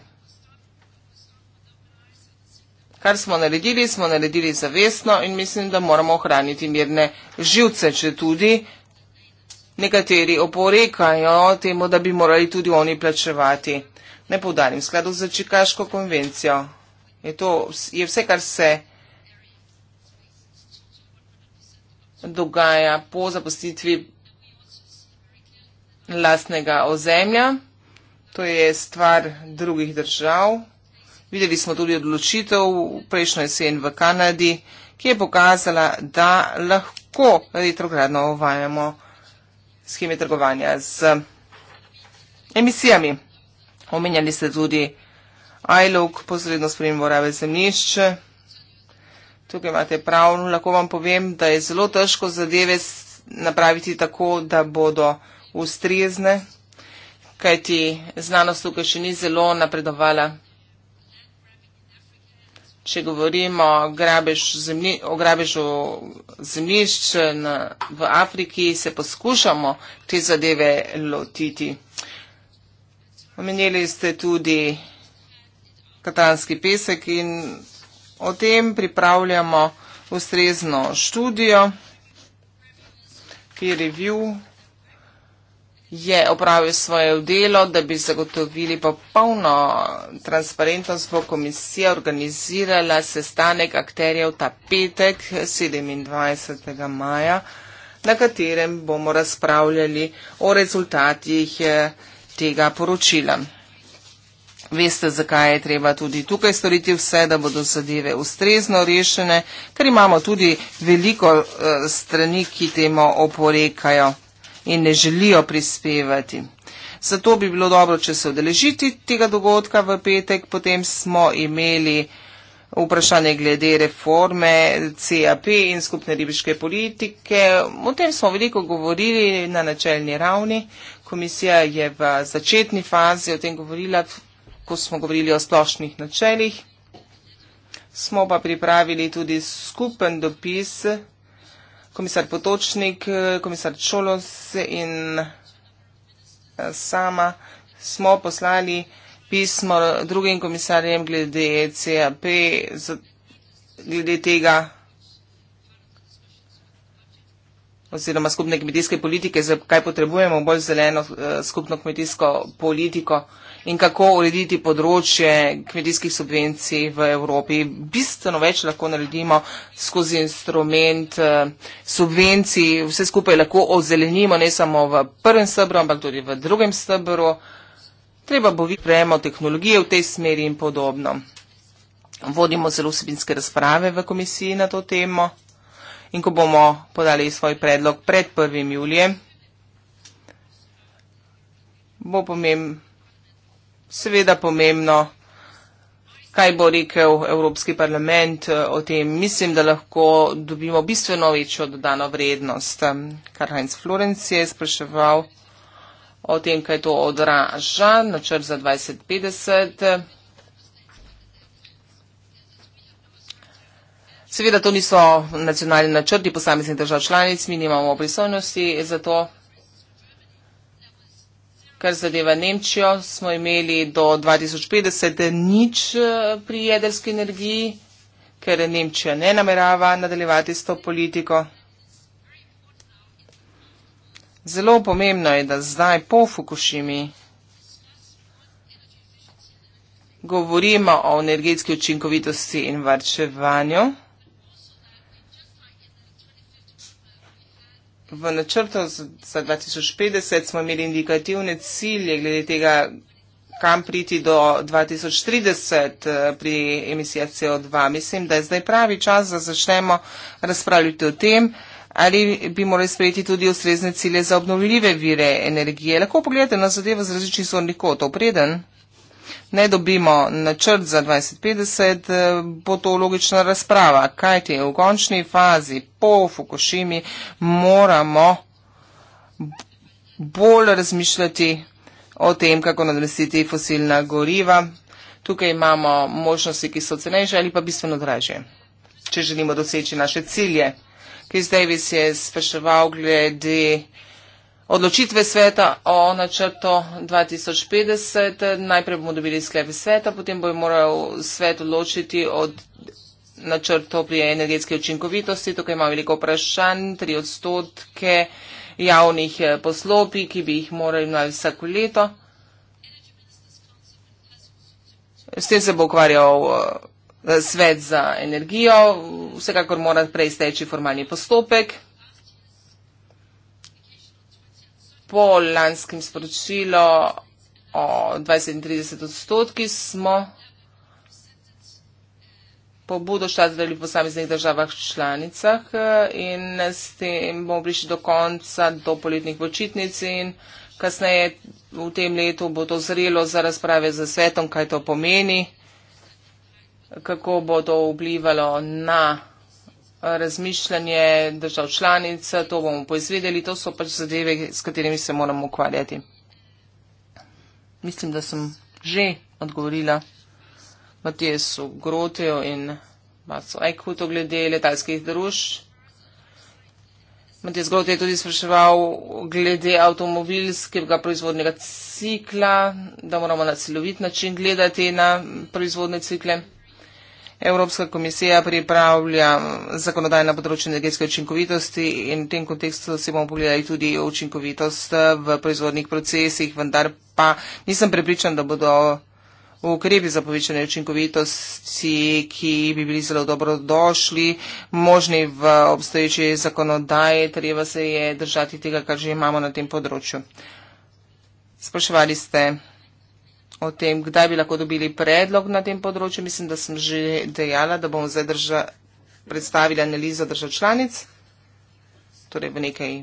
kar smo naredili, smo naredili zavestno in mislim, da moramo ohraniti mirne živce, če tudi nekateri oporekajo temu, da bi morali tudi oni plačevati. Ne povdarim, skladu za Čikaško konvencijo. Je to je vse, kar se dogaja po zapustitvi lastnega ozemlja. To je stvar drugih držav. Videli smo tudi odločitev prejšnjo jesen v Kanadi, ki je pokazala, da lahko retrogradno uvajamo scheme trgovanja z emisijami. Omenjali ste tudi ILOG, posredno spremembo rabe zemljišče. Tukaj imate prav, no, lahko vam povem, da je zelo težko zadeve napraviti tako, da bodo ustrezne, kajti znanost tukaj še ni zelo napredovala če govorimo grabež zemlji, o grabežu zemljišč na, v Afriki, se poskušamo te zadeve lotiti. Omenili ste tudi katanski pesek in o tem pripravljamo ustrezno študijo, ki je review je opravil svoje delo, da bi zagotovili popolno transparentnost, bo komisija organizirala sestanek akterjev ta petek, 27. maja, na katerem bomo razpravljali o rezultatih eh, tega poročila. Veste, zakaj je treba tudi tukaj storiti vse, da bodo zadeve ustrezno rešene, ker imamo tudi veliko eh, strani, ki temu oporekajo in ne želijo prispevati. Zato bi bilo dobro, če se odeležiti tega dogodka v petek. Potem smo imeli vprašanje glede reforme CAP in skupne ribiške politike. O tem smo veliko govorili na načeljni ravni. Komisija je v začetni fazi o tem govorila, ko smo govorili o splošnih načeljih. Smo pa pripravili tudi skupen dopis komisar Potočnik, komisar Čolos in eh, sama smo poslali pismo drugim komisarjem glede e CAP, glede tega oziroma skupne kmetijske politike, zakaj potrebujemo bolj zeleno eh, skupno kmetijsko politiko in kako urediti področje kmetijskih subvencij v Evropi. Bistveno več lahko naredimo skozi instrument eh, subvencij, vse skupaj lahko ozelenimo, ne samo v prvem stebru, ampak tudi v drugem stebru. Treba bo vi prejemo tehnologije v tej smeri in podobno. Vodimo zelo vsebinske razprave v komisiji na to temo in ko bomo podali svoj predlog pred 1. julijem, bo pomembno seveda pomembno, kaj bo rekel Evropski parlament eh, o tem. Mislim, da lahko dobimo bistveno večjo dodano vrednost. Kar Heinz Florenc je spraševal o tem, kaj to odraža, načrt za 2050. Seveda to niso nacionalni načrti posameznih držav članic, mi nimamo pristojnosti za to. Kar zadeva Nemčijo, smo imeli do 2050 nič eh, pri jedrski energiji, ker Nemčija ne namerava nadaljevati s to politiko. Zelo pomembno je, da zdaj po Fukushimi govorimo o energetski učinkovitosti in varčevanju. v načrtu za 2050 smo imeli indikativne cilje glede tega, kam priti do 2030 eh, pri emisijah CO2. Mislim, da je zdaj pravi čas, da začnemo razpravljati o tem, ali bi morali sprejeti tudi ustrezne cilje za obnovljive vire energije. Lahko pogledate na zadevo z različnih zornih kotov. Preden ne dobimo načrt za 2050, eh, bo to logična razprava, kajti v končni fazi po Fukushimi moramo bolj razmišljati o tem, kako nadomestiti fosilna goriva. Tukaj imamo možnosti, ki so cenejše ali pa bistveno dražje, če želimo doseči naše cilje. Kis Davis je spraševal glede odločitve sveta o načrto 2050. Najprej bomo dobili sklepe sveta, potem bo moral svet odločiti od načrto pri energetske učinkovitosti. Tukaj ima veliko vprašanj, tri odstotke javnih eh, poslopi, ki bi jih morali imati vsako leto. S tem se bo ukvarjal eh, svet za energijo, vsekakor mora prej steči formalni postopek. po lanskem sporočilu o 20-30 odstotki smo pobudo štadili v posameznih državah članicah eh, in s tem bomo prišli do konca, do poletnih počitnic in kasneje v tem letu bo to zrelo za razprave z svetom, kaj to pomeni, kako bo to vplivalo na razmišljanje držav članic, to bomo poizvedeli, to so pač zadeve, s katerimi se moramo ukvarjati. Mislim, da sem že odgovorila Matijesu Grotejo in Marcu Ekutu glede letalskih druž. Matijes Grotej je tudi spraševal glede avtomobilskega proizvodnega cikla, da moramo na celovit način gledati na proizvodne cikle. Evropska komisija pripravlja zakonodaj na področju energetske učinkovitosti in v tem kontekstu si bomo pogledali tudi učinkovitost v proizvodnih procesih, vendar pa nisem prepričan, da bodo ukrepi za povečanje učinkovitosti, ki bi bili zelo dobro došli, možni v obstoječi zakonodaji, treba se je držati tega, kar že imamo na tem področju. Spraševali ste o tem, kdaj bi lahko dobili predlog na tem področju. Mislim, da sem že dejala, da bom zdaj drža, predstavila analizo držav članic, torej v nekaj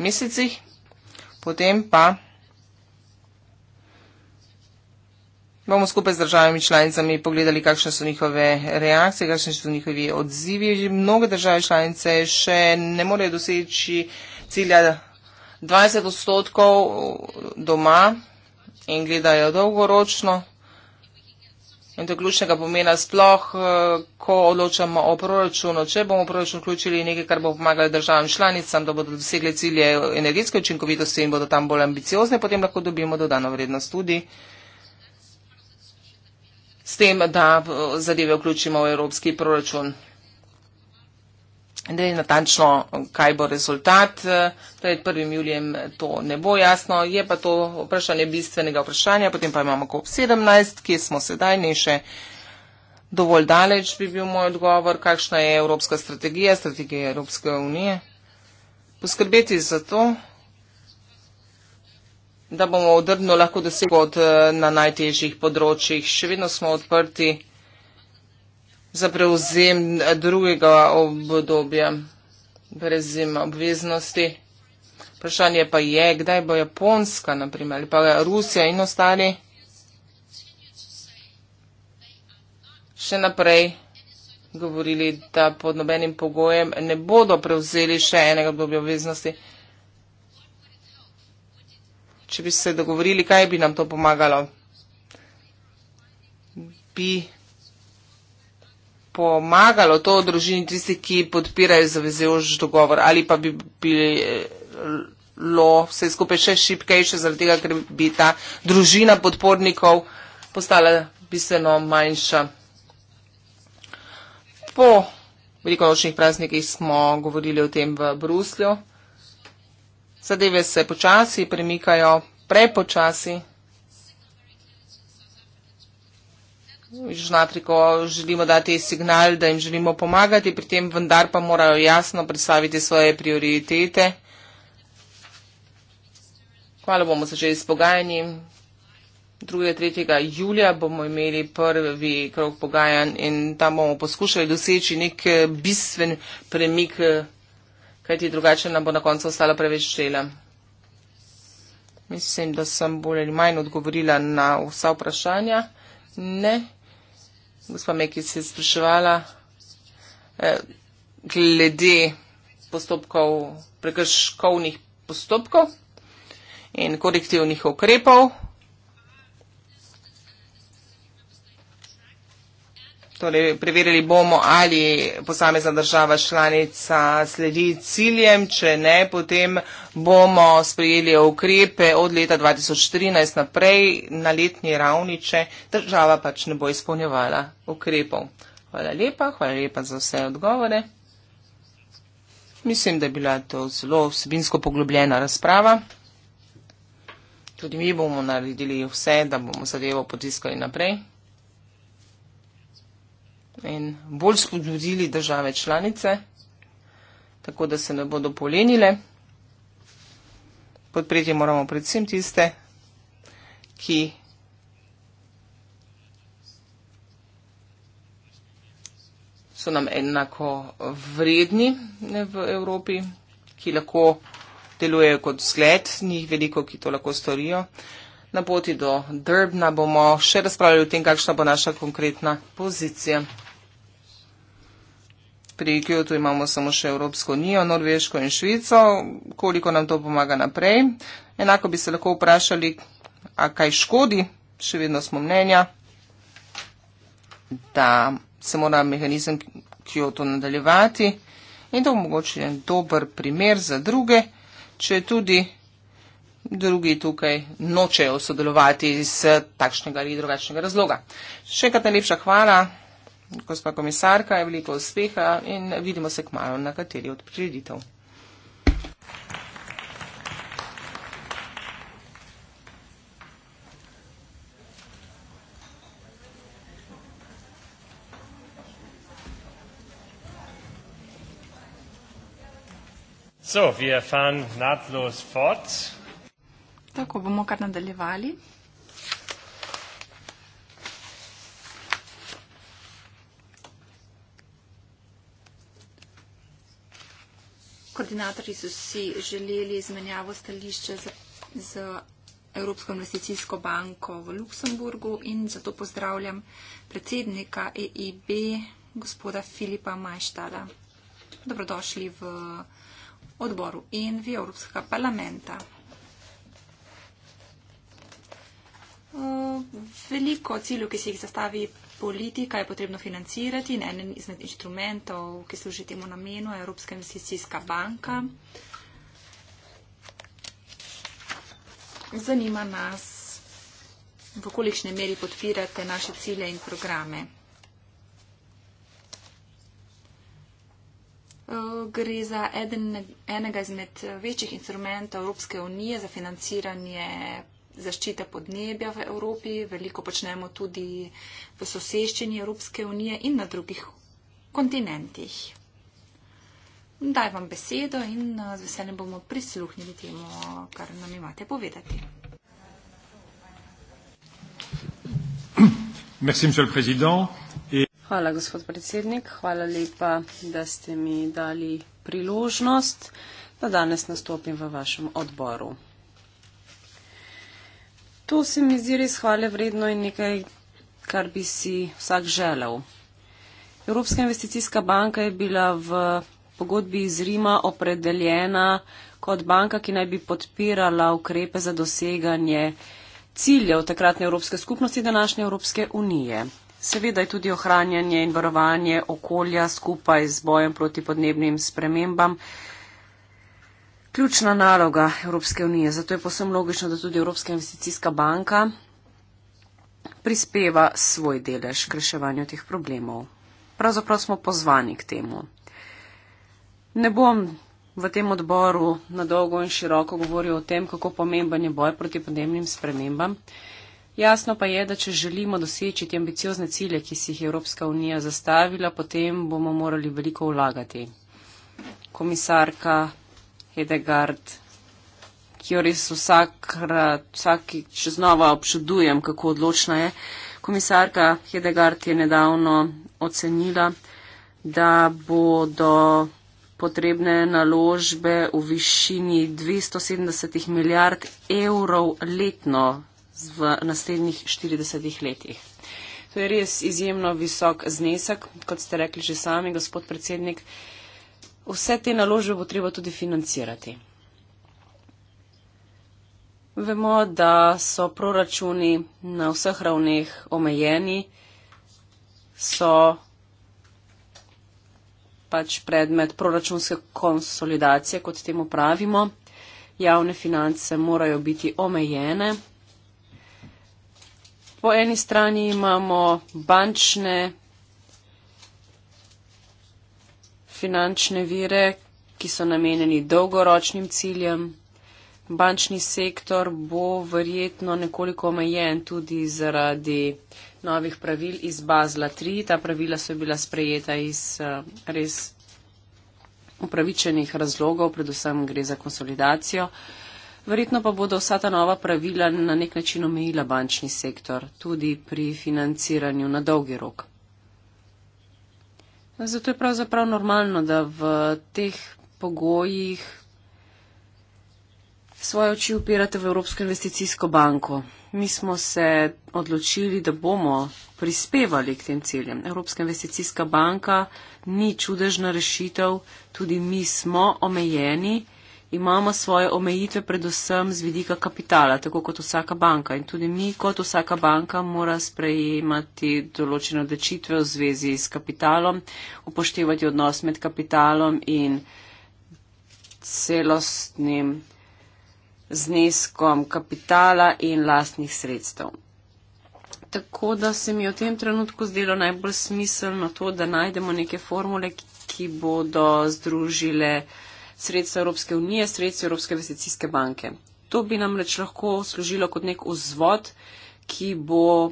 mesecih. Potem pa bomo skupaj z državami članicami pogledali, kakšne so njihove reakcije, kakšne so njihovi odzivi. Mnoge države članice še ne morejo doseči cilja 20 odstotkov doma in gledajo dolgoročno. In to je ključnega pomena sploh, eh, ko odločamo o proračunu. Če bomo v proračun vključili nekaj, kar bo pomagalo državam članicam, da bodo dosegli cilje energetske učinkovitosti in bodo tam bolj ambiciozne, potem lahko dobimo dodano vrednost tudi s tem, da eh, zadeve vključimo v evropski proračun. Ne vem natančno, kaj bo rezultat. Eh, pred 1. julijem to ne bo jasno. Je pa to vprašanje bistvenega vprašanja. Potem pa imamo COP17, kje smo sedaj, ne še dovolj daleč bi bil moj odgovor, kakšna je evropska strategija, strategija Evropske unije. Poskrbeti za to, da bomo odrdno lahko dosegli eh, na najtežjih področjih. Še vedno smo odprti za prevzem eh, drugega obdobja brezim obveznosti. Vprašanje pa je, kdaj bo Japonska, naprimer, ali pa Rusija in ostali še naprej govorili, da pod nobenim pogojem ne bodo prevzeli še enega obdobja obveznosti. Če bi se dogovorili, kaj bi nam to pomagalo? Bi pomagalo to družini, tisti, ki podpirajo zavezujoč dogovor, ali pa bi bilo vse skupaj še šipkejše, zaradi tega, ker bi ta družina podpornikov postala bistveno manjša. Po velikonočnih praznikih smo govorili o tem v Bruslju. Zadeve se počasi premikajo, prepočasi. Južna Afriko želimo dati signal, da jim želimo pomagati, pri tem vendar pa morajo jasno predstaviti svoje prioritete. Hvala bomo začeli s pogajanji. 2. 3. julija bomo imeli prvi krok pogajanj in tam bomo poskušali doseči nek eh, bistven premik, eh, kajti drugače nam bo na koncu ostalo preveč štela. Mislim, da sem bolj ali manj odgovorila na vsa vprašanja. Ne. Gospa Meki se je spraševala eh, glede postopkov, prekrškovnih postopkov in korektivnih ukrepov. Torej, preverili bomo, ali posamezna država članica sledi ciljem, če ne, potem bomo sprejeli ukrepe od leta 2014 naprej na letni ravni, če država pač ne bo izpolnjevala ukrepov. Hvala lepa, hvala lepa za vse odgovore. Mislim, da je bila to zelo vsebinsko poglobljena razprava. Tudi mi bomo naredili vse, da bomo zadevo potiskali naprej in bolj spodbudili države članice, tako da se ne bodo polenile. Podpreti moramo predvsem tiste, ki so nam enako vredni v Evropi, ki lahko delujejo kot zgled, njih veliko, ki to lahko storijo. Na poti do Drbna bomo še razpravljali o tem, kakšna bo naša konkretna pozicija. Pri Kyoto imamo samo še Evropsko unijo, Norveško in Švico, koliko nam to pomaga naprej. Enako bi se lahko vprašali, a kaj škodi, še vedno smo mnenja, da se mora mehanizem Kyoto nadaljevati in to mogoče je dober primer za druge, če tudi drugi tukaj nočejo sodelovati iz takšnega ali drugačnega razloga. Še enkrat najlepša hvala gospa komisarka, je veliko uspeha in vidimo se kmalo na kateri od prireditev. So, Tako bomo kar nadaljevali. koordinatorji so si želeli izmenjavo stališče z, z Evropsko investicijsko banko v Luksemburgu in zato pozdravljam predsednika EIB, gospoda Filipa Majštala. Dobrodošli v odboru in v Evropskega parlamenta. Uh, veliko ciljev, ki si jih zastavi politika je potrebno financirati in en izmed inštrumentov, ki služi temu namenu, je Evropska investicijska banka. Zanima nas, v kolikšni meri podpirate naše cilje in programe. Eh, gre za eden, enega izmed večjih instrumentov Evropske unije za financiranje zaščite podnebja v Evropi, veliko počnemo tudi v soseščini Evropske unije in na drugih kontinentih. Daj vam besedo in eh, z veseljem bomo prisluhnili temu, kar nam imate povedati. Hvala, gospod predsednik. Hvala lepa, da ste mi dali priložnost, da danes nastopim v vašem odboru. To se mi zdi res hvale vredno in nekaj, kar bi si vsak želel. Evropska investicijska banka je bila v pogodbi iz Rima opredeljena kot banka, ki naj bi podpirala ukrepe za doseganje ciljev takratne Evropske skupnosti, današnje Evropske unije. Seveda je tudi ohranjanje in varovanje okolja skupaj z bojem proti podnebnim spremembam ključna naloga Evropske unije. Zato je posebno logično, da tudi Evropska investicijska banka prispeva svoj delež k reševanju teh problemov. Pravzaprav smo pozvani k temu. Ne bom v tem odboru na dolgo in široko govoril o tem, kako pomemben je boj proti podnebnim spremembam. Jasno pa je, da če želimo doseči te ambiciozne cilje, ki si jih Evropska unija zastavila, potem bomo morali veliko vlagati. Komisarka Hedegard, ki jo res vsakrat, vsakič znova občudujem, kako odločna je. Komisarka Hedegard je nedavno ocenila, da bodo potrebne naložbe v višini 270 milijard evrov letno v naslednjih 40 letih. To je res izjemno visok znesek, kot ste rekli že sami, gospod predsednik vse te naložbe bo treba tudi financirati. Vemo, da so proračuni na vseh ravneh omejeni, so pač predmet proračunske konsolidacije, kot temu pravimo. Javne finance morajo biti omejene. Po eni strani imamo bančne finančne vire, ki so namenjeni dolgoročnim ciljem. Bančni sektor bo verjetno nekoliko omejen tudi zaradi novih pravil iz Bazla 3. Ta pravila so bila sprejeta iz eh, res upravičenih razlogov, predvsem gre za konsolidacijo. Verjetno pa bodo vsa ta nova pravila na nek način omejila bančni sektor tudi pri financiranju na dolgi rok. Zato je pravzaprav normalno, da v teh pogojih svoje oči upirate v Evropsko investicijsko banko. Mi smo se odločili, da bomo prispevali k tem ciljem. Evropska investicijska banka ni čudežna rešitev, tudi mi smo omejeni imamo svoje omejitve predvsem z vidika kapitala, tako kot vsaka banka. In tudi mi, kot vsaka banka, mora sprejemati določene odločitve v zvezi s kapitalom, upoštevati odnos med kapitalom in celostnim zneskom kapitala in lastnih sredstev. Tako da se mi v tem trenutku zdelo najbolj smiselno to, da najdemo neke formule, ki bodo združile sredstva Evropske unije, sredstva Evropske investicijske banke. To bi nam reč lahko služilo kot nek vzvod, ki bo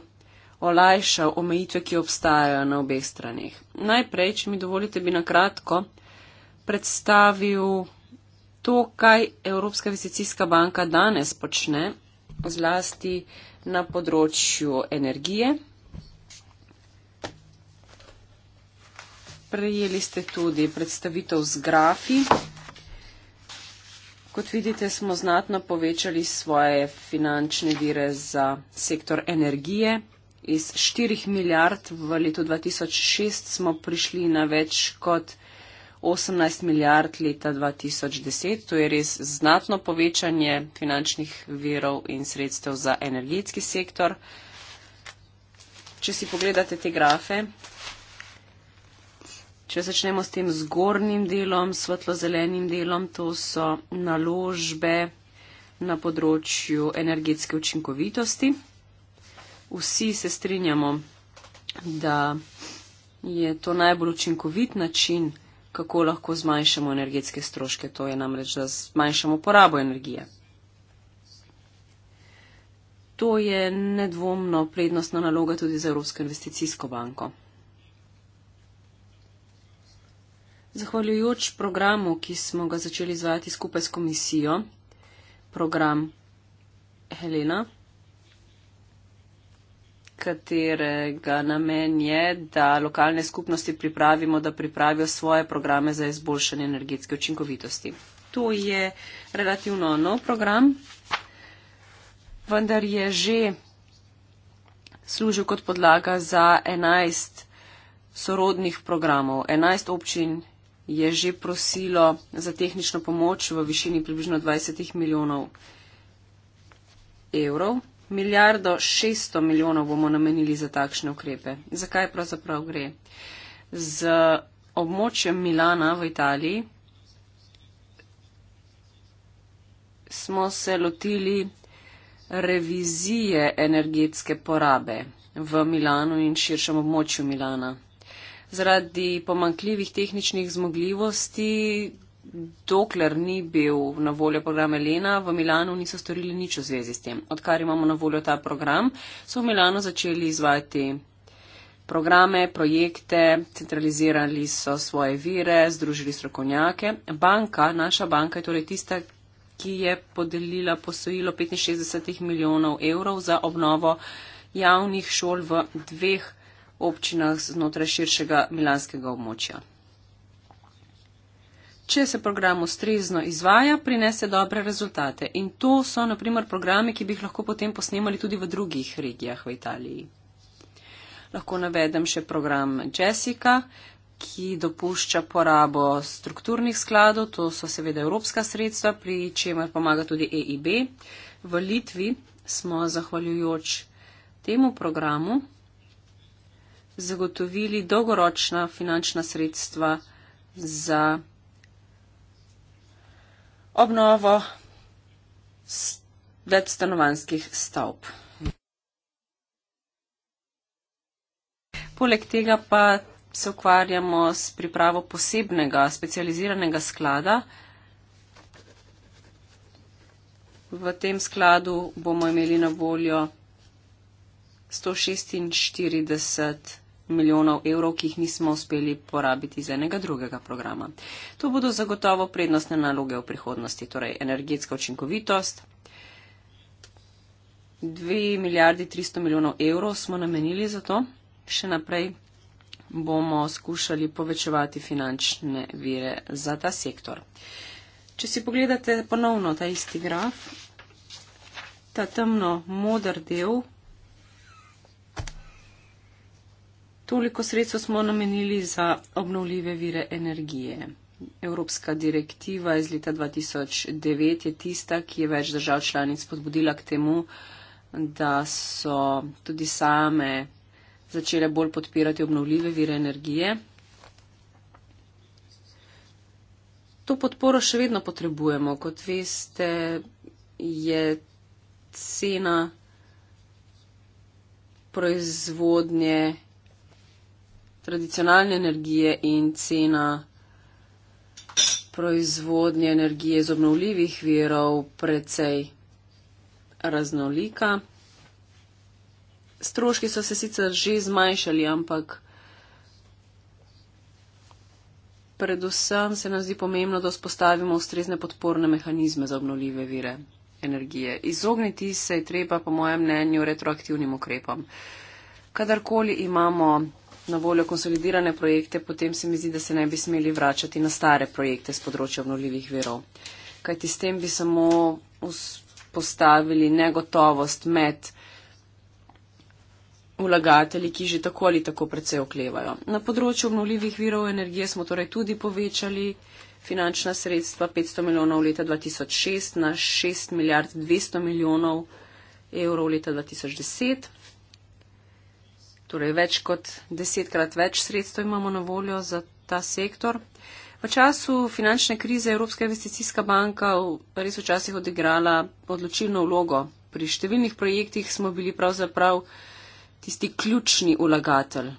olajšal omejitve, ki obstajajo na obeh stranih. Najprej, če mi dovolite, bi na kratko predstavil to, kaj Evropska investicijska banka danes počne, zlasti na področju energije. Prejeli ste tudi predstavitev z grafi, Kot vidite, smo znatno povečali svoje finančne vire za sektor energije. Iz 4 milijard v letu 2006 smo prišli na več kot 18 milijard leta 2010. To je res znatno povečanje finančnih virov in sredstev za energetski sektor. Če si pogledate te grafe, Če začnemo s tem zgornjim delom, svetlozelenim delom, to so naložbe na področju energetske učinkovitosti. Vsi se strinjamo, da je to najbolj učinkovit način, kako lahko zmanjšamo energetske stroške, to je namreč, da zmanjšamo porabo energije. To je nedvomno prednostna naloga tudi za Evropsko investicijsko banko. Zahvaljujoč programu, ki smo ga začeli izvajati skupaj s komisijo, program Helena, katerega namen je, da lokalne skupnosti pripravimo, da pripravijo svoje programe za izboljšanje energetske učinkovitosti. To je relativno nov program, vendar je že služil kot podlaga za 11 sorodnih programov, 11 občin je že prosilo za tehnično pomoč v višini približno 20 milijonov evrov. Milijardo 600 milijonov bomo namenili za takšne ukrepe. Zakaj pravzaprav gre? Z območjem Milana v Italiji smo se lotili revizije energetske porabe v Milanu in širšem območju Milana zaradi pomankljivih tehničnih zmogljivosti, dokler ni bil na voljo program Elena, v Milano niso storili nič v zvezi s tem. Odkar imamo na voljo ta program, so v Milano začeli izvajati programe, projekte, centralizirali so svoje vire, združili strokovnjake. Banka, naša banka je torej tista, ki je podelila posojilo 65 milijonov evrov za obnovo javnih šol v dveh občinah znotraj širšega milanskega območja. Če se program ustrezno izvaja, prinese dobre rezultate. In to so, na primer, programe, ki bi jih lahko potem posnemali tudi v drugih regijah v Italiji. Lahko navedem še program Jessica, ki dopušča porabo strukturnih skladov, to so seveda evropska sredstva, pri čemer pomaga tudi EIB. V Litvi smo zahvaljujoč temu programu zagotovili dolgoročna finančna sredstva za obnovo več stanovanskih stavb. Poleg tega pa se ukvarjamo s pripravo posebnega specializiranega sklada. V tem skladu bomo imeli na voljo 146 milijonov evrov, ki jih nismo uspeli porabiti iz enega drugega programa. To bodo zagotovo prednostne naloge v prihodnosti, torej energetska učinkovitost. 2 milijardi 300 milijonov evrov smo namenili za to. Še naprej bomo skušali povečevati finančne vire za ta sektor. Če si pogledate ponovno ta isti graf, ta temno moder del Toliko sredstva smo namenili za obnovljive vire energije. Evropska direktiva iz leta 2009 je tista, ki je več držav članic podbudila k temu, da so tudi same začele bolj podpirati obnovljive vire energije. To podporo še vedno potrebujemo. Kot veste, je cena proizvodnje tradicionalne energije in cena proizvodnje energije iz obnovljivih virov precej raznolika. Stroški so se sicer že zmanjšali, ampak predvsem se nam zdi pomembno, da spostavimo ustrezne podporne mehanizme za obnovljive vire energije. Izogniti se je treba, po mojem mnenju, retroaktivnim ukrepom. Kadarkoli imamo na voljo konsolidirane projekte, potem se mi zdi, da se ne bi smeli vračati na stare projekte z področja obnovljivih verov. Kajti s tem bi samo vzpostavili negotovost med vlagatelji, ki že tako ali tako predvsej oklevajo. Na področju obnovljivih virov energije smo torej tudi povečali finančna sredstva 500 milijonov leta 2006 na 6 milijard 200 milijonov evrov leta 2010 torej več kot desetkrat več sredstev imamo na voljo za ta sektor. V času finančne krize Evropska investicijska banka res včasih odigrala odločilno vlogo. Pri številnih projektih smo bili pravzaprav tisti ključni ulagatelj.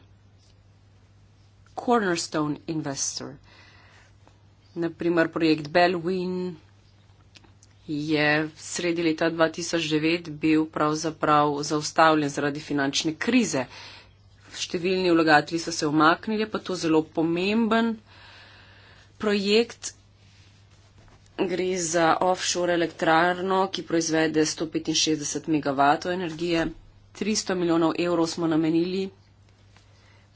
Cornerstone investor. Naprimer projekt Bellwin je sredi leta 2009 bil pravzaprav zaustavljen zaradi finančne krize številni vlagatelji so se omaknili, pa to zelo pomemben projekt. Gre za offshore elektrarno, ki proizvede 165 MW energije. 300 milijonov evrov smo namenili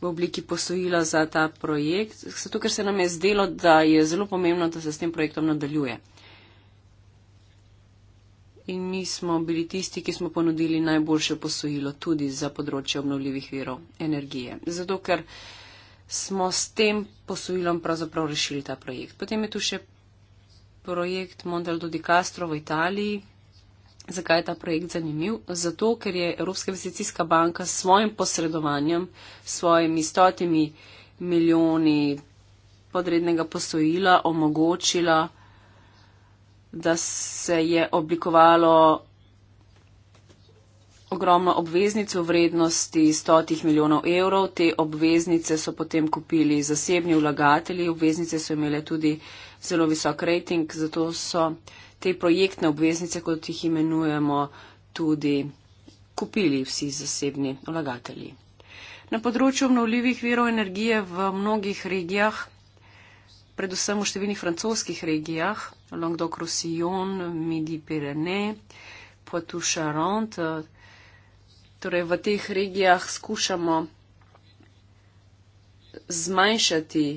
v obliki posojila za ta projekt, zato ker se nam je zdelo, da je zelo pomembno, da se s tem projektom nadaljuje in mi smo bili tisti, ki smo ponudili najboljše posojilo tudi za področje obnovljivih virov energije. Zato, ker smo s tem posojilom pravzaprav rešili ta projekt. Potem je tu še projekt Mondal Dodi Castro v Italiji. Zakaj je ta projekt zanimiv? Zato, ker je Evropska investicijska banka s svojim posredovanjem, s svojimi stotimi milijoni podrednega posojila omogočila, da se je oblikovalo ogromno obveznic v vrednosti 100 milijonov evrov. Te obveznice so potem kupili zasebni vlagatelji. Obveznice so imele tudi zelo visok rating, zato so te projektne obveznice, kot jih imenujemo, tudi kupili vsi zasebni vlagatelji. Na področju obnovljivih virov energije v mnogih regijah predvsem v številnih francoskih regijah, Languedoc-Roussillon, Midi-Pyrenee, Poitou-Charente. Torej v teh regijah skušamo zmanjšati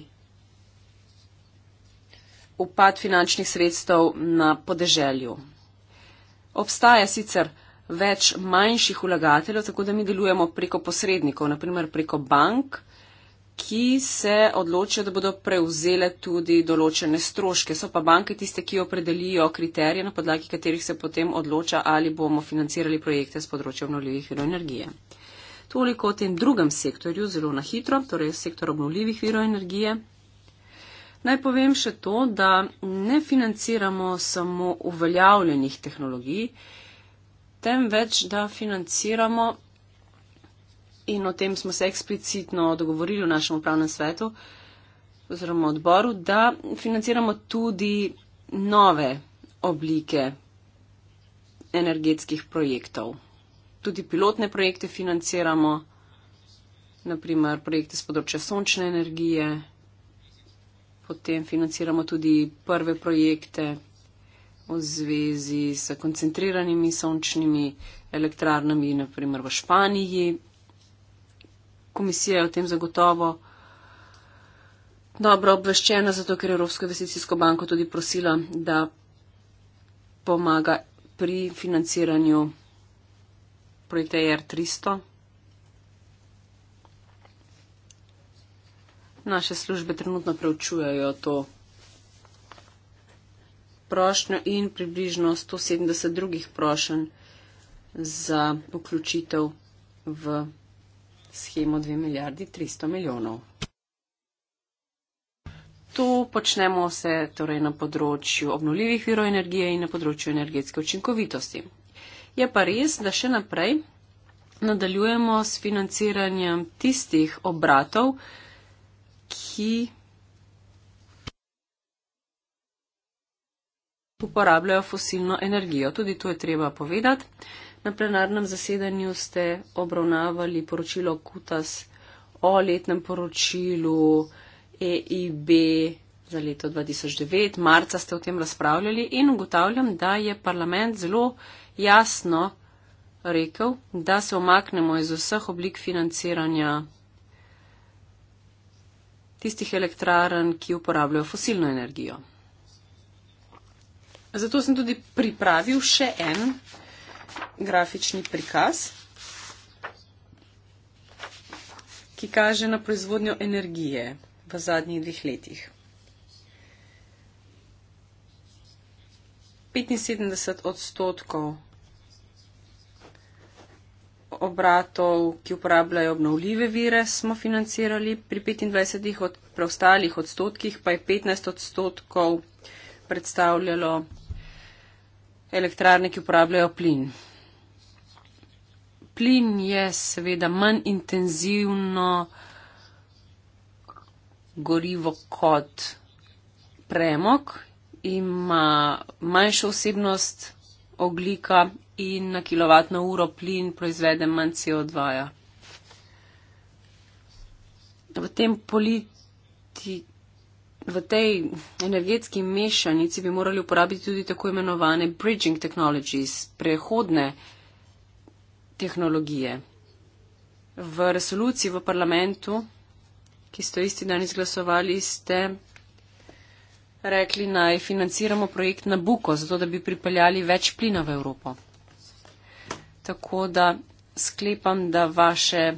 upad finančnih sredstev na podeželju. Obstaja sicer več manjših vlagateljev, tako da mi delujemo preko posrednikov, naprimer preko bank, ki se odločijo, da bodo prevzele tudi določene stroške. So pa banke tiste, ki opredelijo kriterije, na podlagi katerih se potem odloča, ali bomo financirali projekte z področja obnovljivih virov energije. Toliko o tem drugem sektorju, zelo na hitro, torej sektor obnovljivih virov energije. Naj povem še to, da ne financiramo samo uveljavljenih tehnologij, temveč da financiramo in o tem smo se eksplicitno dogovorili v našem upravnem svetu oziroma odboru, da financiramo tudi nove oblike energetskih projektov. Tudi pilotne projekte financiramo, naprimer projekte z področja sončne energije, potem financiramo tudi prve projekte v zvezi s koncentriranimi sončnimi elektrarnami, naprimer v Španiji, komisija je o tem zagotovo dobro obveščena, zato ker je Evropsko investicijsko banko tudi prosila, da pomaga pri financiranju projekta e R300. Naše službe trenutno preučujejo to prošnjo in približno 172 drugih prošenj za vključitev v schemo 2 milijardi 300 milijonov. Tu počnemo vse torej, na področju obnoljivih virov energije in na področju energetske učinkovitosti. Je pa res, da še naprej nadaljujemo s financiranjem tistih obratov, ki uporabljajo fosilno energijo. Tudi tu je treba povedati, Na plenarnem zasedanju ste obravnavali poročilo KUTAS o letnem poročilu EIB za leto 2009. Marca ste o tem razpravljali in ugotavljam, da je parlament zelo jasno rekel, da se omaknemo iz vseh oblik financiranja tistih elektrarn, ki uporabljajo fosilno energijo. Zato sem tudi pripravil še en grafični prikaz, ki kaže na proizvodnjo energije v zadnjih dveh letih. 75 odstotkov obratov, ki uporabljajo obnovljive vire, smo financirali, pri 25 od preostalih odstotkih pa je 15 odstotkov predstavljalo elektrarne, ki uporabljajo plin. Plin je seveda manj intenzivno gorivo kot premog, ima manjšo vsebnost oglika in na kilovat na uro plin proizvede manj CO2. -ja. V tem politiki v tej energetski mešanici bi morali uporabiti tudi tako imenovane bridging technologies, prehodne tehnologije. V resoluciji v parlamentu, ki ste jo isti dan izglasovali, ste rekli naj financiramo projekt Nabuko, zato da bi pripeljali več plina v Evropo. Tako da sklepam, da vaše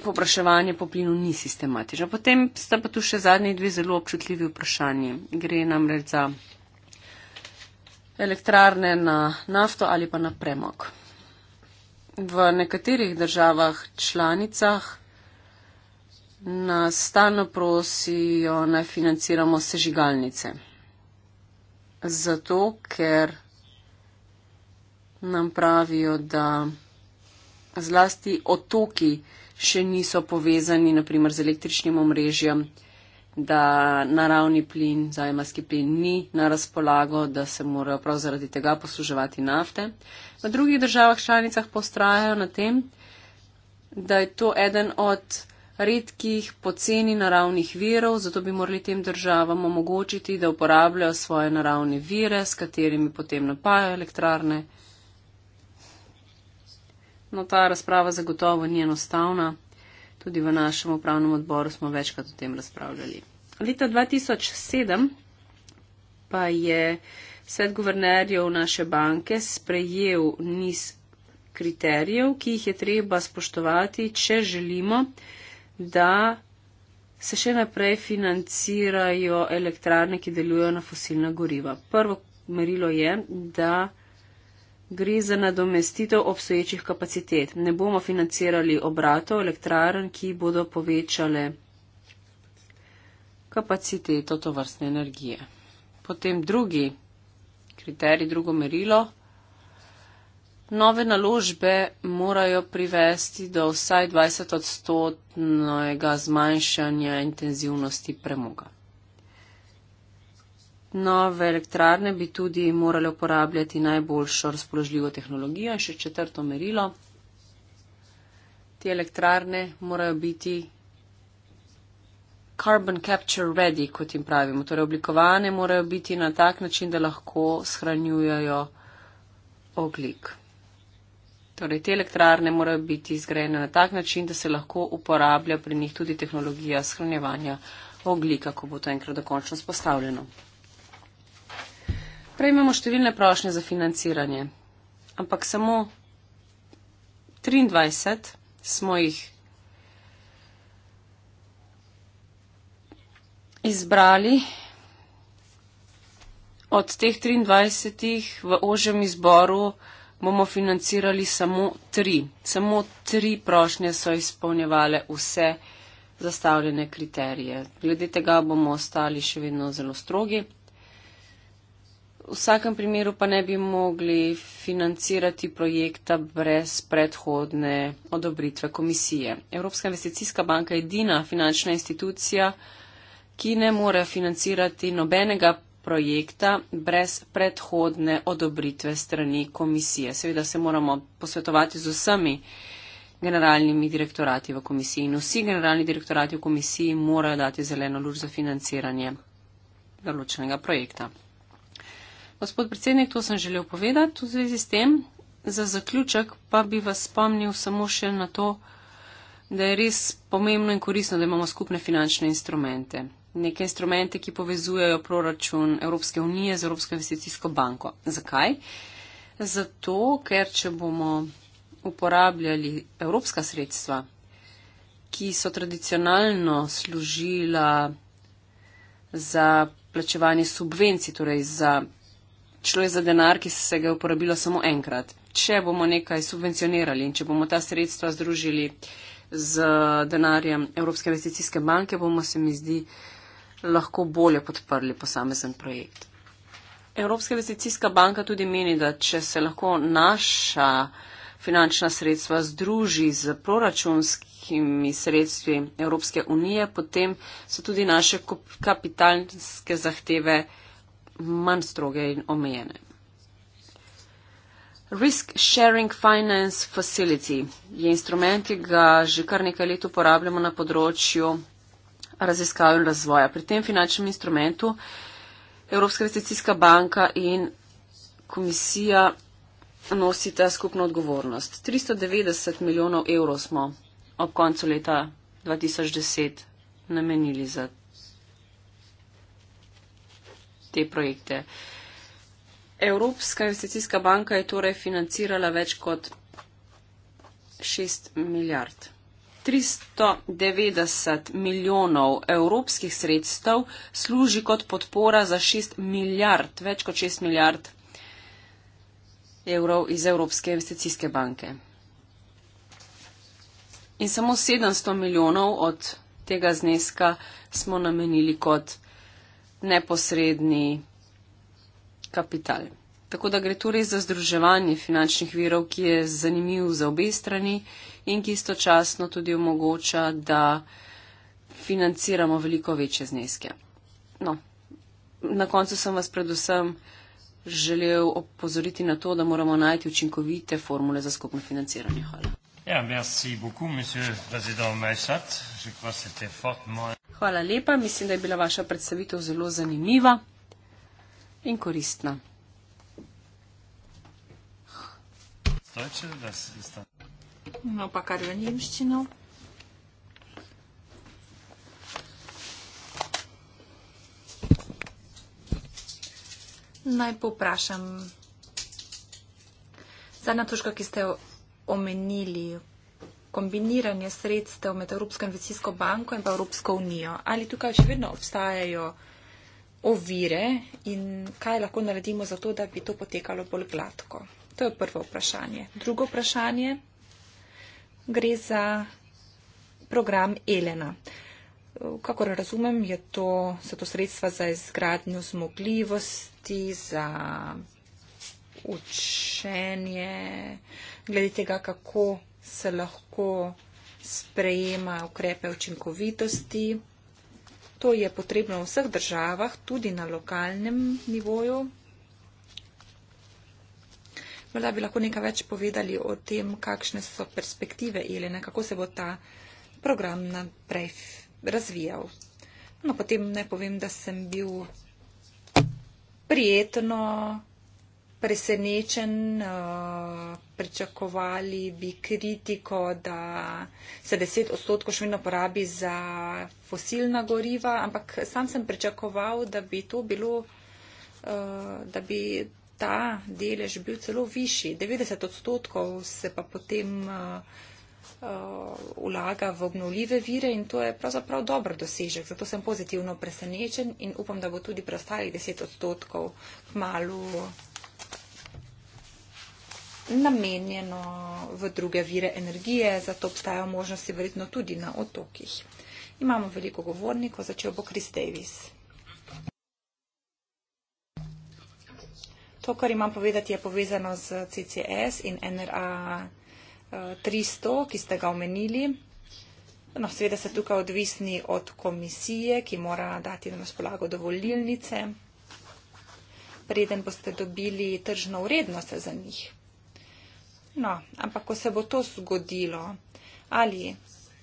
Popraševanje po plinu ni sistematično. Potem sta pa tu še zadnji dve zelo občutljivi vprašanji. Gre namreč za elektrarne na nafto ali pa na premog. V nekaterih državah članicah nas stano prosijo, naj financiramo sežigalnice. Zato, ker nam pravijo, da zlasti otoki, še niso povezani naprimer z električnim omrežjem, da naravni plin, zajemarski plin ni na razpolago, da se morajo prav zaradi tega posluževati nafte. V drugih državah članicah postrajajo na tem, da je to eden od redkih poceni naravnih virov, zato bi morali tem državam omogočiti, da uporabljajo svoje naravne vire, s katerimi potem napajajo elektrarne. No, ta razprava zagotovo ni enostavna. Tudi v našem upravnem odboru smo večkrat o tem razpravljali. Leta 2007 pa je svet guvernerjev naše banke sprejel niz kriterijev, ki jih je treba spoštovati, če želimo, da se še naprej financirajo elektrarne, ki delujejo na fosilna goriva. Prvo merilo je, da gre za nadomestitev obstoječih kapacitet. Ne bomo financirali obratov elektrarn, ki bodo povečale kapaciteto to vrstne energije. Potem drugi kriterij, drugo merilo. Nove naložbe morajo privesti do vsaj 20 odstotnega zmanjšanja intenzivnosti premoga nove elektrarne bi tudi morali uporabljati najboljšo razpoložljivo tehnologijo. Še četrto merilo. Te elektrarne morajo biti carbon capture ready, kot jim pravimo. Torej oblikovane morajo biti na tak način, da lahko shranjujejo oglik. Torej, te elektrarne morajo biti zgrajene na tak način, da se lahko uporablja pri njih tudi tehnologija shranjevanja oglika, ko bo to enkrat dokončno spostavljeno prejmemo številne prošnje za financiranje, ampak samo 23 smo jih izbrali. Od teh 23 v ožjem izboru bomo financirali samo tri. Samo tri prošnje so izpolnjevale vse zastavljene kriterije. Glede tega bomo ostali še vedno zelo strogi. V vsakem primeru pa ne bi mogli financirati projekta brez predhodne odobritve komisije. Evropska investicijska banka je edina finančna institucija, ki ne more financirati nobenega projekta brez predhodne odobritve strani komisije. Seveda se moramo posvetovati z vsemi generalnimi direktorati v komisiji in vsi generalni direktorati v komisiji morajo dati zeleno luč za financiranje določenega projekta. Gospod predsednik, to sem želel povedati v zvezi s tem. Za zaključek pa bi vas spomnil samo še na to, da je res pomembno in korisno, da imamo skupne finančne instrumente. Neke instrumente, ki povezujejo proračun Evropske unije z Evropsko investicijsko banko. Zakaj? Zato, ker če bomo uporabljali evropska sredstva, ki so tradicionalno služila za plačevanje subvencij, torej za šlo je za denar, ki se ga je uporabilo samo enkrat. Če bomo nekaj subvencionirali in če bomo ta sredstva združili z denarjem Evropske investicijske banke, bomo se mi zdi lahko bolje podprli posamezen projekt. Evropska investicijska banka tudi meni, da če se lahko naša finančna sredstva združi z proračunskimi sredstvi Evropske unije, potem so tudi naše kapitalske zahteve manj stroge in omejene. Risk Sharing Finance Facility je instrument, ki ga že kar nekaj let uporabljamo na področju raziskav in razvoja. Pri tem finančnem instrumentu Evropska investicijska banka in komisija nosita skupno odgovornost. 390 milijonov evrov smo ob koncu leta 2010 namenili za te projekte. Evropska investicijska banka je torej financirala več kot 6 milijard. 390 milijonov evropskih sredstev služi kot podpora za 6 milijard, več kot 6 milijard evrov iz Evropske investicijske banke. In samo 700 milijonov od tega zneska smo namenili kot neposredni kapital. Tako da gre torej za združevanje finančnih virov, ki je zanimiv za obe strani in ki istočasno tudi omogoča, da financiramo veliko večje zneske. No, na koncu sem vas predvsem želel opozoriti na to, da moramo najti učinkovite formule za skupno financiranje. Hvala. Ja, merci beaucoup, monsieur le président Maissat. Je crois que c'était fortement... Hvala lepa, mislim, da je bila vaša predstavitev zelo zanimiva in koristna. No, pa kar v nemščino. Naj povprašam. Zadnja točka, ki ste jo omenili kombiniranje sredstev med Evropsko investicijsko banko in pa Evropsko unijo. Ali tukaj še vedno obstajajo ovire in kaj lahko naredimo za to, da bi to potekalo bolj gladko? To je prvo vprašanje. Drugo vprašanje gre za program Elena. Kakor razumem, je to, so to sredstva za izgradnjo zmogljivosti, za učenje, glede tega, kako se lahko sprejema ukrepe učinkovitosti. To je potrebno v vseh državah, tudi na lokalnem nivoju. Morda bi lahko nekaj več povedali o tem, kakšne so perspektive ali nekako se bo ta program naprej razvijal. No, potem ne povem, da sem bil prijetno presenečen, eh, pričakovali bi kritiko, da se 10 odstotkov še vedno porabi za fosilna goriva, ampak sam sem pričakoval, da bi to bilo, eh, da bi ta delež bil celo višji. 90 odstotkov se pa potem eh, vlaga v obnovljive vire in to je pravzaprav dober dosežek. Zato sem pozitivno presenečen in upam, da bo tudi preostalih 10 odstotkov k malu namenjeno v druge vire energije, zato obstajajo možnosti verjetno tudi na otokih. Imamo veliko govornikov, začel bo Chris Davis. To, kar imam povedati, je povezano z CCS in NRA 300, eh, ki ste ga omenili. No, seveda ste tukaj odvisni od komisije, ki mora dati na razpolago dovolilnice. Preden boste dobili tržno vrednost za njih. No, ampak ko se bo to zgodilo, ali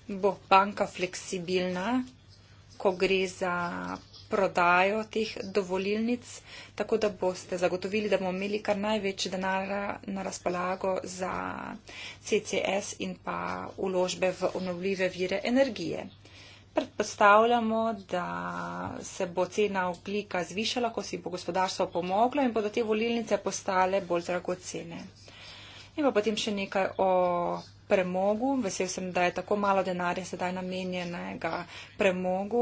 bo banka fleksibilna, ko gre za prodajo teh dovolilnic, tako da boste zagotovili, da bomo imeli kar največ denara na razpolago za CCS in pa uložbe v obnovljive vire energije. Predpostavljamo, da se bo cena oglika zvišala, ko si bo gospodarstvo pomoglo in bodo te volilnice postale bolj dragocene. In pa potem še nekaj o premogu. Vesel sem, da je tako malo denarja sedaj namenjenega premogu.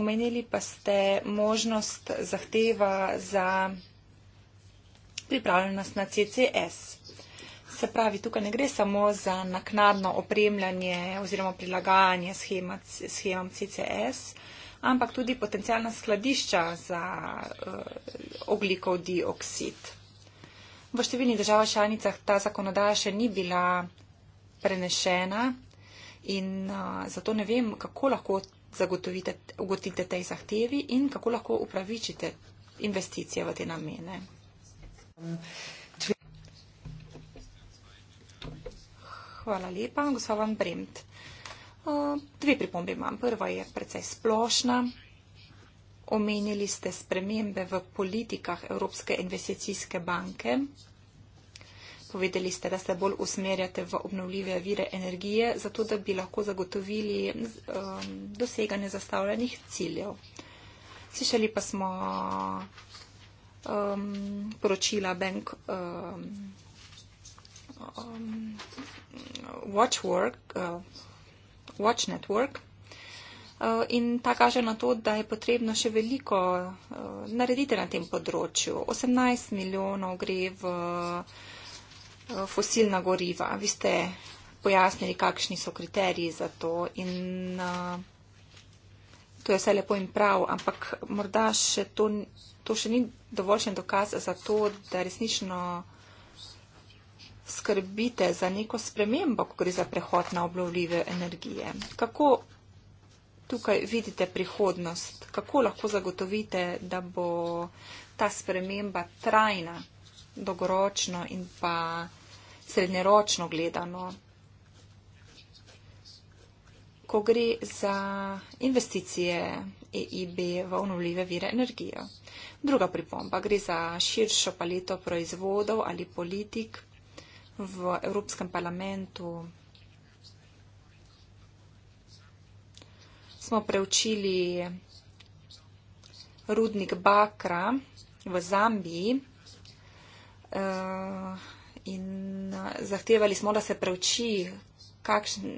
Omenili pa ste možnost zahteva za pripravljenost na CCS. Se pravi, tukaj ne gre samo za naknadno opremljanje oziroma prilagajanje schema, schemam CCS, ampak tudi potencijalna skladišča za uh, eh, oglikov dioksid. V številnih državah članicah ta zakonodaja še ni bila prenešena in uh, zato ne vem, kako lahko zagotovite, ugotite tej zahtevi in kako lahko upravičite investicije v te namene. Hvala lepa, gospod Van Bremt. Uh, dve pripombe imam. Prva je precej splošna omenili ste spremembe v politikah Evropske investicijske banke. Povedali ste, da se bolj usmerjate v obnovljive vire energije, zato da bi lahko zagotovili um, doseganje zastavljenih ciljev. Slišali pa smo um, poročila Bank um, um, Watch Network, uh, Watch Network, Eh, in ta kaže na to, da je potrebno še veliko eh, narediti na tem področju. 18 milijonov gre v eh, fosilna goriva. Vi ste pojasnili, kakšni so kriteriji za to in to je vse lepo in prav, ampak morda še to, to še ni dovoljšen dokaz za to, da resnično skrbite za neko spremembo, ko gre za prehod na obnovljive energije. Kako tukaj vidite prihodnost? Kako lahko zagotovite, da bo ta sprememba trajna, dolgoročno in pa srednjeročno gledano? ko gre za investicije EIB v obnovljive vire energije. Druga pripomba gre za širšo paleto proizvodov ali politik v Evropskem parlamentu. smo preučili rudnik Bakra v Zambiji eh, in zahtevali smo, da se preuči,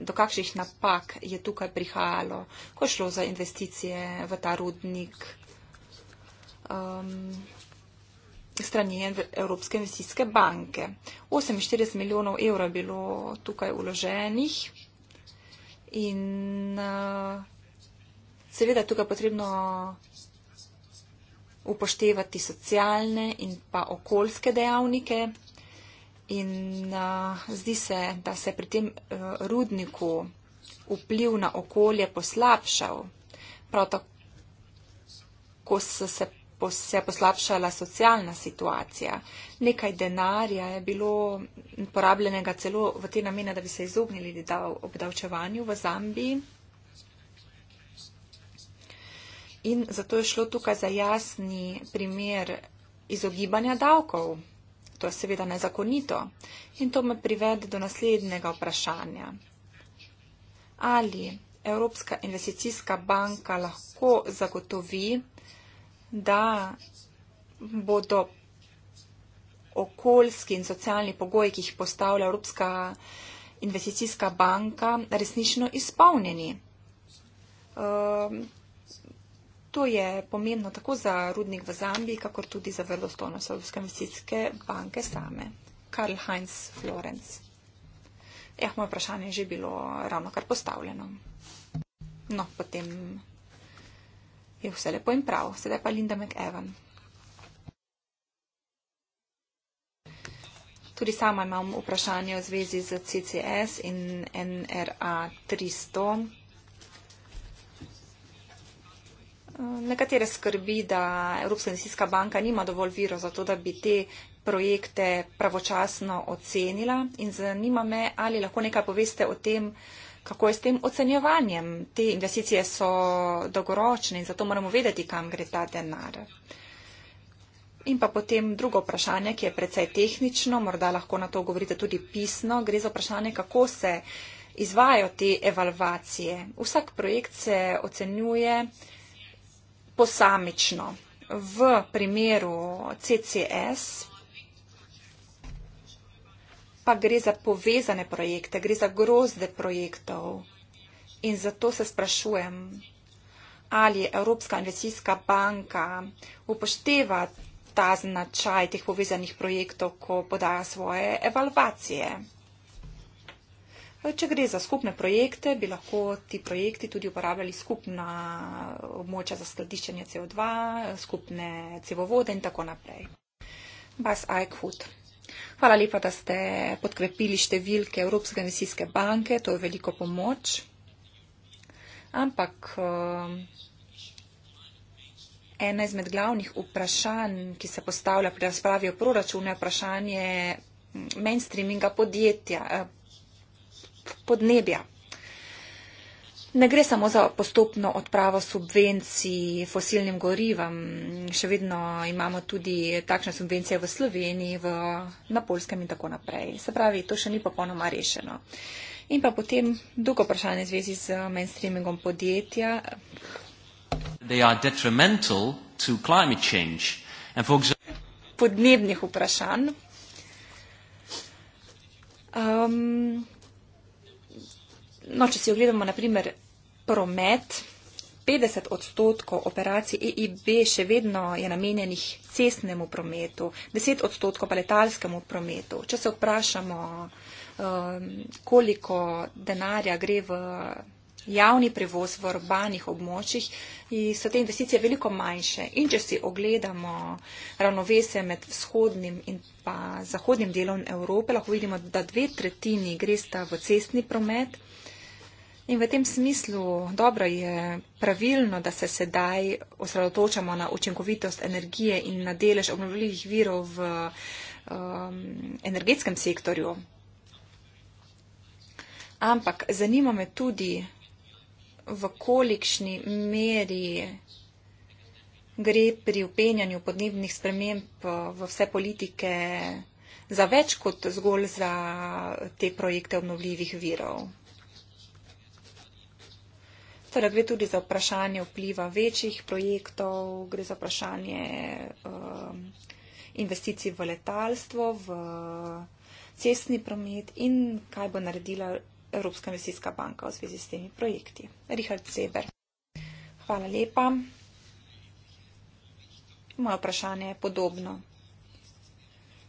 do kakšnih napak je tukaj prihajalo, ko je šlo za investicije v ta rudnik ehm, strani Evropske investicijske banke. 48 milijonov evrov je bilo tukaj uloženih in eh, Seveda je tukaj potrebno upoštevati socialne in pa okoljske dejavnike in uh, zdi se, da se pri tem uh, rudniku vpliv na okolje poslabšal. Prav tako so se, po, se poslabšala socialna situacija. Nekaj denarja je bilo porabljenega celo v te namene, da bi se izognili obdavčevanju v Zambiji. In zato je šlo tukaj za jasni primer izogibanja davkov. To je seveda nezakonito. In to me privede do naslednjega vprašanja. Ali Evropska investicijska banka lahko zagotovi, da bodo okoljski in socialni pogoji, ki jih postavlja Evropska investicijska banka, resnično izpolnjeni. Ehm, To je pomembno tako za rudnik v Zambiji, kakor tudi za verodostojnost Evropske investicijske banke same. Karl Heinz Florenc. Ja, moje vprašanje je že bilo ravno kar postavljeno. No, potem je vse lepo in prav. Sedaj pa Linda McEwan. Tudi sama imam vprašanje v zvezi z CCS in NRA 300. Eh, nekatere skrbi, da Evropska investicijska banka nima dovolj virov za to, da bi te projekte pravočasno ocenila in zanima me, ali lahko nekaj poveste o tem, kako je s tem ocenjevanjem. Te investicije so dolgoročne in zato moramo vedeti, kam gre ta denar. In pa potem drugo vprašanje, ki je precej tehnično, morda lahko na to govorite tudi pisno, gre za vprašanje, kako se izvajo te evalvacije. Vsak projekt se ocenjuje, posamično. V primeru CCS pa gre za povezane projekte, gre za grozde projektov in zato se sprašujem, ali Evropska investicijska banka upošteva ta značaj teh povezanih projektov, ko podaja svoje evalvacije. Če gre za skupne projekte, bi lahko ti projekti tudi uporabljali skupna območja za skladiščenje CO2, skupne cevovode in tako naprej. Bas Eichhut. Hvala lepa, da ste podkrepili številke Evropske emisijske banke, to je veliko pomoč. Ampak eh, ena izmed glavnih vprašanj, ki se postavlja pri razpravi o proračunu, je vprašanje mm, mainstreaminga podjetja, eh, podnebja. Ne gre samo za postopno odpravo subvencij fosilnim gorivam. Še vedno imamo tudi takšne subvencije v Sloveniji, v, na Polskem in tako naprej. Se pravi, to še ni popolnoma rešeno. In pa potem drugo vprašanje v zvezi z mainstreamingom podjetja. Podnebnih vprašanj. Um, No, če si ogledamo, naprimer, promet, 50 odstotkov operacij EIB še vedno je namenjenih cestnemu prometu, 10 odstotkov pa letalskemu prometu. Če se vprašamo, um, koliko denarja gre v javni prevoz v urbanih območjih, so te investicije veliko manjše. In če si ogledamo ravnovesje med vzhodnim in pa zahodnim delom Evrope, lahko vidimo, da dve tretjini gresta v cestni promet, In v tem smislu dobro je pravilno, da se sedaj osredotočamo na učinkovitost energije in na delež obnovljivih virov v um, energetskem sektorju. Ampak zanima me tudi, v kolikšni meri gre pri upenjanju podnebnih sprememb uh, v vse politike za več kot zgolj za te projekte obnovljivih virov. Teda torej, gre tudi za vprašanje vpliva večjih projektov, gre za vprašanje um, investicij v letalstvo, v cestni promet in kaj bo naredila Evropska investicijska banka v zvezi s temi projekti. Richard Zeber. Hvala lepa. Moje vprašanje je podobno.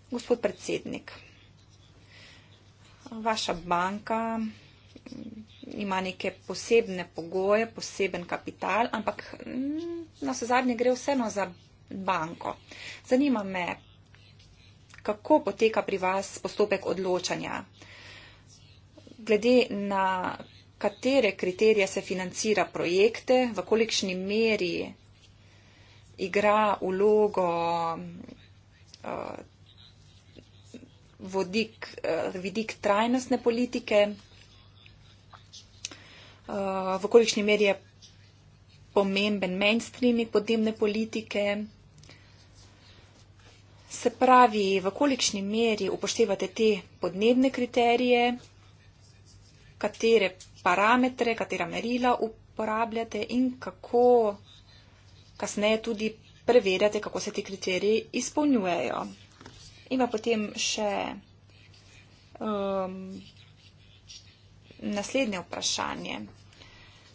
Gospod predsednik, vaša banka ima neke posebne pogoje, poseben kapital, ampak mm, na vse zadnje gre vseeno za banko. Zanima me, kako poteka pri vas postopek odločanja, glede na katere kriterije se financira projekte, v kolikšni meri igra ulogo uh, eh, vodik, uh, vidik trajnostne politike. Eh, v količni meri je pomemben mainstreaming podnebne politike. Se pravi, v količni meri upoštevate te podnebne kriterije, katere parametre, katera merila uporabljate in kako kasneje tudi preverjate, kako se ti kriteriji izpolnjujejo. In pa potem še um, naslednje vprašanje.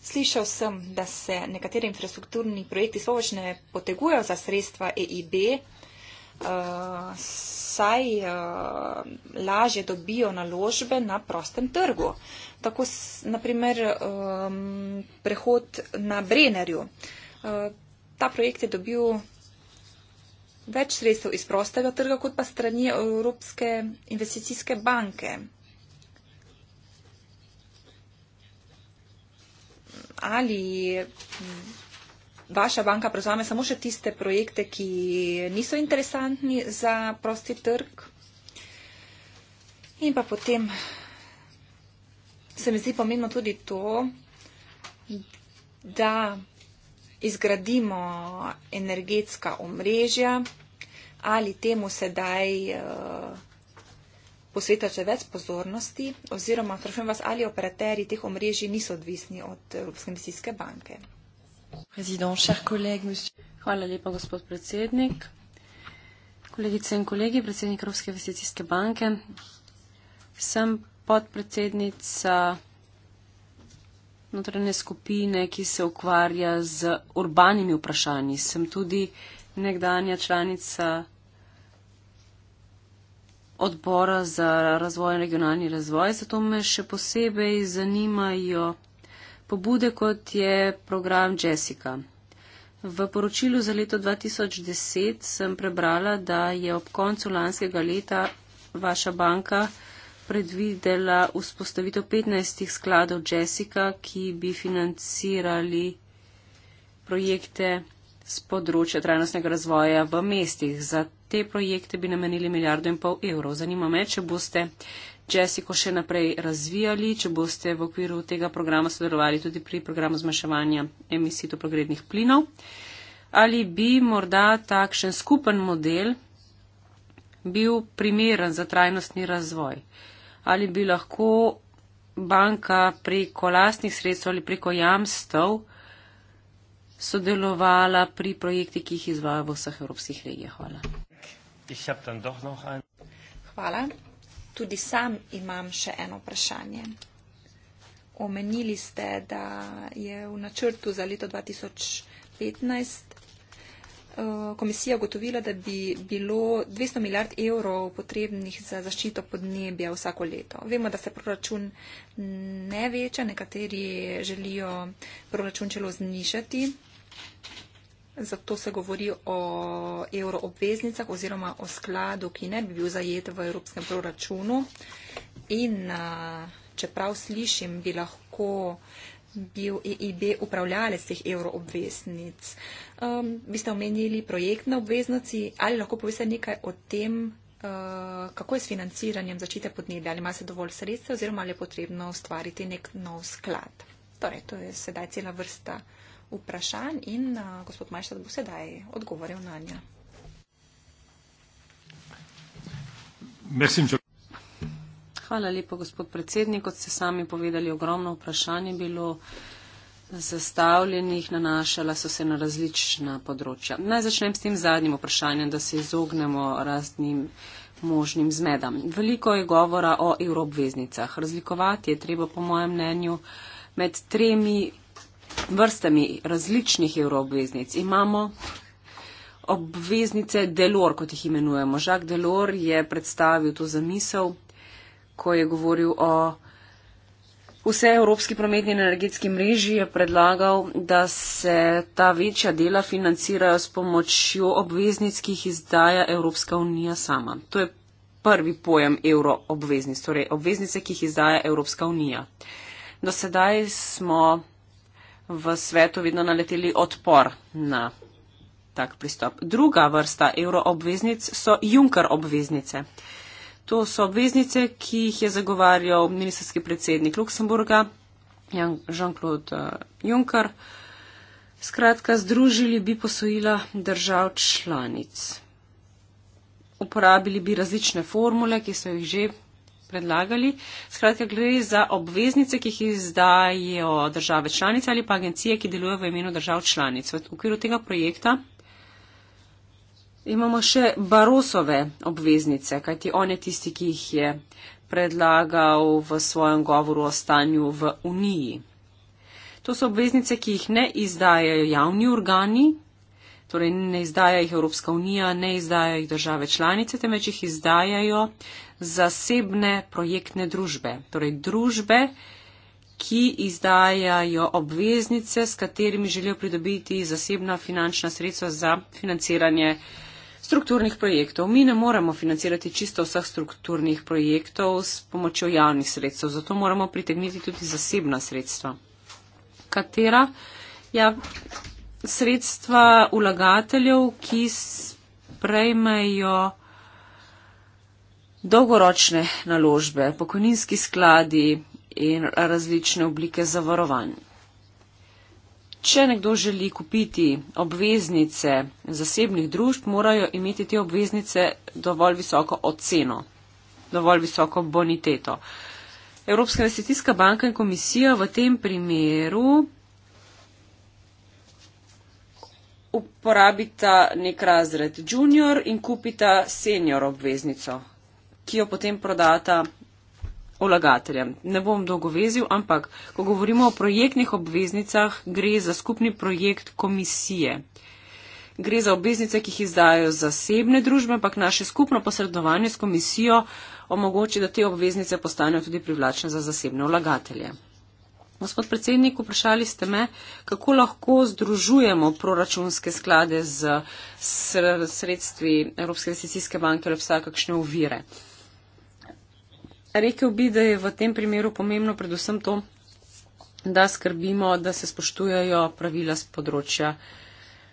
Slišal sem, da se nekateri infrastrukturni projekti sploh ne potegujejo za sredstva EIB, eh, saj eh, lažje dobijo naložbe na prostem trgu. Tako naprimer ehm, prehod na Brenerju. Eh, ta projekt je dobil več sredstev iz prostega trga kot pa strani Evropske investicijske banke. ali vaša banka prevzame samo še tiste projekte, ki niso interesantni za prosti trg. In pa potem se mi zdi pomembno tudi to, da izgradimo energetska omrežja ali temu sedaj. Uh, posvetate več pozornosti oziroma vprašujem vas, ali operaterji teh omrežij niso odvisni od Evropske misijske banke. Hvala lepa, gospod predsednik. Kolegice in kolegi, predsednik Evropske investicijske banke, sem podpredsednica notranje skupine, ki se ukvarja z urbanimi vprašanji. Sem tudi nekdanja članica odbora za razvoj in regionalni razvoj. Zato me še posebej zanimajo pobude, kot je program Jessica. V poročilu za leto 2010 sem prebrala, da je ob koncu lanskega leta vaša banka predvidela vzpostavitev 15 skladov Jessica, ki bi financirali projekte z področja trajnostnega razvoja v mestih. Zato te projekte bi namenili milijardo in pol evrov. Zanima me, če boste Jessico še naprej razvijali, če boste v okviru tega programa sodelovali tudi pri programu zmanjševanja emisij toplogrednih plinov, ali bi morda takšen skupen model bil primeren za trajnostni razvoj. Ali bi lahko banka preko lastnih sredstev ali preko jamstev sodelovala pri projekti, ki jih izvaja v vseh evropskih regijah. Hvala. Hvala. Tudi sam imam še eno vprašanje. Omenili ste, da je v načrtu za leto 2015 eh, komisija ugotovila, da bi bilo 200 milijard evrov potrebnih za zaščito podnebja vsako leto. Vemo, da se proračun ne veča, nekateri želijo proračun čelo znišati. Zato se govori o euroobveznicah oziroma o skladu, ki ne bi bil zajet v evropskem proračunu. In čeprav slišim, bi lahko bil EIB upravljalec teh euroobveznic. Um, vi ste omenili projekt na obveznici, ali lahko poveste nekaj o tem, uh, kako je s financiranjem začite podnebja, ali ima se dovolj sredstev oziroma ali je potrebno ustvariti nek nov sklad. Torej, to je sedaj cela vrsta uh, vprašanj in eh, gospod Majštad bo sedaj odgovoril na nja. Hvala lepo, gospod predsednik. Kot ste sami povedali, ogromno vprašanje bilo zastavljenih, nanašala so se na različna področja. Naj začnem s tem zadnjim vprašanjem, da se izognemo raznim možnim zmedam. Veliko je govora o evroobveznicah. Razlikovati je treba, po mojem mnenju, med tremi vrstami različnih evroobveznic. Imamo obveznice Delor, kot jih imenujemo. Jacques Delor je predstavil to zamisel, ko je govoril o vse evropski prometni in energetski mreži, je predlagal, da se ta večja dela financirajo s pomočjo obveznic, ki jih izdaja Evropska unija sama. To je prvi pojem evroobveznic, torej obveznice, ki jih izdaja Evropska unija. Do sedaj smo v svetu vedno naleteli odpor na tak pristop. Druga vrsta euroobveznic so Junker obveznice. To so obveznice, ki jih je zagovarjal ministerski predsednik Luksemburga, Jean-Claude eh, Juncker. Skratka, združili bi posojila držav članic. Uporabili bi različne formule, ki so jih že predlagali. Skratka, gre za obveznice, ki jih izdajo države članice ali pa agencije, ki delujejo v imenu držav članic. V okviru tega projekta imamo še Barosove obveznice, kajti on je tisti, ki jih je predlagal v svojem govoru o stanju v Uniji. To so obveznice, ki jih ne izdajajo javni organi, torej ne izdaja jih Evropska unija, ne izdaja jih države članice, temveč jih izdajajo zasebne projektne družbe, torej družbe, ki izdajajo obveznice, s katerimi želijo pridobiti zasebna finančna sredstva za financiranje strukturnih projektov. Mi ne moremo financirati čisto vseh strukturnih projektov s pomočjo javnih sredstev, zato moramo pritegniti tudi zasebna sredstva. Katera? Ja, sredstva ulagateljev, ki sprejmejo dolgoročne naložbe, pokojninski skladi in različne oblike zavarovanj. Če nekdo želi kupiti obveznice zasebnih družb, morajo imeti te obveznice dovolj visoko oceno, dovolj visoko boniteto. Evropska investicijska banka in komisija v tem primeru uporabita nek razred junior in kupita senior obveznico, ki jo potem prodata vlagateljem. Ne bom dolgo vezil, ampak ko govorimo o projektnih obveznicah, gre za skupni projekt komisije. Gre za obveznice, ki jih izdajo zasebne družbe, ampak naše skupno posredovanje s komisijo omogoči, da te obveznice postanejo tudi privlačne za zasebne vlagatelje. Gospod predsednik, vprašali ste me, kako lahko združujemo proračunske sklade z sredstvi Evropske investicijske banke ali torej vsaj kakšne ovire. Rekel bi, da je v tem primeru pomembno predvsem to, da skrbimo, da se spoštujajo pravila z področja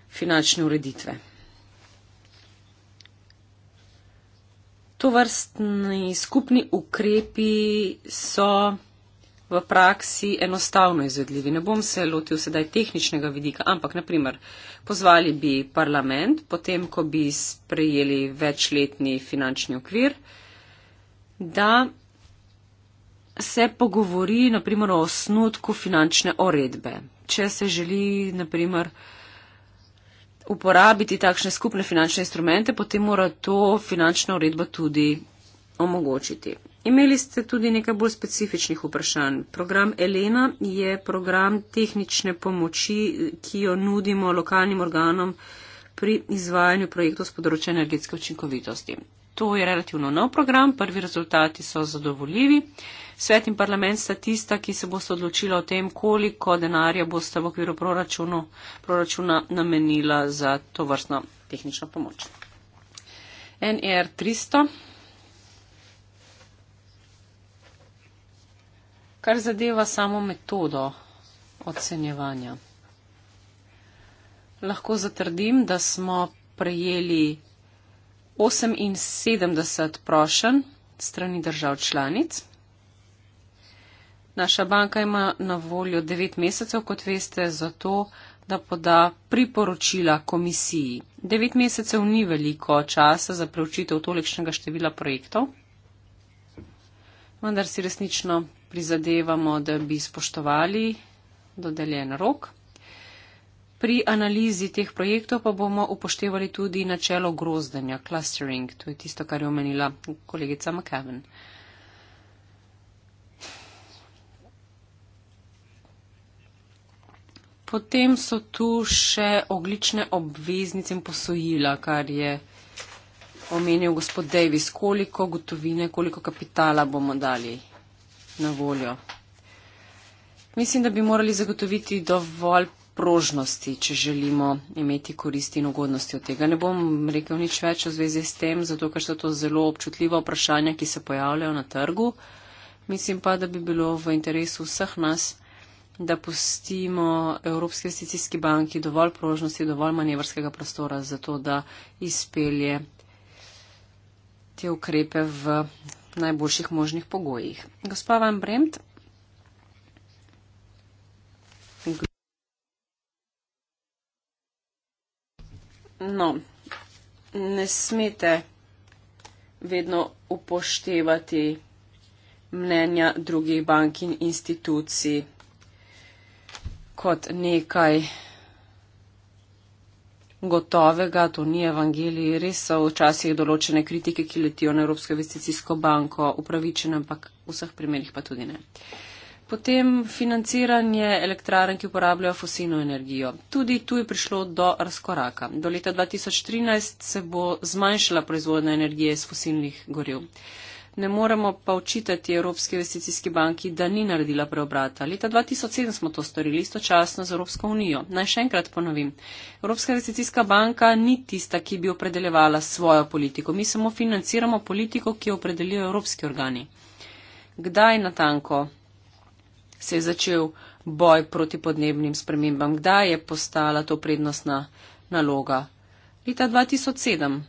finančne ureditve. To vrstni skupni ukrepi so v praksi enostavno izvedljivi. Ne bom se lotil sedaj tehničnega vidika, ampak naprimer pozvali bi parlament, potem ko bi sprejeli večletni finančni okvir, da se pogovori naprimer o osnutku finančne oredbe. Če se želi naprimer uporabiti takšne skupne finančne instrumente, potem mora to finančno uredbo tudi omogočiti. Imeli ste tudi nekaj bolj specifičnih vprašanj. Program Elena je program tehnične pomoči, ki jo nudimo lokalnim organom pri izvajanju projektov z področja energetske učinkovitosti. To je relativno nov program, prvi rezultati so zadovoljivi. Svet in parlament sta tista, ki se boste odločila o tem, koliko denarja boste v okviru proračuna namenila za to vrstno tehnično pomoč. NR e 300. Kar zadeva samo metodo ocenjevanja. Lahko zatrdim, da smo prejeli 78 prošen strani držav članic. Naša banka ima na voljo 9 mesecev, kot veste, zato, da poda priporočila komisiji. 9 mesecev ni veliko časa za preučitev tolikšnega števila projektov, vendar si resnično prizadevamo, da bi spoštovali dodeljen rok. Pri analizi teh projektov pa bomo upoštevali tudi načelo grozdanja, clustering, to je tisto, kar je omenila kolegica McKevin. Potem so tu še oglične obveznice in posojila, kar je omenil gospod Davis, koliko gotovine, koliko kapitala bomo dali na voljo. Mislim, da bi morali zagotoviti dovolj prožnosti, če želimo imeti koristi in ugodnosti od tega. Ne bom rekel nič več v zvezi s tem, zato ker so to zelo občutljiva vprašanja, ki se pojavljajo na trgu. Mislim pa, da bi bilo v interesu vseh nas, da pustimo Evropske investicijske banki dovolj prožnosti, dovolj manevrskega prostora za to, da izpelje te ukrepe v najboljših možnih pogojih. Gospa Van Bremt. No, ne smete vedno upoštevati mnenja drugih bank in institucij kot nekaj, gotovega, to ni evangelij, res so včasih določene kritike, ki letijo na Evropsko investicijsko banko, upravičene, ampak v vseh primerjih pa tudi ne. Potem financiranje elektraren, ki uporabljajo fosilno energijo. Tudi tu je prišlo do razkoraka. Do leta 2013 se bo zmanjšala proizvodna energije iz fosilnih goriv ne moremo pa očitati Evropske investicijske banki, da ni naredila preobrata. Leta 2007 smo to storili istočasno z Evropsko unijo. Naj še enkrat ponovim. Evropska investicijska banka ni tista, ki bi opredeljevala svojo politiko. Mi samo financiramo politiko, ki jo opredelijo evropski organi. Kdaj natanko se je začel boj proti podnebnim spremembam? Kdaj je postala to prednostna naloga? Leta 2007.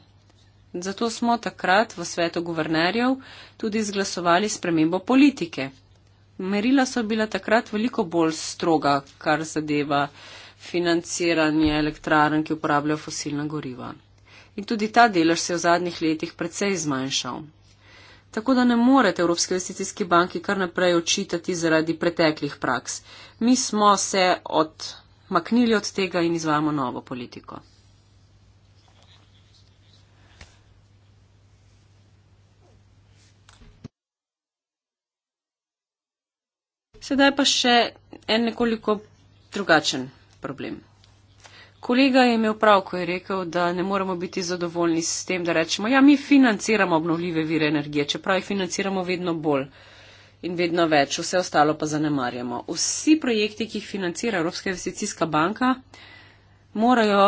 Zato smo takrat v svetu guvernerjev tudi izglasovali spremembo politike. Merila so bila takrat veliko bolj stroga, kar zadeva financiranje elektrarn, ki uporabljajo fosilna goriva. In tudi ta delež se je v zadnjih letih precej zmanjšal. Tako da ne morete Evropske investicijske banki kar naprej očitati zaradi preteklih praks. Mi smo se odmaknili od tega in izvajamo novo politiko. Sedaj pa še en nekoliko drugačen problem. Kolega je imel prav, ko je rekel, da ne moramo biti zadovoljni s tem, da rečemo, ja, mi financiramo obnovljive vire energije, čeprav jih financiramo vedno bolj in vedno več, vse ostalo pa zanemarjamo. Vsi projekti, ki jih financira Evropska investicijska banka, morajo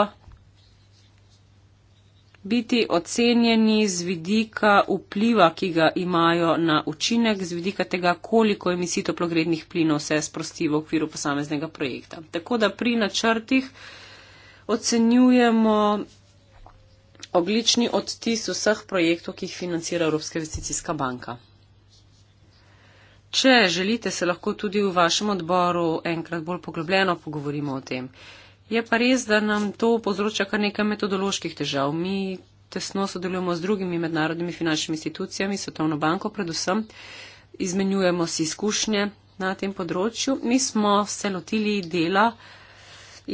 biti ocenjeni z vidika vpliva, ki ga imajo na učinek, z vidika tega, koliko emisij toplogrednih plinov se sprosti v okviru posameznega projekta. Tako da pri načrtih ocenjujemo oglični odtis vseh projektov, ki jih financira Evropska investicijska banka. Če želite, se lahko tudi v vašem odboru enkrat bolj poglobljeno pogovorimo o tem. Je pa res, da nam to povzroča kar nekaj metodoloških težav. Mi tesno sodelujemo z drugimi mednarodnimi finančnimi institucijami, Svetovno banko predvsem, izmenjujemo si izkušnje na tem področju. Mi smo se lotili dela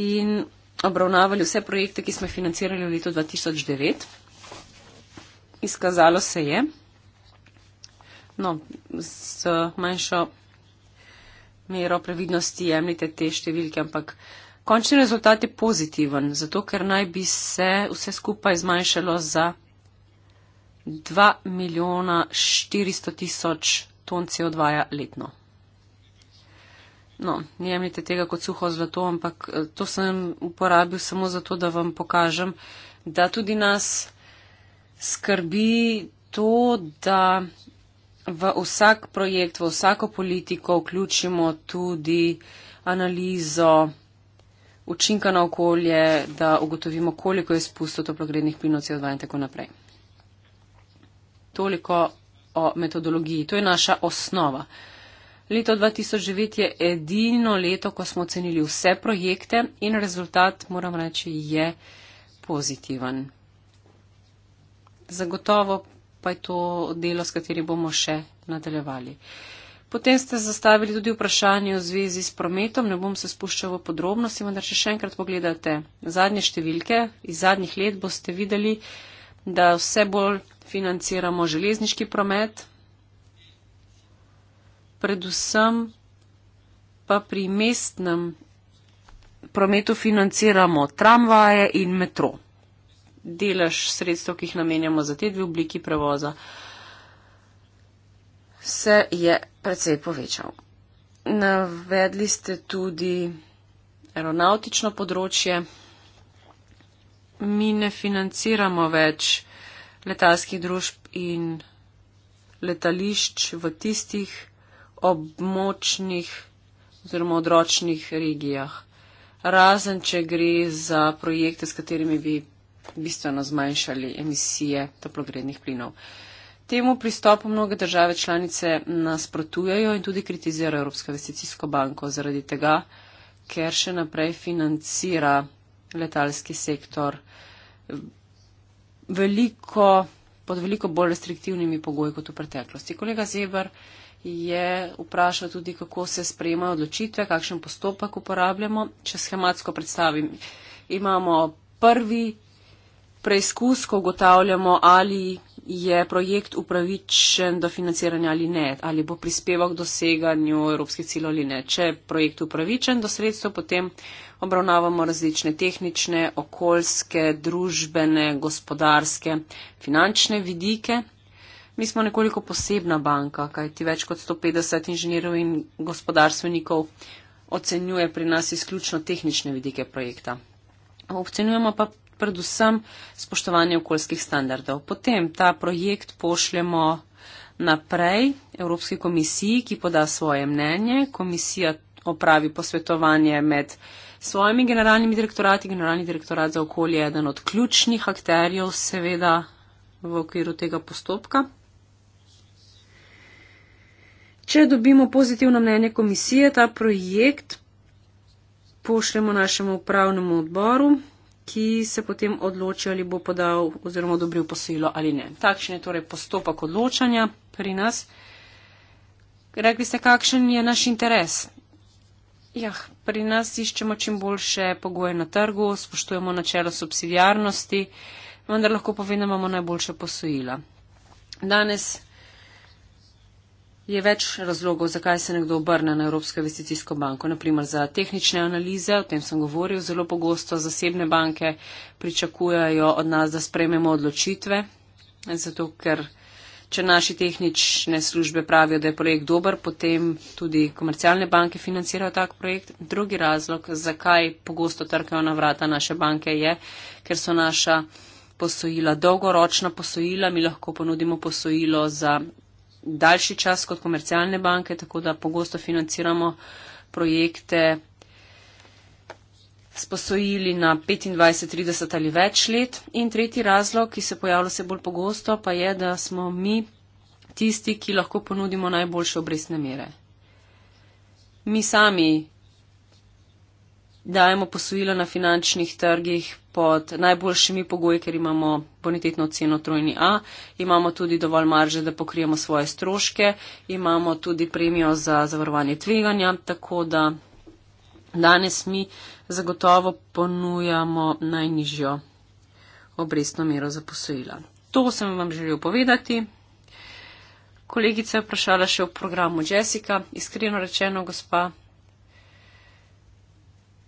in obravnavali vse projekte, ki smo financirali v letu 2009. Izkazalo se je, no, z manjšo mero previdnosti jemljite te številke, ampak. Končni rezultat je pozitiven, zato ker naj bi se vse skupaj zmanjšalo za 2 milijona 400 tisoč ton CO2 ja letno. No, ne jemljite tega kot suho zlato, ampak eh, to sem uporabil samo zato, da vam pokažem, da tudi nas skrbi to, da v vsak projekt, v vsako politiko vključimo tudi analizo učinka na okolje, da ugotovimo, koliko je spustov toplogrednih plinov CO2 in tako naprej. Toliko o metodologiji. To je naša osnova. Leto 2009 je edino leto, ko smo ocenili vse projekte in rezultat, moram reči, je pozitiven. Zagotovo pa je to delo, s katerim bomo še nadaljevali. Potem ste zastavili tudi vprašanje v zvezi s prometom, ne bom se spuščal v podrobnosti, vendar če še enkrat pogledate zadnje številke iz zadnjih let, boste videli, da vse bolj financiramo železniški promet, predvsem pa pri mestnem prometu financiramo tramvaje in metro. Delež sredstev, ki jih namenjamo za te dve obliki prevoza, se je precej povečal. Navedli ste tudi aeronautično področje. Mi ne financiramo več letalskih družb in letališč v tistih območnih oziroma odročnih regijah. Razen, če gre za projekte, s katerimi bi bistveno zmanjšali emisije toplogrednih plinov. Uh, Temu pristopu mnoge države članice nasprotujejo in tudi kritizirajo Evropsko investicijsko banko zaradi tega, ker še naprej financira letalski sektor eh, veliko, pod veliko bolj restriktivnimi pogoji kot v preteklosti. Kolega Zebr je vprašal tudi, kako se sprejemajo odločitve, kakšen postopek uporabljamo. Če schematsko predstavim, imamo prvi preizkus, ko ugotavljamo, ali je projekt upravičen do financiranja ali ne, ali bo prispeval k doseganju evropskih ciljev ali ne. Če je projekt upravičen do sredstva, potem obravnavamo različne tehnične, okoljske, družbene, gospodarske, finančne vidike. Mi smo nekoliko posebna banka, kajti več kot 150 inženirjev in gospodarstvenikov ocenjuje pri nas izključno tehnične vidike projekta. Ocenjujemo pa predvsem spoštovanje okoljskih standardov. Potem ta projekt pošljemo naprej Evropski komisiji, ki poda svoje mnenje. Komisija opravi posvetovanje med svojimi generalnimi direktorati. Generalni direktorat za okolje je eden od ključnih akterjev, seveda, v okviru tega postopka. Če dobimo pozitivno mnenje komisije, ta projekt pošljemo našemu upravnemu odboru ki se potem odloči, ali bo podal oziroma odobril posilo ali ne. Takšen je torej postopek odločanja pri nas. Rekli ste, kakšen je naš interes? Jah, pri nas iščemo čim boljše pogoje na trgu, spoštujemo načelo subsidijarnosti, vendar lahko povem, da imamo najboljše posojila. Danes je več razlogov, zakaj se nekdo obrne na Evropsko investicijsko banko. Naprimer za tehnične analize, o tem sem govoril, zelo pogosto zasebne banke pričakujajo od nas, da sprejmemo odločitve, zato ker če naši tehnične službe pravijo, da je projekt dober, potem tudi komercialne banke financirajo tak projekt. Drugi razlog, zakaj pogosto trkajo na vrata naše banke, je, ker so naša posojila dolgoročna posojila, mi lahko ponudimo posojilo za daljši čas kot komercialne banke, tako da pogosto financiramo projekte sposojili na 25, 30 ali več let. In tretji razlog, ki se pojavlja vse bolj pogosto, pa je, da smo mi tisti, ki lahko ponudimo najboljše obrestne mere. Mi sami dajemo posojila na finančnih trgih pod najboljšimi pogoji, ker imamo bonitetno ceno trojni A, imamo tudi dovolj marže, da pokrijemo svoje stroške, imamo tudi premijo za zavarovanje tveganja, tako da danes mi zagotovo ponujamo najnižjo obrestno mero za posojila. To sem vam želel povedati. Kolegica je vprašala še o programu Jessica. Iskreno rečeno, gospa,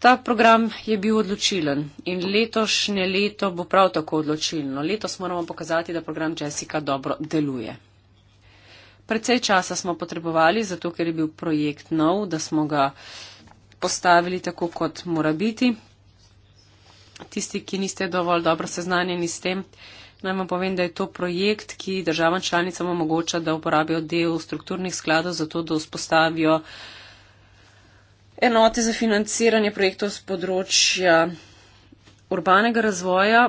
Ta program je bil odločilen in letošnje leto bo prav tako odločilno. Letos moramo pokazati, da program Jessica dobro deluje. Predvsej časa smo potrebovali, zato ker je bil projekt nov, da smo ga postavili tako, kot mora biti. Tisti, ki niste dovolj dobro seznanjeni s tem, naj vam povem, da je to projekt, ki državam članicam omogoča, da uporabijo del strukturnih skladov za to, da vzpostavijo enote za financiranje projektov z področja urbanega razvoja.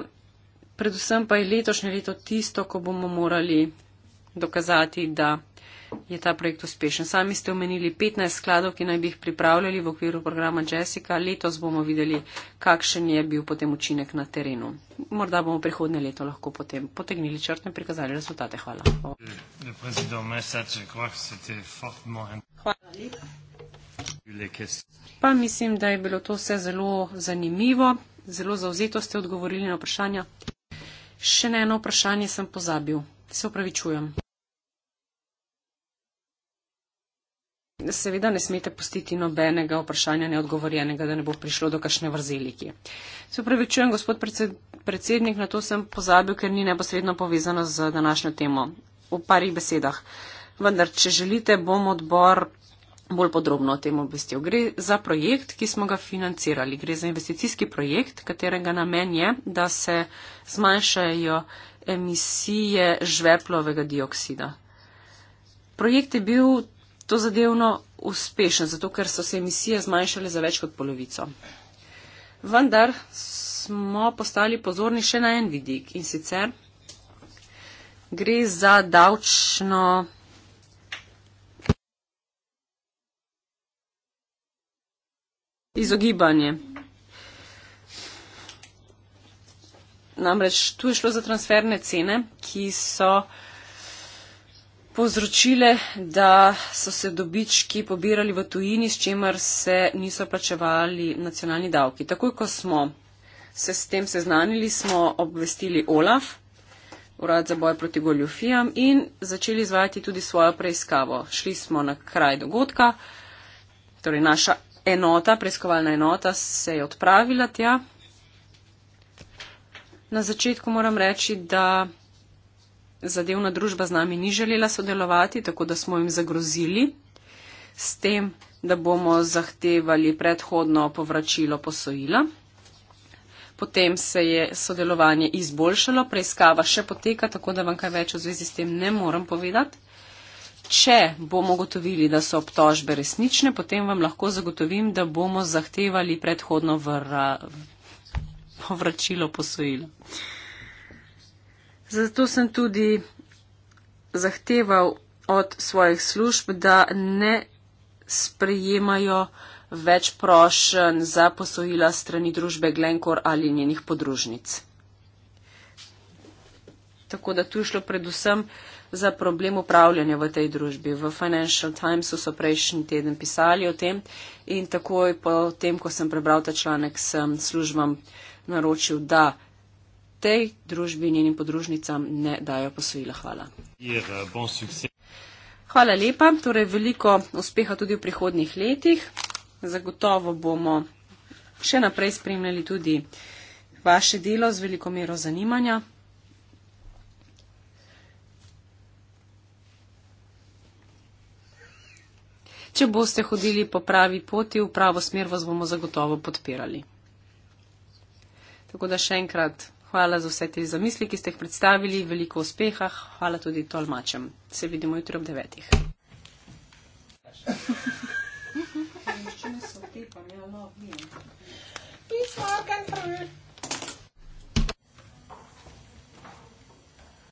Predvsem pa je letošnje leto tisto, ko bomo morali dokazati, da je ta projekt uspešen. Sami ste omenili 15 skladov, ki naj bi jih pripravljali v okviru programa Jessica. Letos bomo videli, kakšen je bil potem učinek na terenu. Morda bomo prihodne leto lahko potem potegnili črtne in prikazali rezultate. Hvala. Hvala lepa. Pa mislim, da je bilo to vse zelo zanimivo, zelo zauzeto ste odgovorili na vprašanja. Še na eno vprašanje sem pozabil. Se upravičujem. Seveda ne smete pustiti nobenega vprašanja neodgovorjenega, da ne bo prišlo do kašne vrzeliki. Se upravičujem, gospod predsednik, na to sem pozabil, ker ni neposredno povezano z današnjo temo. V parih besedah. Vendar, če želite, bom odbor Bolj podrobno o tem obvestil. Gre za projekt, ki smo ga financirali. Gre za investicijski projekt, katerega namen je, da se zmanjšajo emisije žveplovega dioksida. Projekt je bil to zadevno uspešen, zato ker so se emisije zmanjšale za več kot polovico. Vendar smo postali pozorni še na en vidik in sicer gre za davčno izogibanje. Namreč tu je šlo za transferne cene, ki so povzročile, da so se dobički pobirali v tujini, s čemer se niso plačevali nacionalni davki. Takoj, ko smo se s tem seznanili, smo obvestili OLAF, Urad za boj proti goljufijam, in začeli izvajati tudi svojo preiskavo. Šli smo na kraj dogodka, torej naša enota, preiskovalna enota se je odpravila tja. Na začetku moram reči, da zadevna družba z nami ni želela sodelovati, tako da smo jim zagrozili s tem, da bomo zahtevali predhodno povračilo posojila. Potem se je sodelovanje izboljšalo, preiskava še poteka, tako da vam kaj več v zvezi s tem ne morem povedati. Če bomo gotovili, da so obtožbe resnične, potem vam lahko zagotovim, da bomo zahtevali predhodno vra, vračilo posojila. Zato sem tudi zahteval od svojih služb, da ne sprejemajo več prošen za posojila strani družbe Glencore ali njenih podružnic. Tako da tu je šlo predvsem za problem upravljanja v tej družbi. V Financial Timesu so prejšnji teden pisali o tem in takoj po tem, ko sem prebral ta članek, sem službam naročil, da tej družbi njenim podružnicam ne dajo posojila. Hvala. Hvala lepa. Torej veliko uspeha tudi v prihodnih letih. Zagotovo bomo še naprej spremljali tudi vaše delo z veliko mero zanimanja. Če boste hodili po pravi poti, v pravo smer vas bomo zagotovo podpirali. Tako da še enkrat hvala za vse te zamisli, ki ste jih predstavili, veliko uspeha, hvala tudi tolmačem. Se vidimo jutri ob devetih. Pismo, kaj pravi?